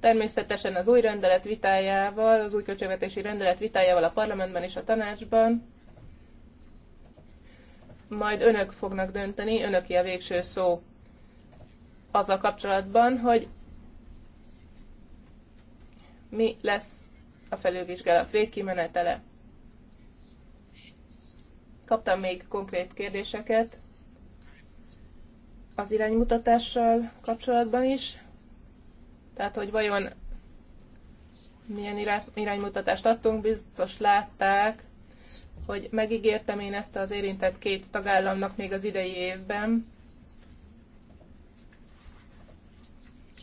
S2: Természetesen az új rendelet vitájával, az új költségvetési rendelet vitájával a parlamentben és a tanácsban majd önök fognak dönteni, önöki a végső szó a kapcsolatban, hogy mi lesz a felülvizsgálat végkimenetele. Kaptam még konkrét kérdéseket az iránymutatással kapcsolatban is. Tehát, hogy vajon milyen iránymutatást adtunk, biztos látták, hogy megígértem én ezt az érintett két tagállamnak még az idei évben,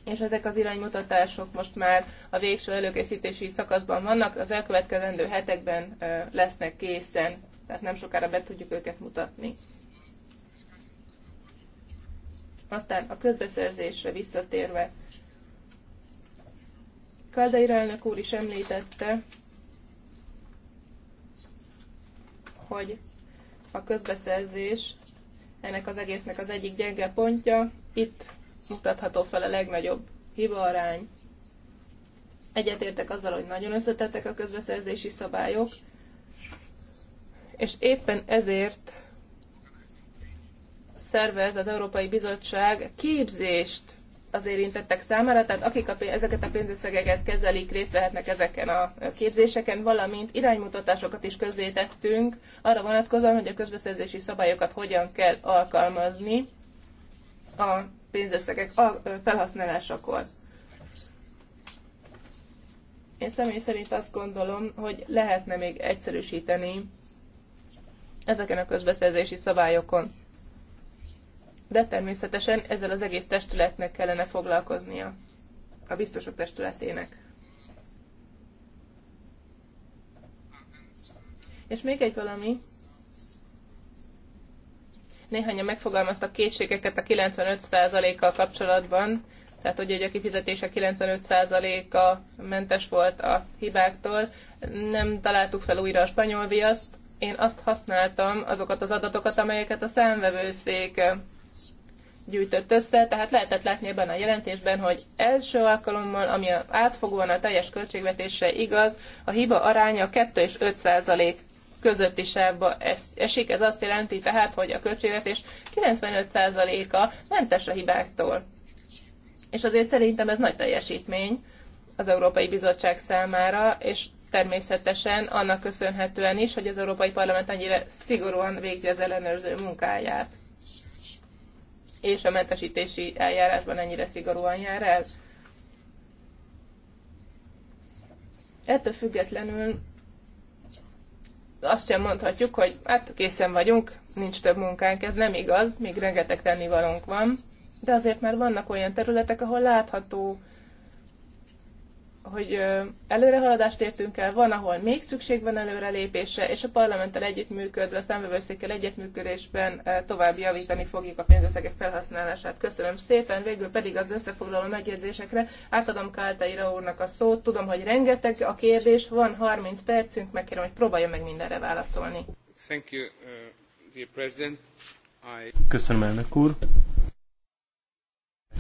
S2: és ezek az iránymutatások most már a végső előkészítési szakaszban vannak, az elkövetkezendő hetekben lesznek készen tehát nem sokára be tudjuk őket mutatni. Aztán a közbeszerzésre visszatérve, Kaldair elnök úr is említette, hogy a közbeszerzés ennek az egésznek az egyik gyenge pontja, itt mutatható fel a legnagyobb hibaarány. Egyetértek azzal, hogy nagyon összetettek a közbeszerzési szabályok, és éppen ezért szervez az Európai Bizottság képzést az érintettek számára, tehát akik a, ezeket a pénzösszegeket kezelik, részt vehetnek ezeken a képzéseken, valamint iránymutatásokat is tettünk arra vonatkozóan, hogy a közbeszerzési szabályokat hogyan kell alkalmazni a pénzösszegek felhasználásakor. Én személy szerint azt gondolom, hogy lehetne még egyszerűsíteni ezeken a közbeszerzési szabályokon. De természetesen ezzel az egész testületnek kellene foglalkoznia, a biztosok testületének. És még egy valami. Néhányan megfogalmaztak kétségeket a 95%-kal kapcsolatban, tehát hogy a kifizetése 95%-a mentes volt a hibáktól. Nem találtuk fel újra a spanyol viaszt, én azt használtam, azokat az adatokat, amelyeket a számvevőszék eh, gyűjtött össze, tehát lehetett látni ebben a jelentésben, hogy első alkalommal, ami átfogóan a teljes költségvetésre igaz, a hiba aránya 2 és 5 százalék közötti sávba esik. Ez azt jelenti tehát, hogy a költségvetés 95%-a mentes a hibáktól. És azért szerintem ez nagy teljesítmény az Európai Bizottság számára, és természetesen annak köszönhetően is, hogy az Európai Parlament annyira szigorúan végzi az ellenőrző munkáját, és a mentesítési eljárásban ennyire szigorúan jár el. Ettől függetlenül azt sem mondhatjuk, hogy hát készen vagyunk, nincs több munkánk, ez nem igaz, még rengeteg tennivalónk van, de azért már vannak olyan területek, ahol látható hogy előrehaladást értünk el, van, ahol még szükség van előrelépésre, és a parlamenttel együttműködve, a számvevőszékkel együttműködésben tovább javítani fogjuk a pénzösszegek felhasználását. Köszönöm szépen, végül pedig az összefoglaló megjegyzésekre átadom Káltaira úrnak a szót. Tudom, hogy rengeteg a kérdés, van 30 percünk, megkérem, hogy próbálja meg mindenre válaszolni. Thank you, uh, dear President.
S1: I... Köszönöm, elnök úr.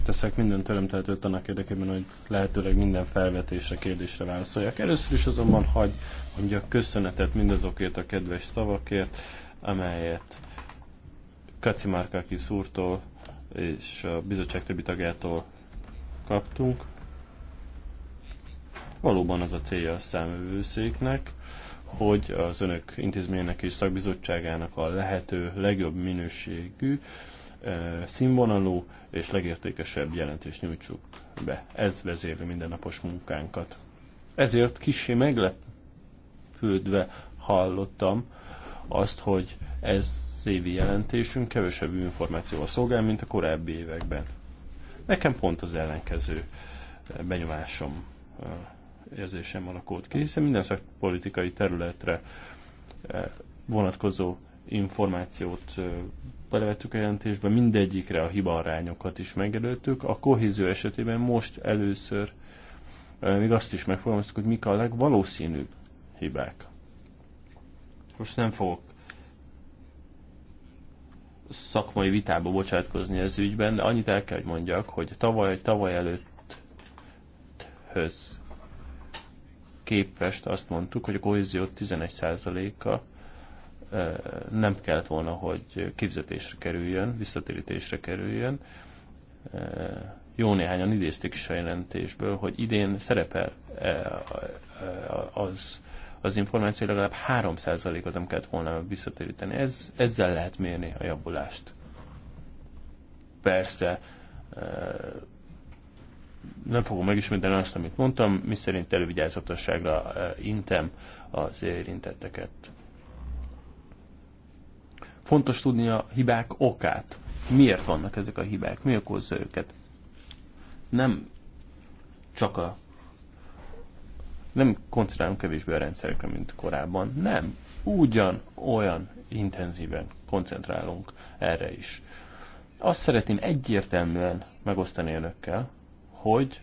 S1: Teszek minden tőlem tehetőt annak érdekében, hogy lehetőleg minden felvetésre, kérdésre válaszoljak. Először is azonban hagy mondjak köszönetet mindazokért a kedves szavakért, amelyet Márkáki szúrtól és a bizottság többi tagjától kaptunk. Valóban az a célja a számövőszéknek, hogy az önök intézményének és szakbizottságának a lehető legjobb minőségű színvonalú és legértékesebb jelentést nyújtsuk be. Ez vezérli mindennapos munkánkat. Ezért kicsi meglepődve hallottam azt, hogy ez évi jelentésünk kevesebb információval szolgál, mint a korábbi években. Nekem pont az ellenkező benyomásom, érzésem alakult ki, hiszen minden szakpolitikai területre vonatkozó információt belevettük a jelentésbe, mindegyikre a hibarányokat is megelőttük. A kohézió esetében most először még azt is megfogalmaztuk, hogy mik a legvalószínűbb hibák. Most nem fogok szakmai vitába bocsátkozni ez ügyben, de annyit el kell, hogy mondjak, hogy tavaly, tavaly előtthöz képest azt mondtuk, hogy a kohézió 11%-a nem kellett volna, hogy képzetésre kerüljön, visszatérítésre kerüljön. Jó néhányan idézték is a jelentésből, hogy idén szerepel az, az információ, legalább 3%-ot nem kellett volna visszatéríteni. Ez, ezzel lehet mérni a javulást. Persze, nem fogom megismételni azt, amit mondtam, mi szerint elővigyázatosságra intem az érintetteket. Fontos tudni a hibák okát. Miért vannak ezek a hibák? Mi okozza őket? Nem csak a nem koncentrálunk kevésbé a rendszerekre, mint korábban. Nem. Ugyan olyan intenzíven koncentrálunk erre is. Azt szeretném egyértelműen megosztani önökkel, hogy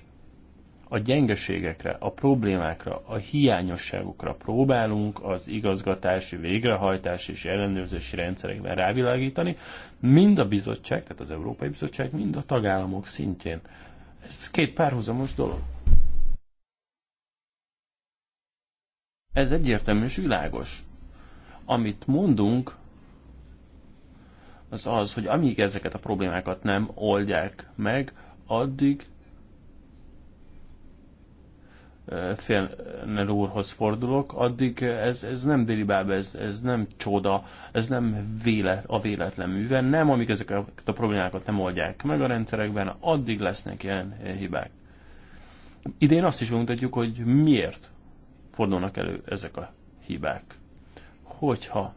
S1: a gyengeségekre, a problémákra, a hiányosságokra próbálunk az igazgatási, végrehajtási és ellenőrzési rendszerekben rávilágítani, mind a bizottság, tehát az Európai Bizottság, mind a tagállamok szintjén. Ez két párhuzamos dolog. Ez egyértelmű és világos. Amit mondunk, az az, hogy amíg ezeket a problémákat nem oldják meg, addig Fjellner úrhoz fordulok, addig ez, ez nem diribáb, ez, ez nem csoda, ez nem vélet, a véletlen műve, nem, amik ezeket a problémákat nem oldják meg a rendszerekben, addig lesznek ilyen eh, hibák. Idén azt is megmutatjuk, hogy miért fordulnak elő ezek a hibák. Hogyha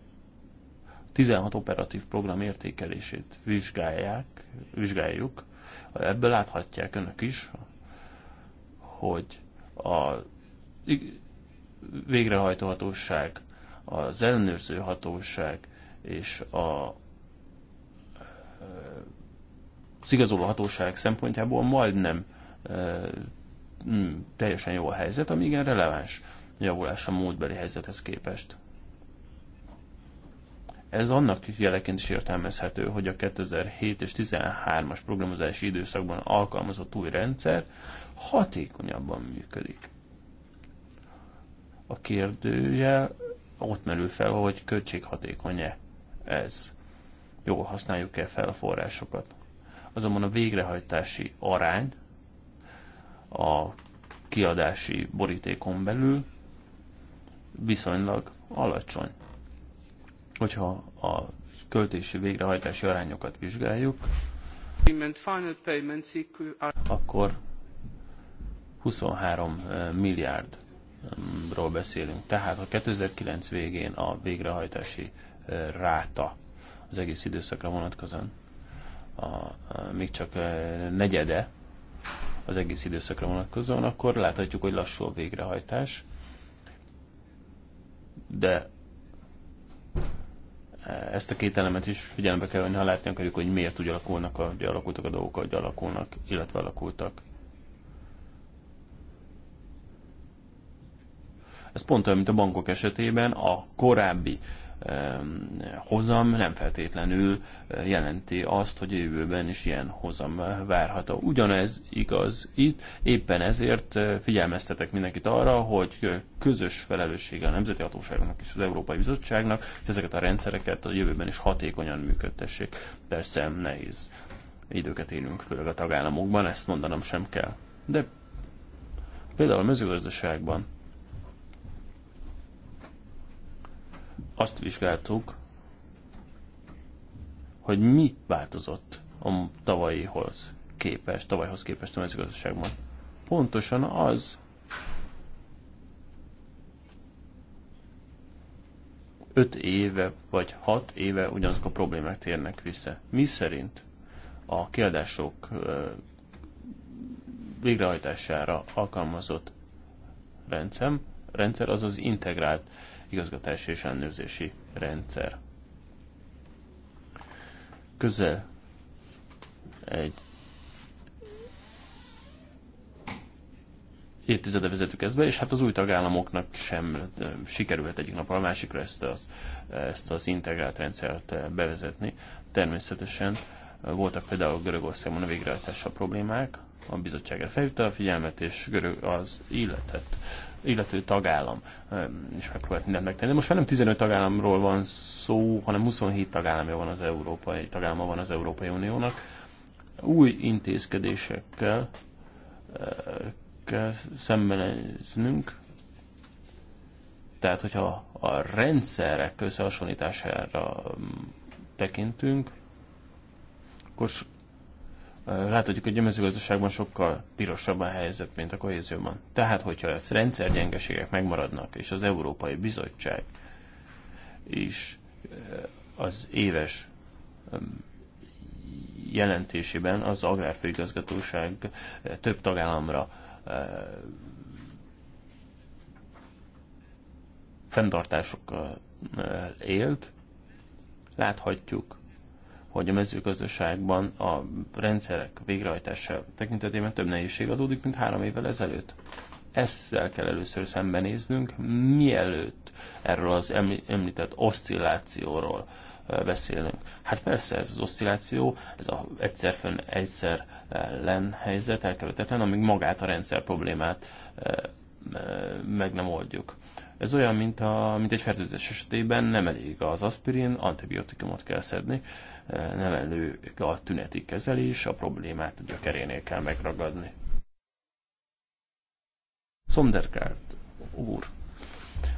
S1: 16 operatív program értékelését vizsgálják, vizsgáljuk, ebből láthatják önök is, hogy a végrehajtó hatóság, az ellenőrző hatóság és a az igazoló hatóság szempontjából majdnem teljesen jó a helyzet, ami igen releváns javulás a múltbeli helyzethez képest. Ez annak jeleként is értelmezhető, hogy a 2007 és 2013-as programozási időszakban alkalmazott új rendszer hatékonyabban működik. A kérdője ott merül fel, hogy költséghatékony-e ez. Jól használjuk-e fel a forrásokat. Azonban a végrehajtási arány a kiadási borítékon belül viszonylag alacsony hogyha a költési végrehajtási arányokat vizsgáljuk, akkor 23 eh, milliárdról beszélünk. Tehát a 2009 végén a végrehajtási eh, ráta az egész időszakra vonatkozóan a, a, még csak eh, negyede az egész időszakra vonatkozóan, akkor láthatjuk, hogy lassú a végrehajtás. De ezt a két elemet is figyelembe kell venni, ha látni akarjuk, hogy miért úgy alakulnak, hogy alakultak a dolgok, hogy alakulnak, illetve alakultak. Ez pont olyan, mint a bankok esetében, a korábbi hozam nem feltétlenül eh, jelenti azt, hogy a jövőben is ilyen hozam eh, várható. Ugyanez igaz itt, éppen ezért eh, figyelmeztetek mindenkit arra, hogy közös felelőssége a Nemzeti Hatóságnak és az Európai Bizottságnak, hogy ezeket a rendszereket a jövőben is hatékonyan működtessék. Persze nehéz időket élünk, főleg a tagállamokban, ezt mondanom sem kell. De például a mezőgazdaságban azt vizsgáltuk, hogy mi változott a tavalyihoz képest, tavalyhoz képest a mezőgazdaságban. Pontosan az, öt éve vagy hat éve ugyanazok a problémák térnek vissza. Mi szerint a kiadások végrehajtására alkalmazott rendszer, rendszer az az integrált igazgatási és ellenőrzési rendszer. Közel egy évtizede vezetük ezt be, és hát az új tagállamoknak sem sikerült egyik napra a másikra ezt az, ezt az integrált rendszert bevezetni. Természetesen voltak például Görögországban a végrehajtással problémák, a bizottság felhívta a figyelmet, és görög az illetett illető tagállam is megpróbált mindent megtenni. De most már nem 15 tagállamról van szó, hanem 27 tagállamja van az Európai, tagállama van az Európai Uniónak. Új intézkedésekkel kell szembenéznünk, tehát hogyha a rendszerek összehasonlítására mm, tekintünk, akkor láthatjuk, hogy a mezőgazdaságban sokkal pirosabb a helyzet, mint a kohézióban. Tehát, hogyha ez rendszergyengeségek megmaradnak, és az Európai Bizottság is eh, az éves jelentésében az Agrárfőigazgatóság eh, több tagállamra eh, fenntartásokkal élt, láthatjuk, hogy a mezőgazdaságban a rendszerek végrehajtása tekintetében több nehézség adódik, mint három évvel ezelőtt. Ezzel kell először szembenéznünk, mielőtt erről az említett oszcillációról beszélünk. Hát persze ez az oszcilláció, ez a egyszer fönn, egyszer len helyzet elkerülhetetlen, amíg magát a rendszer problémát meg nem oldjuk. Ez olyan, mint, a, mint egy fertőzés esetében nem elég az aspirin, antibiotikumot kell szedni, eh, nem elég a tüneti kezelés, a problémát a gyökerénél kell megragadni. Sondergaard úr,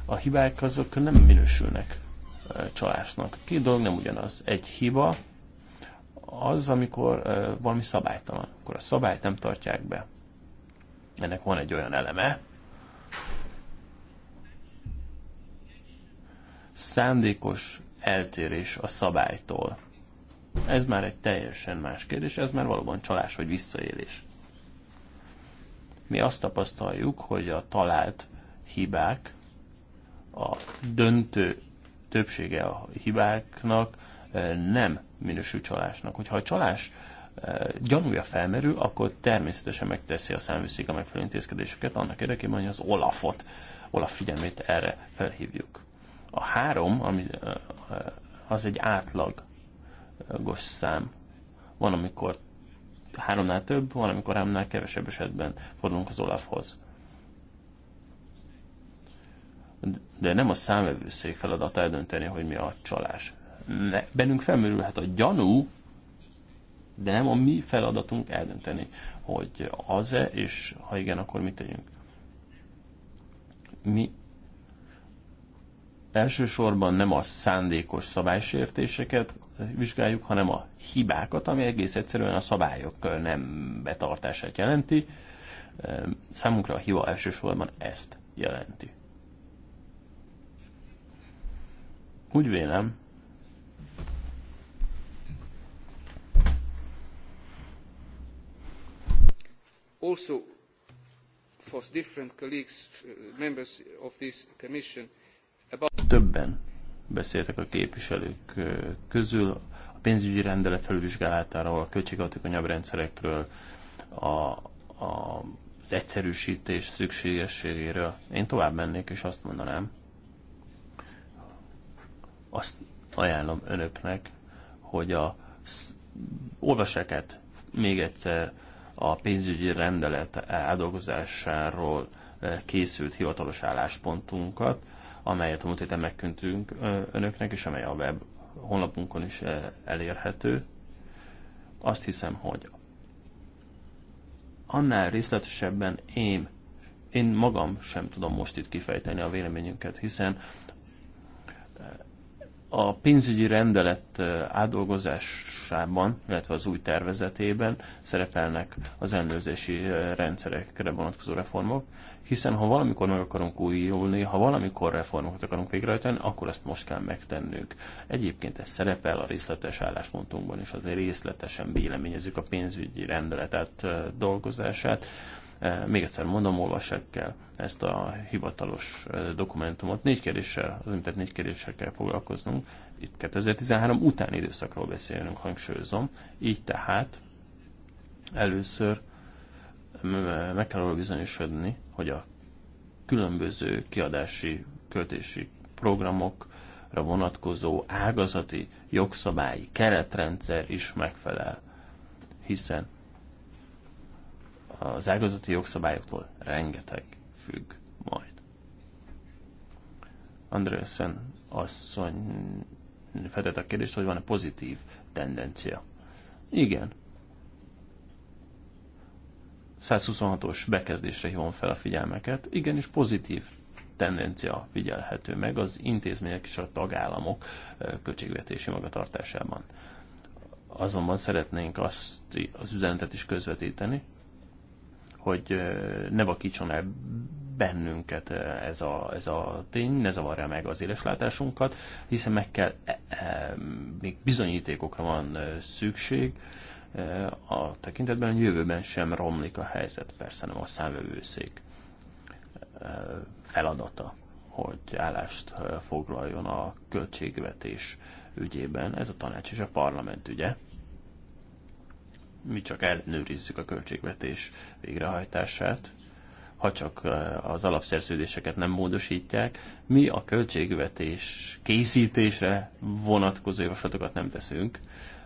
S1: a hibák azok nem minősülnek eh, csalásnak. Két dolog nem ugyanaz. Egy hiba az, amikor eh, valami szabálytalan, akkor a szabályt nem tartják be. Ennek van egy olyan eleme, Szándékos eltérés a szabálytól. Ez már egy teljesen más kérdés, ez már valóban csalás vagy visszaélés. Mi azt tapasztaljuk, hogy a talált hibák, a döntő többsége a hibáknak eh, nem minősül csalásnak. Hogyha a csalás gyanúja felmerül, akkor természetesen megteszi a számviszik a megfelelő intézkedéseket annak érdekében, hogy az Olafot, Olaf figyelmét erre felhívjuk. A három, ami, az egy átlagos szám. Van, amikor háromnál több, van, amikor háromnál kevesebb esetben fordulunk az Olafhoz. De nem a számvevőszék feladata eldönteni, hogy mi a csalás. Ne, bennünk felmerülhet a gyanú, de nem a mi feladatunk eldönteni, hogy az-e, és ha igen, akkor mit tegyünk. Mi elsősorban nem a szándékos szabálysértéseket vizsgáljuk, hanem a hibákat, ami egész egyszerűen a szabályok nem betartását jelenti. Számunkra a hiba elsősorban ezt jelenti. Úgy vélem, also for different colleagues, uh, members of this commission about... Többen beszéltek a képviselők uh, közül a pénzügyi rendelet felvizsgálatáról, a költséghatékonyabb rendszerekről, a, a, az egyszerűsítés szükségességéről. Én tovább mennék és azt mondanám, azt ajánlom önöknek, hogy a olvassák még egyszer a pénzügyi rendelet átdolgozásáról eh, készült hivatalos álláspontunkat, amelyet a múlt héten megküntünk eh, önöknek, és amely a web honlapunkon is eh, elérhető. Azt hiszem, hogy annál részletesebben én, én magam sem tudom most itt kifejteni a véleményünket, hiszen a pénzügyi rendelet átdolgozásában, illetve az új tervezetében szerepelnek az ellenőrzési rendszerekre vonatkozó reformok, hiszen ha valamikor meg akarunk újulni, ha valamikor reformokat akarunk végrehajtani, akkor ezt most kell megtennünk. Egyébként ez szerepel a részletes álláspontunkban, is azért részletesen véleményezzük a pénzügyi rendelet dolgozását Eh, még egyszer mondom, olvassák kell ezt a hivatalos eh, dokumentumot. Négy kérdéssel, az említett négy kérdéssel kell foglalkoznunk. Itt 2013 utáni időszakról beszélünk, hangsúlyozom. Így tehát először eh, meg kell arról bizonyosodni, hogy a különböző kiadási, költési programokra vonatkozó ágazati jogszabályi keretrendszer is megfelel, hiszen az ágazati jogszabályoktól rengeteg függ majd. Andreasen asszony fedett a kérdést, hogy van-e pozitív tendencia. Igen. 126-os bekezdésre hívom fel a figyelmeket. és pozitív tendencia figyelhető meg az intézmények és a tagállamok költségvetési magatartásában. Azonban szeretnénk azt az üzenetet is közvetíteni, hogy ne vakítson el bennünket ez a, ez a tény, ne zavarja meg az éleslátásunkat, hiszen meg kell, e, e, még bizonyítékokra van szükség, a tekintetben a jövőben sem romlik a helyzet, persze nem a számövőszék feladata, hogy állást foglaljon a költségvetés ügyében. Ez a tanács és a parlament ügye mi csak ellenőrizzük a költségvetés végrehajtását, ha csak eh, az alapszerződéseket nem módosítják, mi a költségvetés készítésre vonatkozó javaslatokat nem teszünk,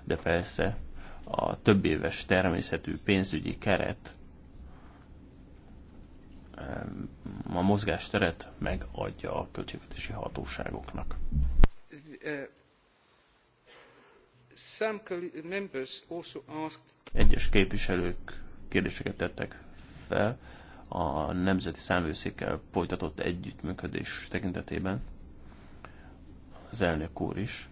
S1: de persze a több éves természetű pénzügyi keret eh, a mozgásteret megadja a költségvetési hatóságoknak. Eh, egyes képviselők kérdéseket tettek fel a Nemzeti Számvőszékkel folytatott együttműködés tekintetében. Az elnök úr is.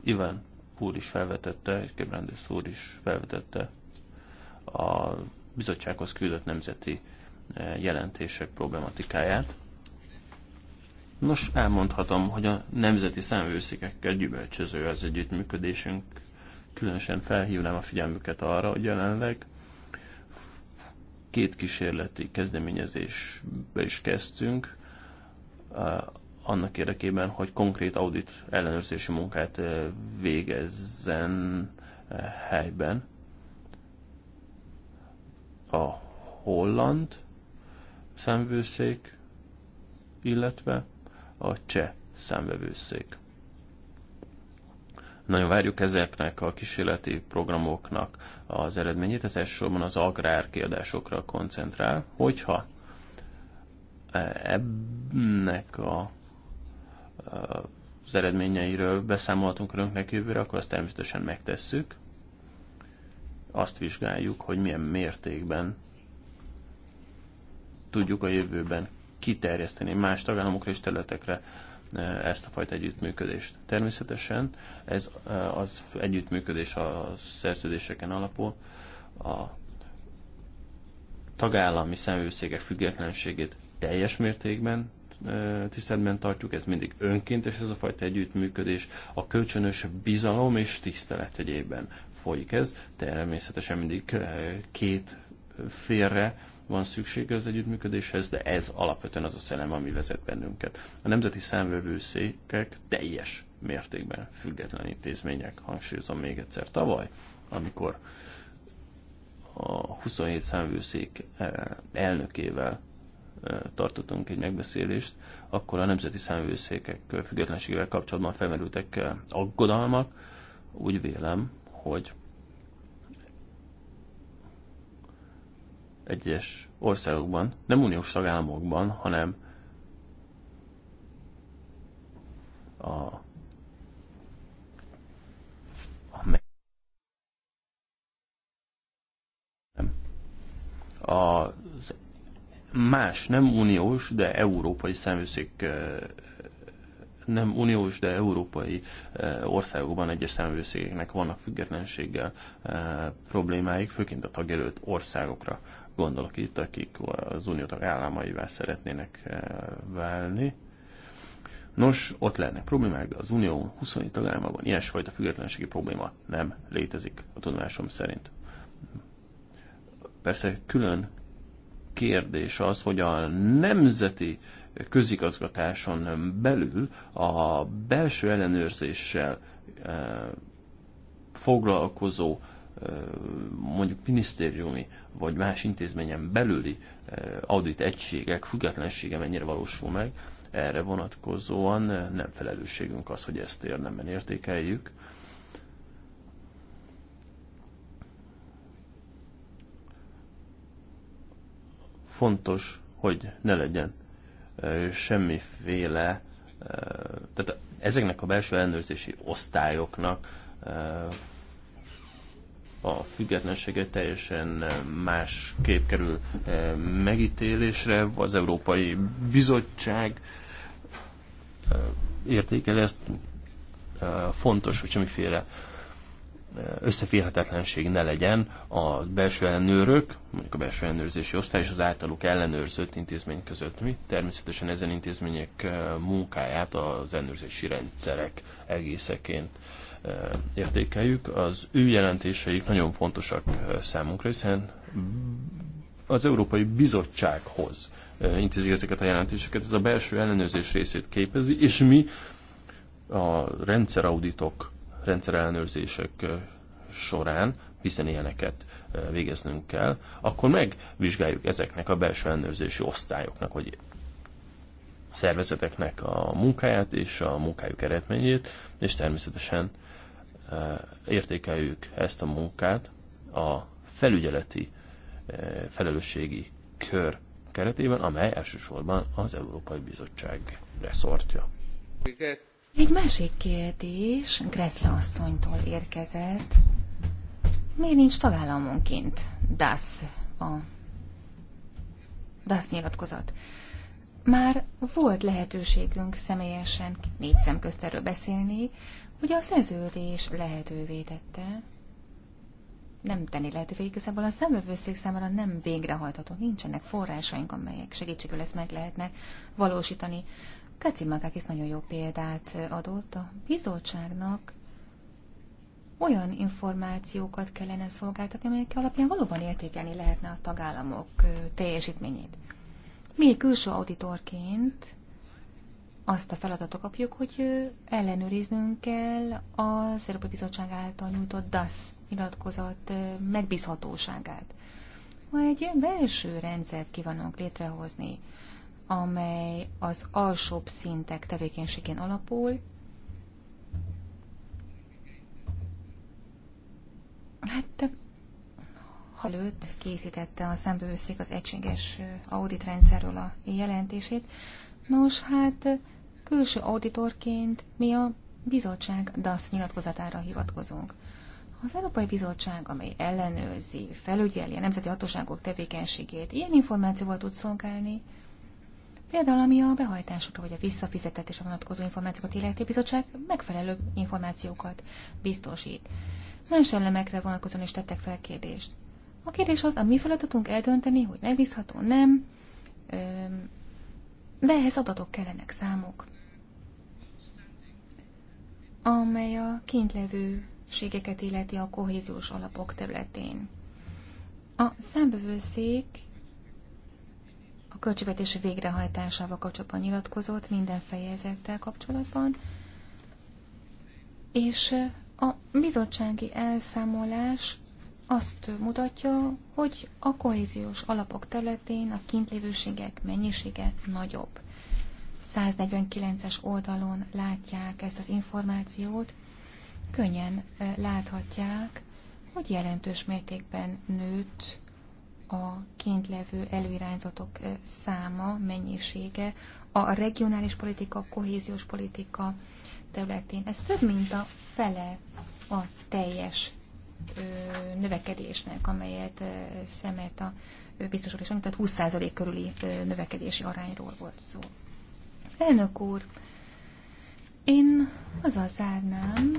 S1: Ivan úr is felvetette, és Gebrandes úr is felvetette a bizottsághoz küldött nemzeti eh, jelentések problematikáját. Nos, elmondhatom, hogy a nemzeti számvőszékekkel gyümölcsöző az együttműködésünk. Különösen felhívnám a figyelmüket arra, hogy jelenleg két kísérleti kezdeményezésbe is kezdtünk, annak érdekében, hogy konkrét audit ellenőrzési munkát e, végezzen e, helyben. A holland szemvőszék, illetve a cseh számvevőszék. Nagyon várjuk ezeknek a kísérleti programoknak az eredményét, ez elsősorban az agrár kiadásokra koncentrál. Hogyha ennek a, e, az eredményeiről beszámolhatunk önöknek jövőre, akkor azt természetesen megtesszük. Azt vizsgáljuk, hogy milyen mértékben tudjuk a jövőben kiterjeszteni más tagállamokra és területekre e, ezt a fajta együttműködést. Természetesen ez e, az együttműködés a szerződéseken alapul a tagállami szemőszégek függetlenségét teljes mértékben e, tiszteletben tartjuk, ez mindig önkéntes ez a fajta együttműködés, a kölcsönös bizalom és tisztelet egyében folyik ez, természetesen mindig két félre van szükség az együttműködéshez, de ez alapvetően az a szellem, ami vezet bennünket. A nemzeti számvevőszékek teljes mértékben független intézmények, hangsúlyozom még egyszer tavaly, amikor a 27 számvőszék eh, elnökével eh, tartottunk egy megbeszélést, akkor a nemzeti számvőszékek függetlenségével kapcsolatban felmerültek eh, aggodalmak. Úgy vélem, hogy egyes országokban, nem uniós tagállamokban, hanem a, a más, nem uniós, de európai száműszék nem uniós, de európai országokban egyes számvőszégeknek vannak függetlenséggel problémáik, főként a tagjelölt országokra Gondolok itt, akik az unió államaivá szeretnének eh, válni. Nos, ott lehetnek problémák, de az unió 27 tagállamában ilyesfajta függetlenségi probléma nem létezik a tudomásom szerint. Persze külön kérdés az, hogy a nemzeti közigazgatáson belül a belső ellenőrzéssel eh, foglalkozó mondjuk minisztériumi vagy más intézményen belüli audit egységek függetlensége mennyire valósul meg, erre vonatkozóan nem felelősségünk az, hogy ezt érdemben értékeljük. Fontos, hogy ne legyen semmiféle, tehát ezeknek a belső ellenőrzési osztályoknak a függetlensége teljesen más kép kerül eh, megítélésre. Az Európai Bizottság eh, értékel ezt eh, fontos, hogy semmiféle összeférhetetlenség ne legyen a belső ellenőrök, mondjuk a belső ellenőrzési osztály és az általuk ellenőrzött intézmény között. Mi természetesen ezen intézmények munkáját az ellenőrzési rendszerek egészeként értékeljük. Az ő jelentéseik nagyon fontosak számunkra, hiszen az Európai Bizottsághoz intézi ezeket a jelentéseket. Ez a belső ellenőrzés részét képezi, és mi a rendszerauditok, rendszerellenőrzések során, hiszen ilyeneket végeznünk kell, akkor megvizsgáljuk ezeknek a belső ellenőrzési osztályoknak, hogy szervezeteknek a munkáját és a munkájuk eredményét, és természetesen értékeljük ezt a munkát a felügyeleti felelősségi kör keretében, amely elsősorban az Európai Bizottság reszortja.
S3: Egy másik kérdés Greszle asszonytól érkezett. Miért nincs tagállamonként DASZ a DASZ nyilatkozat? Már volt lehetőségünk személyesen négy szemközterről beszélni, hogy a szerződés lehetővé tette, nem tenni lehetővé igazából a szemövőszék számára nem végrehajtható, nincsenek forrásaink, amelyek segítségül ezt meg lehetne valósítani. is nagyon jó példát adott a bizottságnak, olyan információkat kellene szolgáltatni, amelyek alapján valóban értékelni lehetne a tagállamok teljesítményét. Mi külső auditorként azt a feladatot kapjuk, hogy ellenőriznünk kell az Európai Bizottság által nyújtott DAS nyilatkozat megbízhatóságát. Ha egy belső rendszert kívánunk létrehozni, amely az alsóbb szintek tevékenységén alapul, hát előtt készítette a szembőszék az egységes auditrendszerről a jelentését. Nos, hát Külső auditorként mi a bizottság DASZ nyilatkozatára hivatkozunk. Az Európai Bizottság, amely ellenőrzi, felügyeli a nemzeti hatóságok tevékenységét, ilyen információval tud szolgálni, Például, ami a behajtásokra vagy a visszafizetett és a vonatkozó információkat illeti bizottság megfelelő információkat biztosít. Más elemekre vonatkozóan is tettek fel kérdést. A kérdés az, a mi feladatunk eldönteni, hogy megbízható, nem, de ehhez adatok kellenek, számok amely a kintlevő segítségeket illeti a kohéziós alapok területén. A szembevőszék a költségvetés végrehajtásával kapcsolatban nyilatkozott minden fejezettel kapcsolatban, és a bizottsági elszámolás azt mutatja, hogy a kohéziós alapok területén a kintlévőségek mennyisége nagyobb. 149-es oldalon látják ezt az információt, könnyen láthatják, hogy jelentős mértékben nőtt a kint levő előirányzatok száma, mennyisége a regionális politika, a kohéziós politika területén. Ez több, mint a fele a teljes növekedésnek, amelyet szemet a biztos úr is tehát 20% körüli növekedési arányról volt szó. Elnök úr, én azzal zárnám,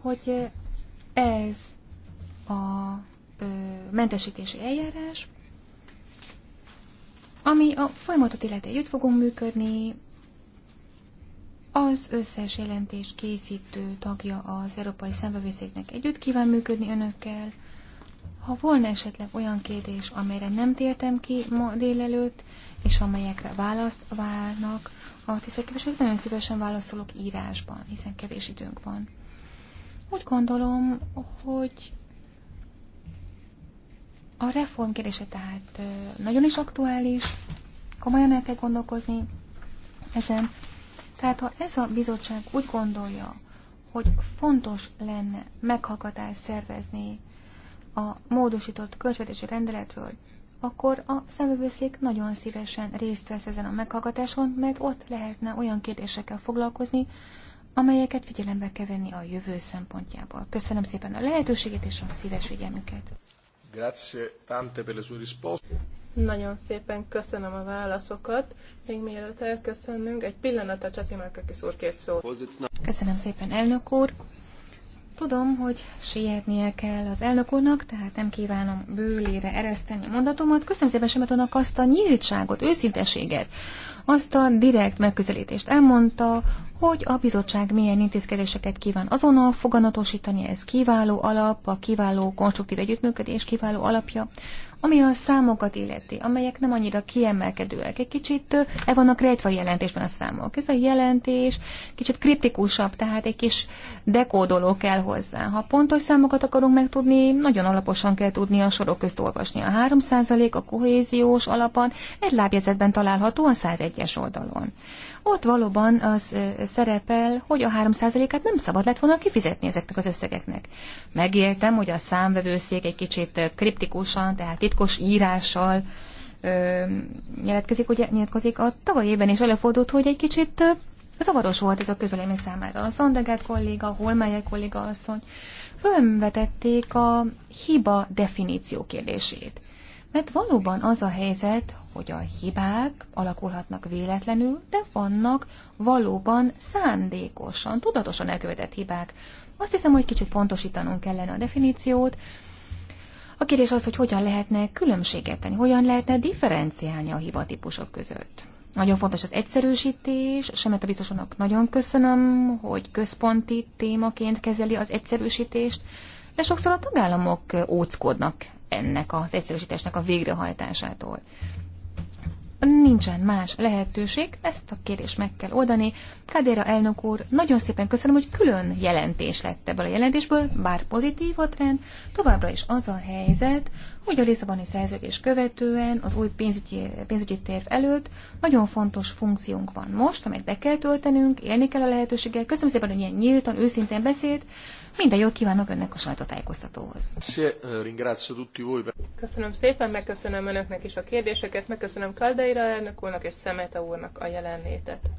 S3: hogy ez a ö, mentesítési eljárás, ami a folyamatot illeti együtt fogunk működni, az összes jelentés készítő tagja az Európai Szembevészéknek együtt kíván működni önökkel. Ha volna esetleg olyan kérdés, amelyre nem tértem ki ma délelőtt, és amelyekre választ várnak, a tisztelképviselők, nagyon szívesen válaszolok írásban, hiszen kevés időnk van. Úgy gondolom, hogy a reform kérdése tehát nagyon is aktuális, komolyan el kell gondolkozni ezen. Tehát ha ez a bizottság úgy gondolja, hogy fontos lenne meghallgatást szervezni a módosított költségvetési rendeletről, akkor a szemüvőszék nagyon szívesen részt vesz ezen a meghallgatáson, mert ott lehetne olyan kérdésekkel foglalkozni, amelyeket figyelembe kell venni a jövő szempontjából. Köszönöm szépen a lehetőséget és a szíves figyelmüket.
S2: Grazie tante per le sue risposte. Nagyon szépen köszönöm a válaszokat. Még mielőtt elköszönnünk, egy pillanat a Márkakis úr két szót.
S3: Köszönöm szépen, elnök úr. Tudom, hogy sietnie kell az elnök úrnak, tehát nem kívánom bőlére ereszteni a mondatomat. Köszönöm szépen Semetonak azt a nyíltságot, őszinteséget, azt a direkt megközelítést. Elmondta, hogy a bizottság milyen intézkedéseket kíván azonnal foganatosítani, ez kiváló alap, a kiváló konstruktív együttműködés kiváló alapja ami a számokat illeti, amelyek nem annyira kiemelkedőek, egy kicsit el vannak rejtve a jelentésben a számok. Ez a jelentés kicsit kritikusabb, tehát egy kis dekódoló kell hozzá. Ha pontos számokat akarunk megtudni, nagyon alaposan kell tudni a sorok közt olvasni. A 3% a kohéziós alapon egy lábjegyzetben található a 101-es oldalon ott valóban az szerepel, hogy a 3%-át nem szabad lett volna kifizetni ezeknek az összegeknek. Megértem, hogy a számvevőszék egy kicsit kriptikusan, tehát titkos írással ö, nyilatkozik, ugye nyilatkozik a tavaly évben is előfordult, hogy egy kicsit ö, zavaros volt ez a közvélemény számára. A Szondegert kolléga, a Holmeyer kolléga asszony fölvetették a hiba definíció kérdését. Mert valóban az a helyzet, hogy a hibák alakulhatnak véletlenül, de vannak valóban szándékosan, tudatosan elkövetett hibák. Azt hiszem, hogy kicsit pontosítanunk kellene a definíciót. A kérdés az, hogy hogyan lehetne különbséget tenni, hogyan lehetne differenciálni a hibatípusok között. Nagyon fontos az egyszerűsítés, a biztosanok nagyon köszönöm, hogy központi témaként kezeli az egyszerűsítést, de sokszor a tagállamok óckodnak ennek az egyszerűsítésnek a végrehajtásától nincsen más lehetőség, ezt a kérdést meg kell oldani. Kádéra elnök úr, nagyon szépen köszönöm, hogy külön jelentés lett ebből a jelentésből, bár pozitív a trend, továbbra is az a helyzet, hogy a Lisszaboni szerződés követően az új pénzügyi, pénzügyi terv előtt nagyon fontos funkciónk van most, amit be kell töltenünk, élni kell a lehetőséggel. Köszönöm szépen, hogy ilyen nyíltan, őszintén beszélt, minden jót kívánok önnek a sajtótájékoztatóhoz.
S1: Eh,
S2: Köszönöm szépen, megköszönöm önöknek is a kérdéseket, megköszönöm Kaldeira elnök úrnak és Szemeta úrnak a jelenlétet.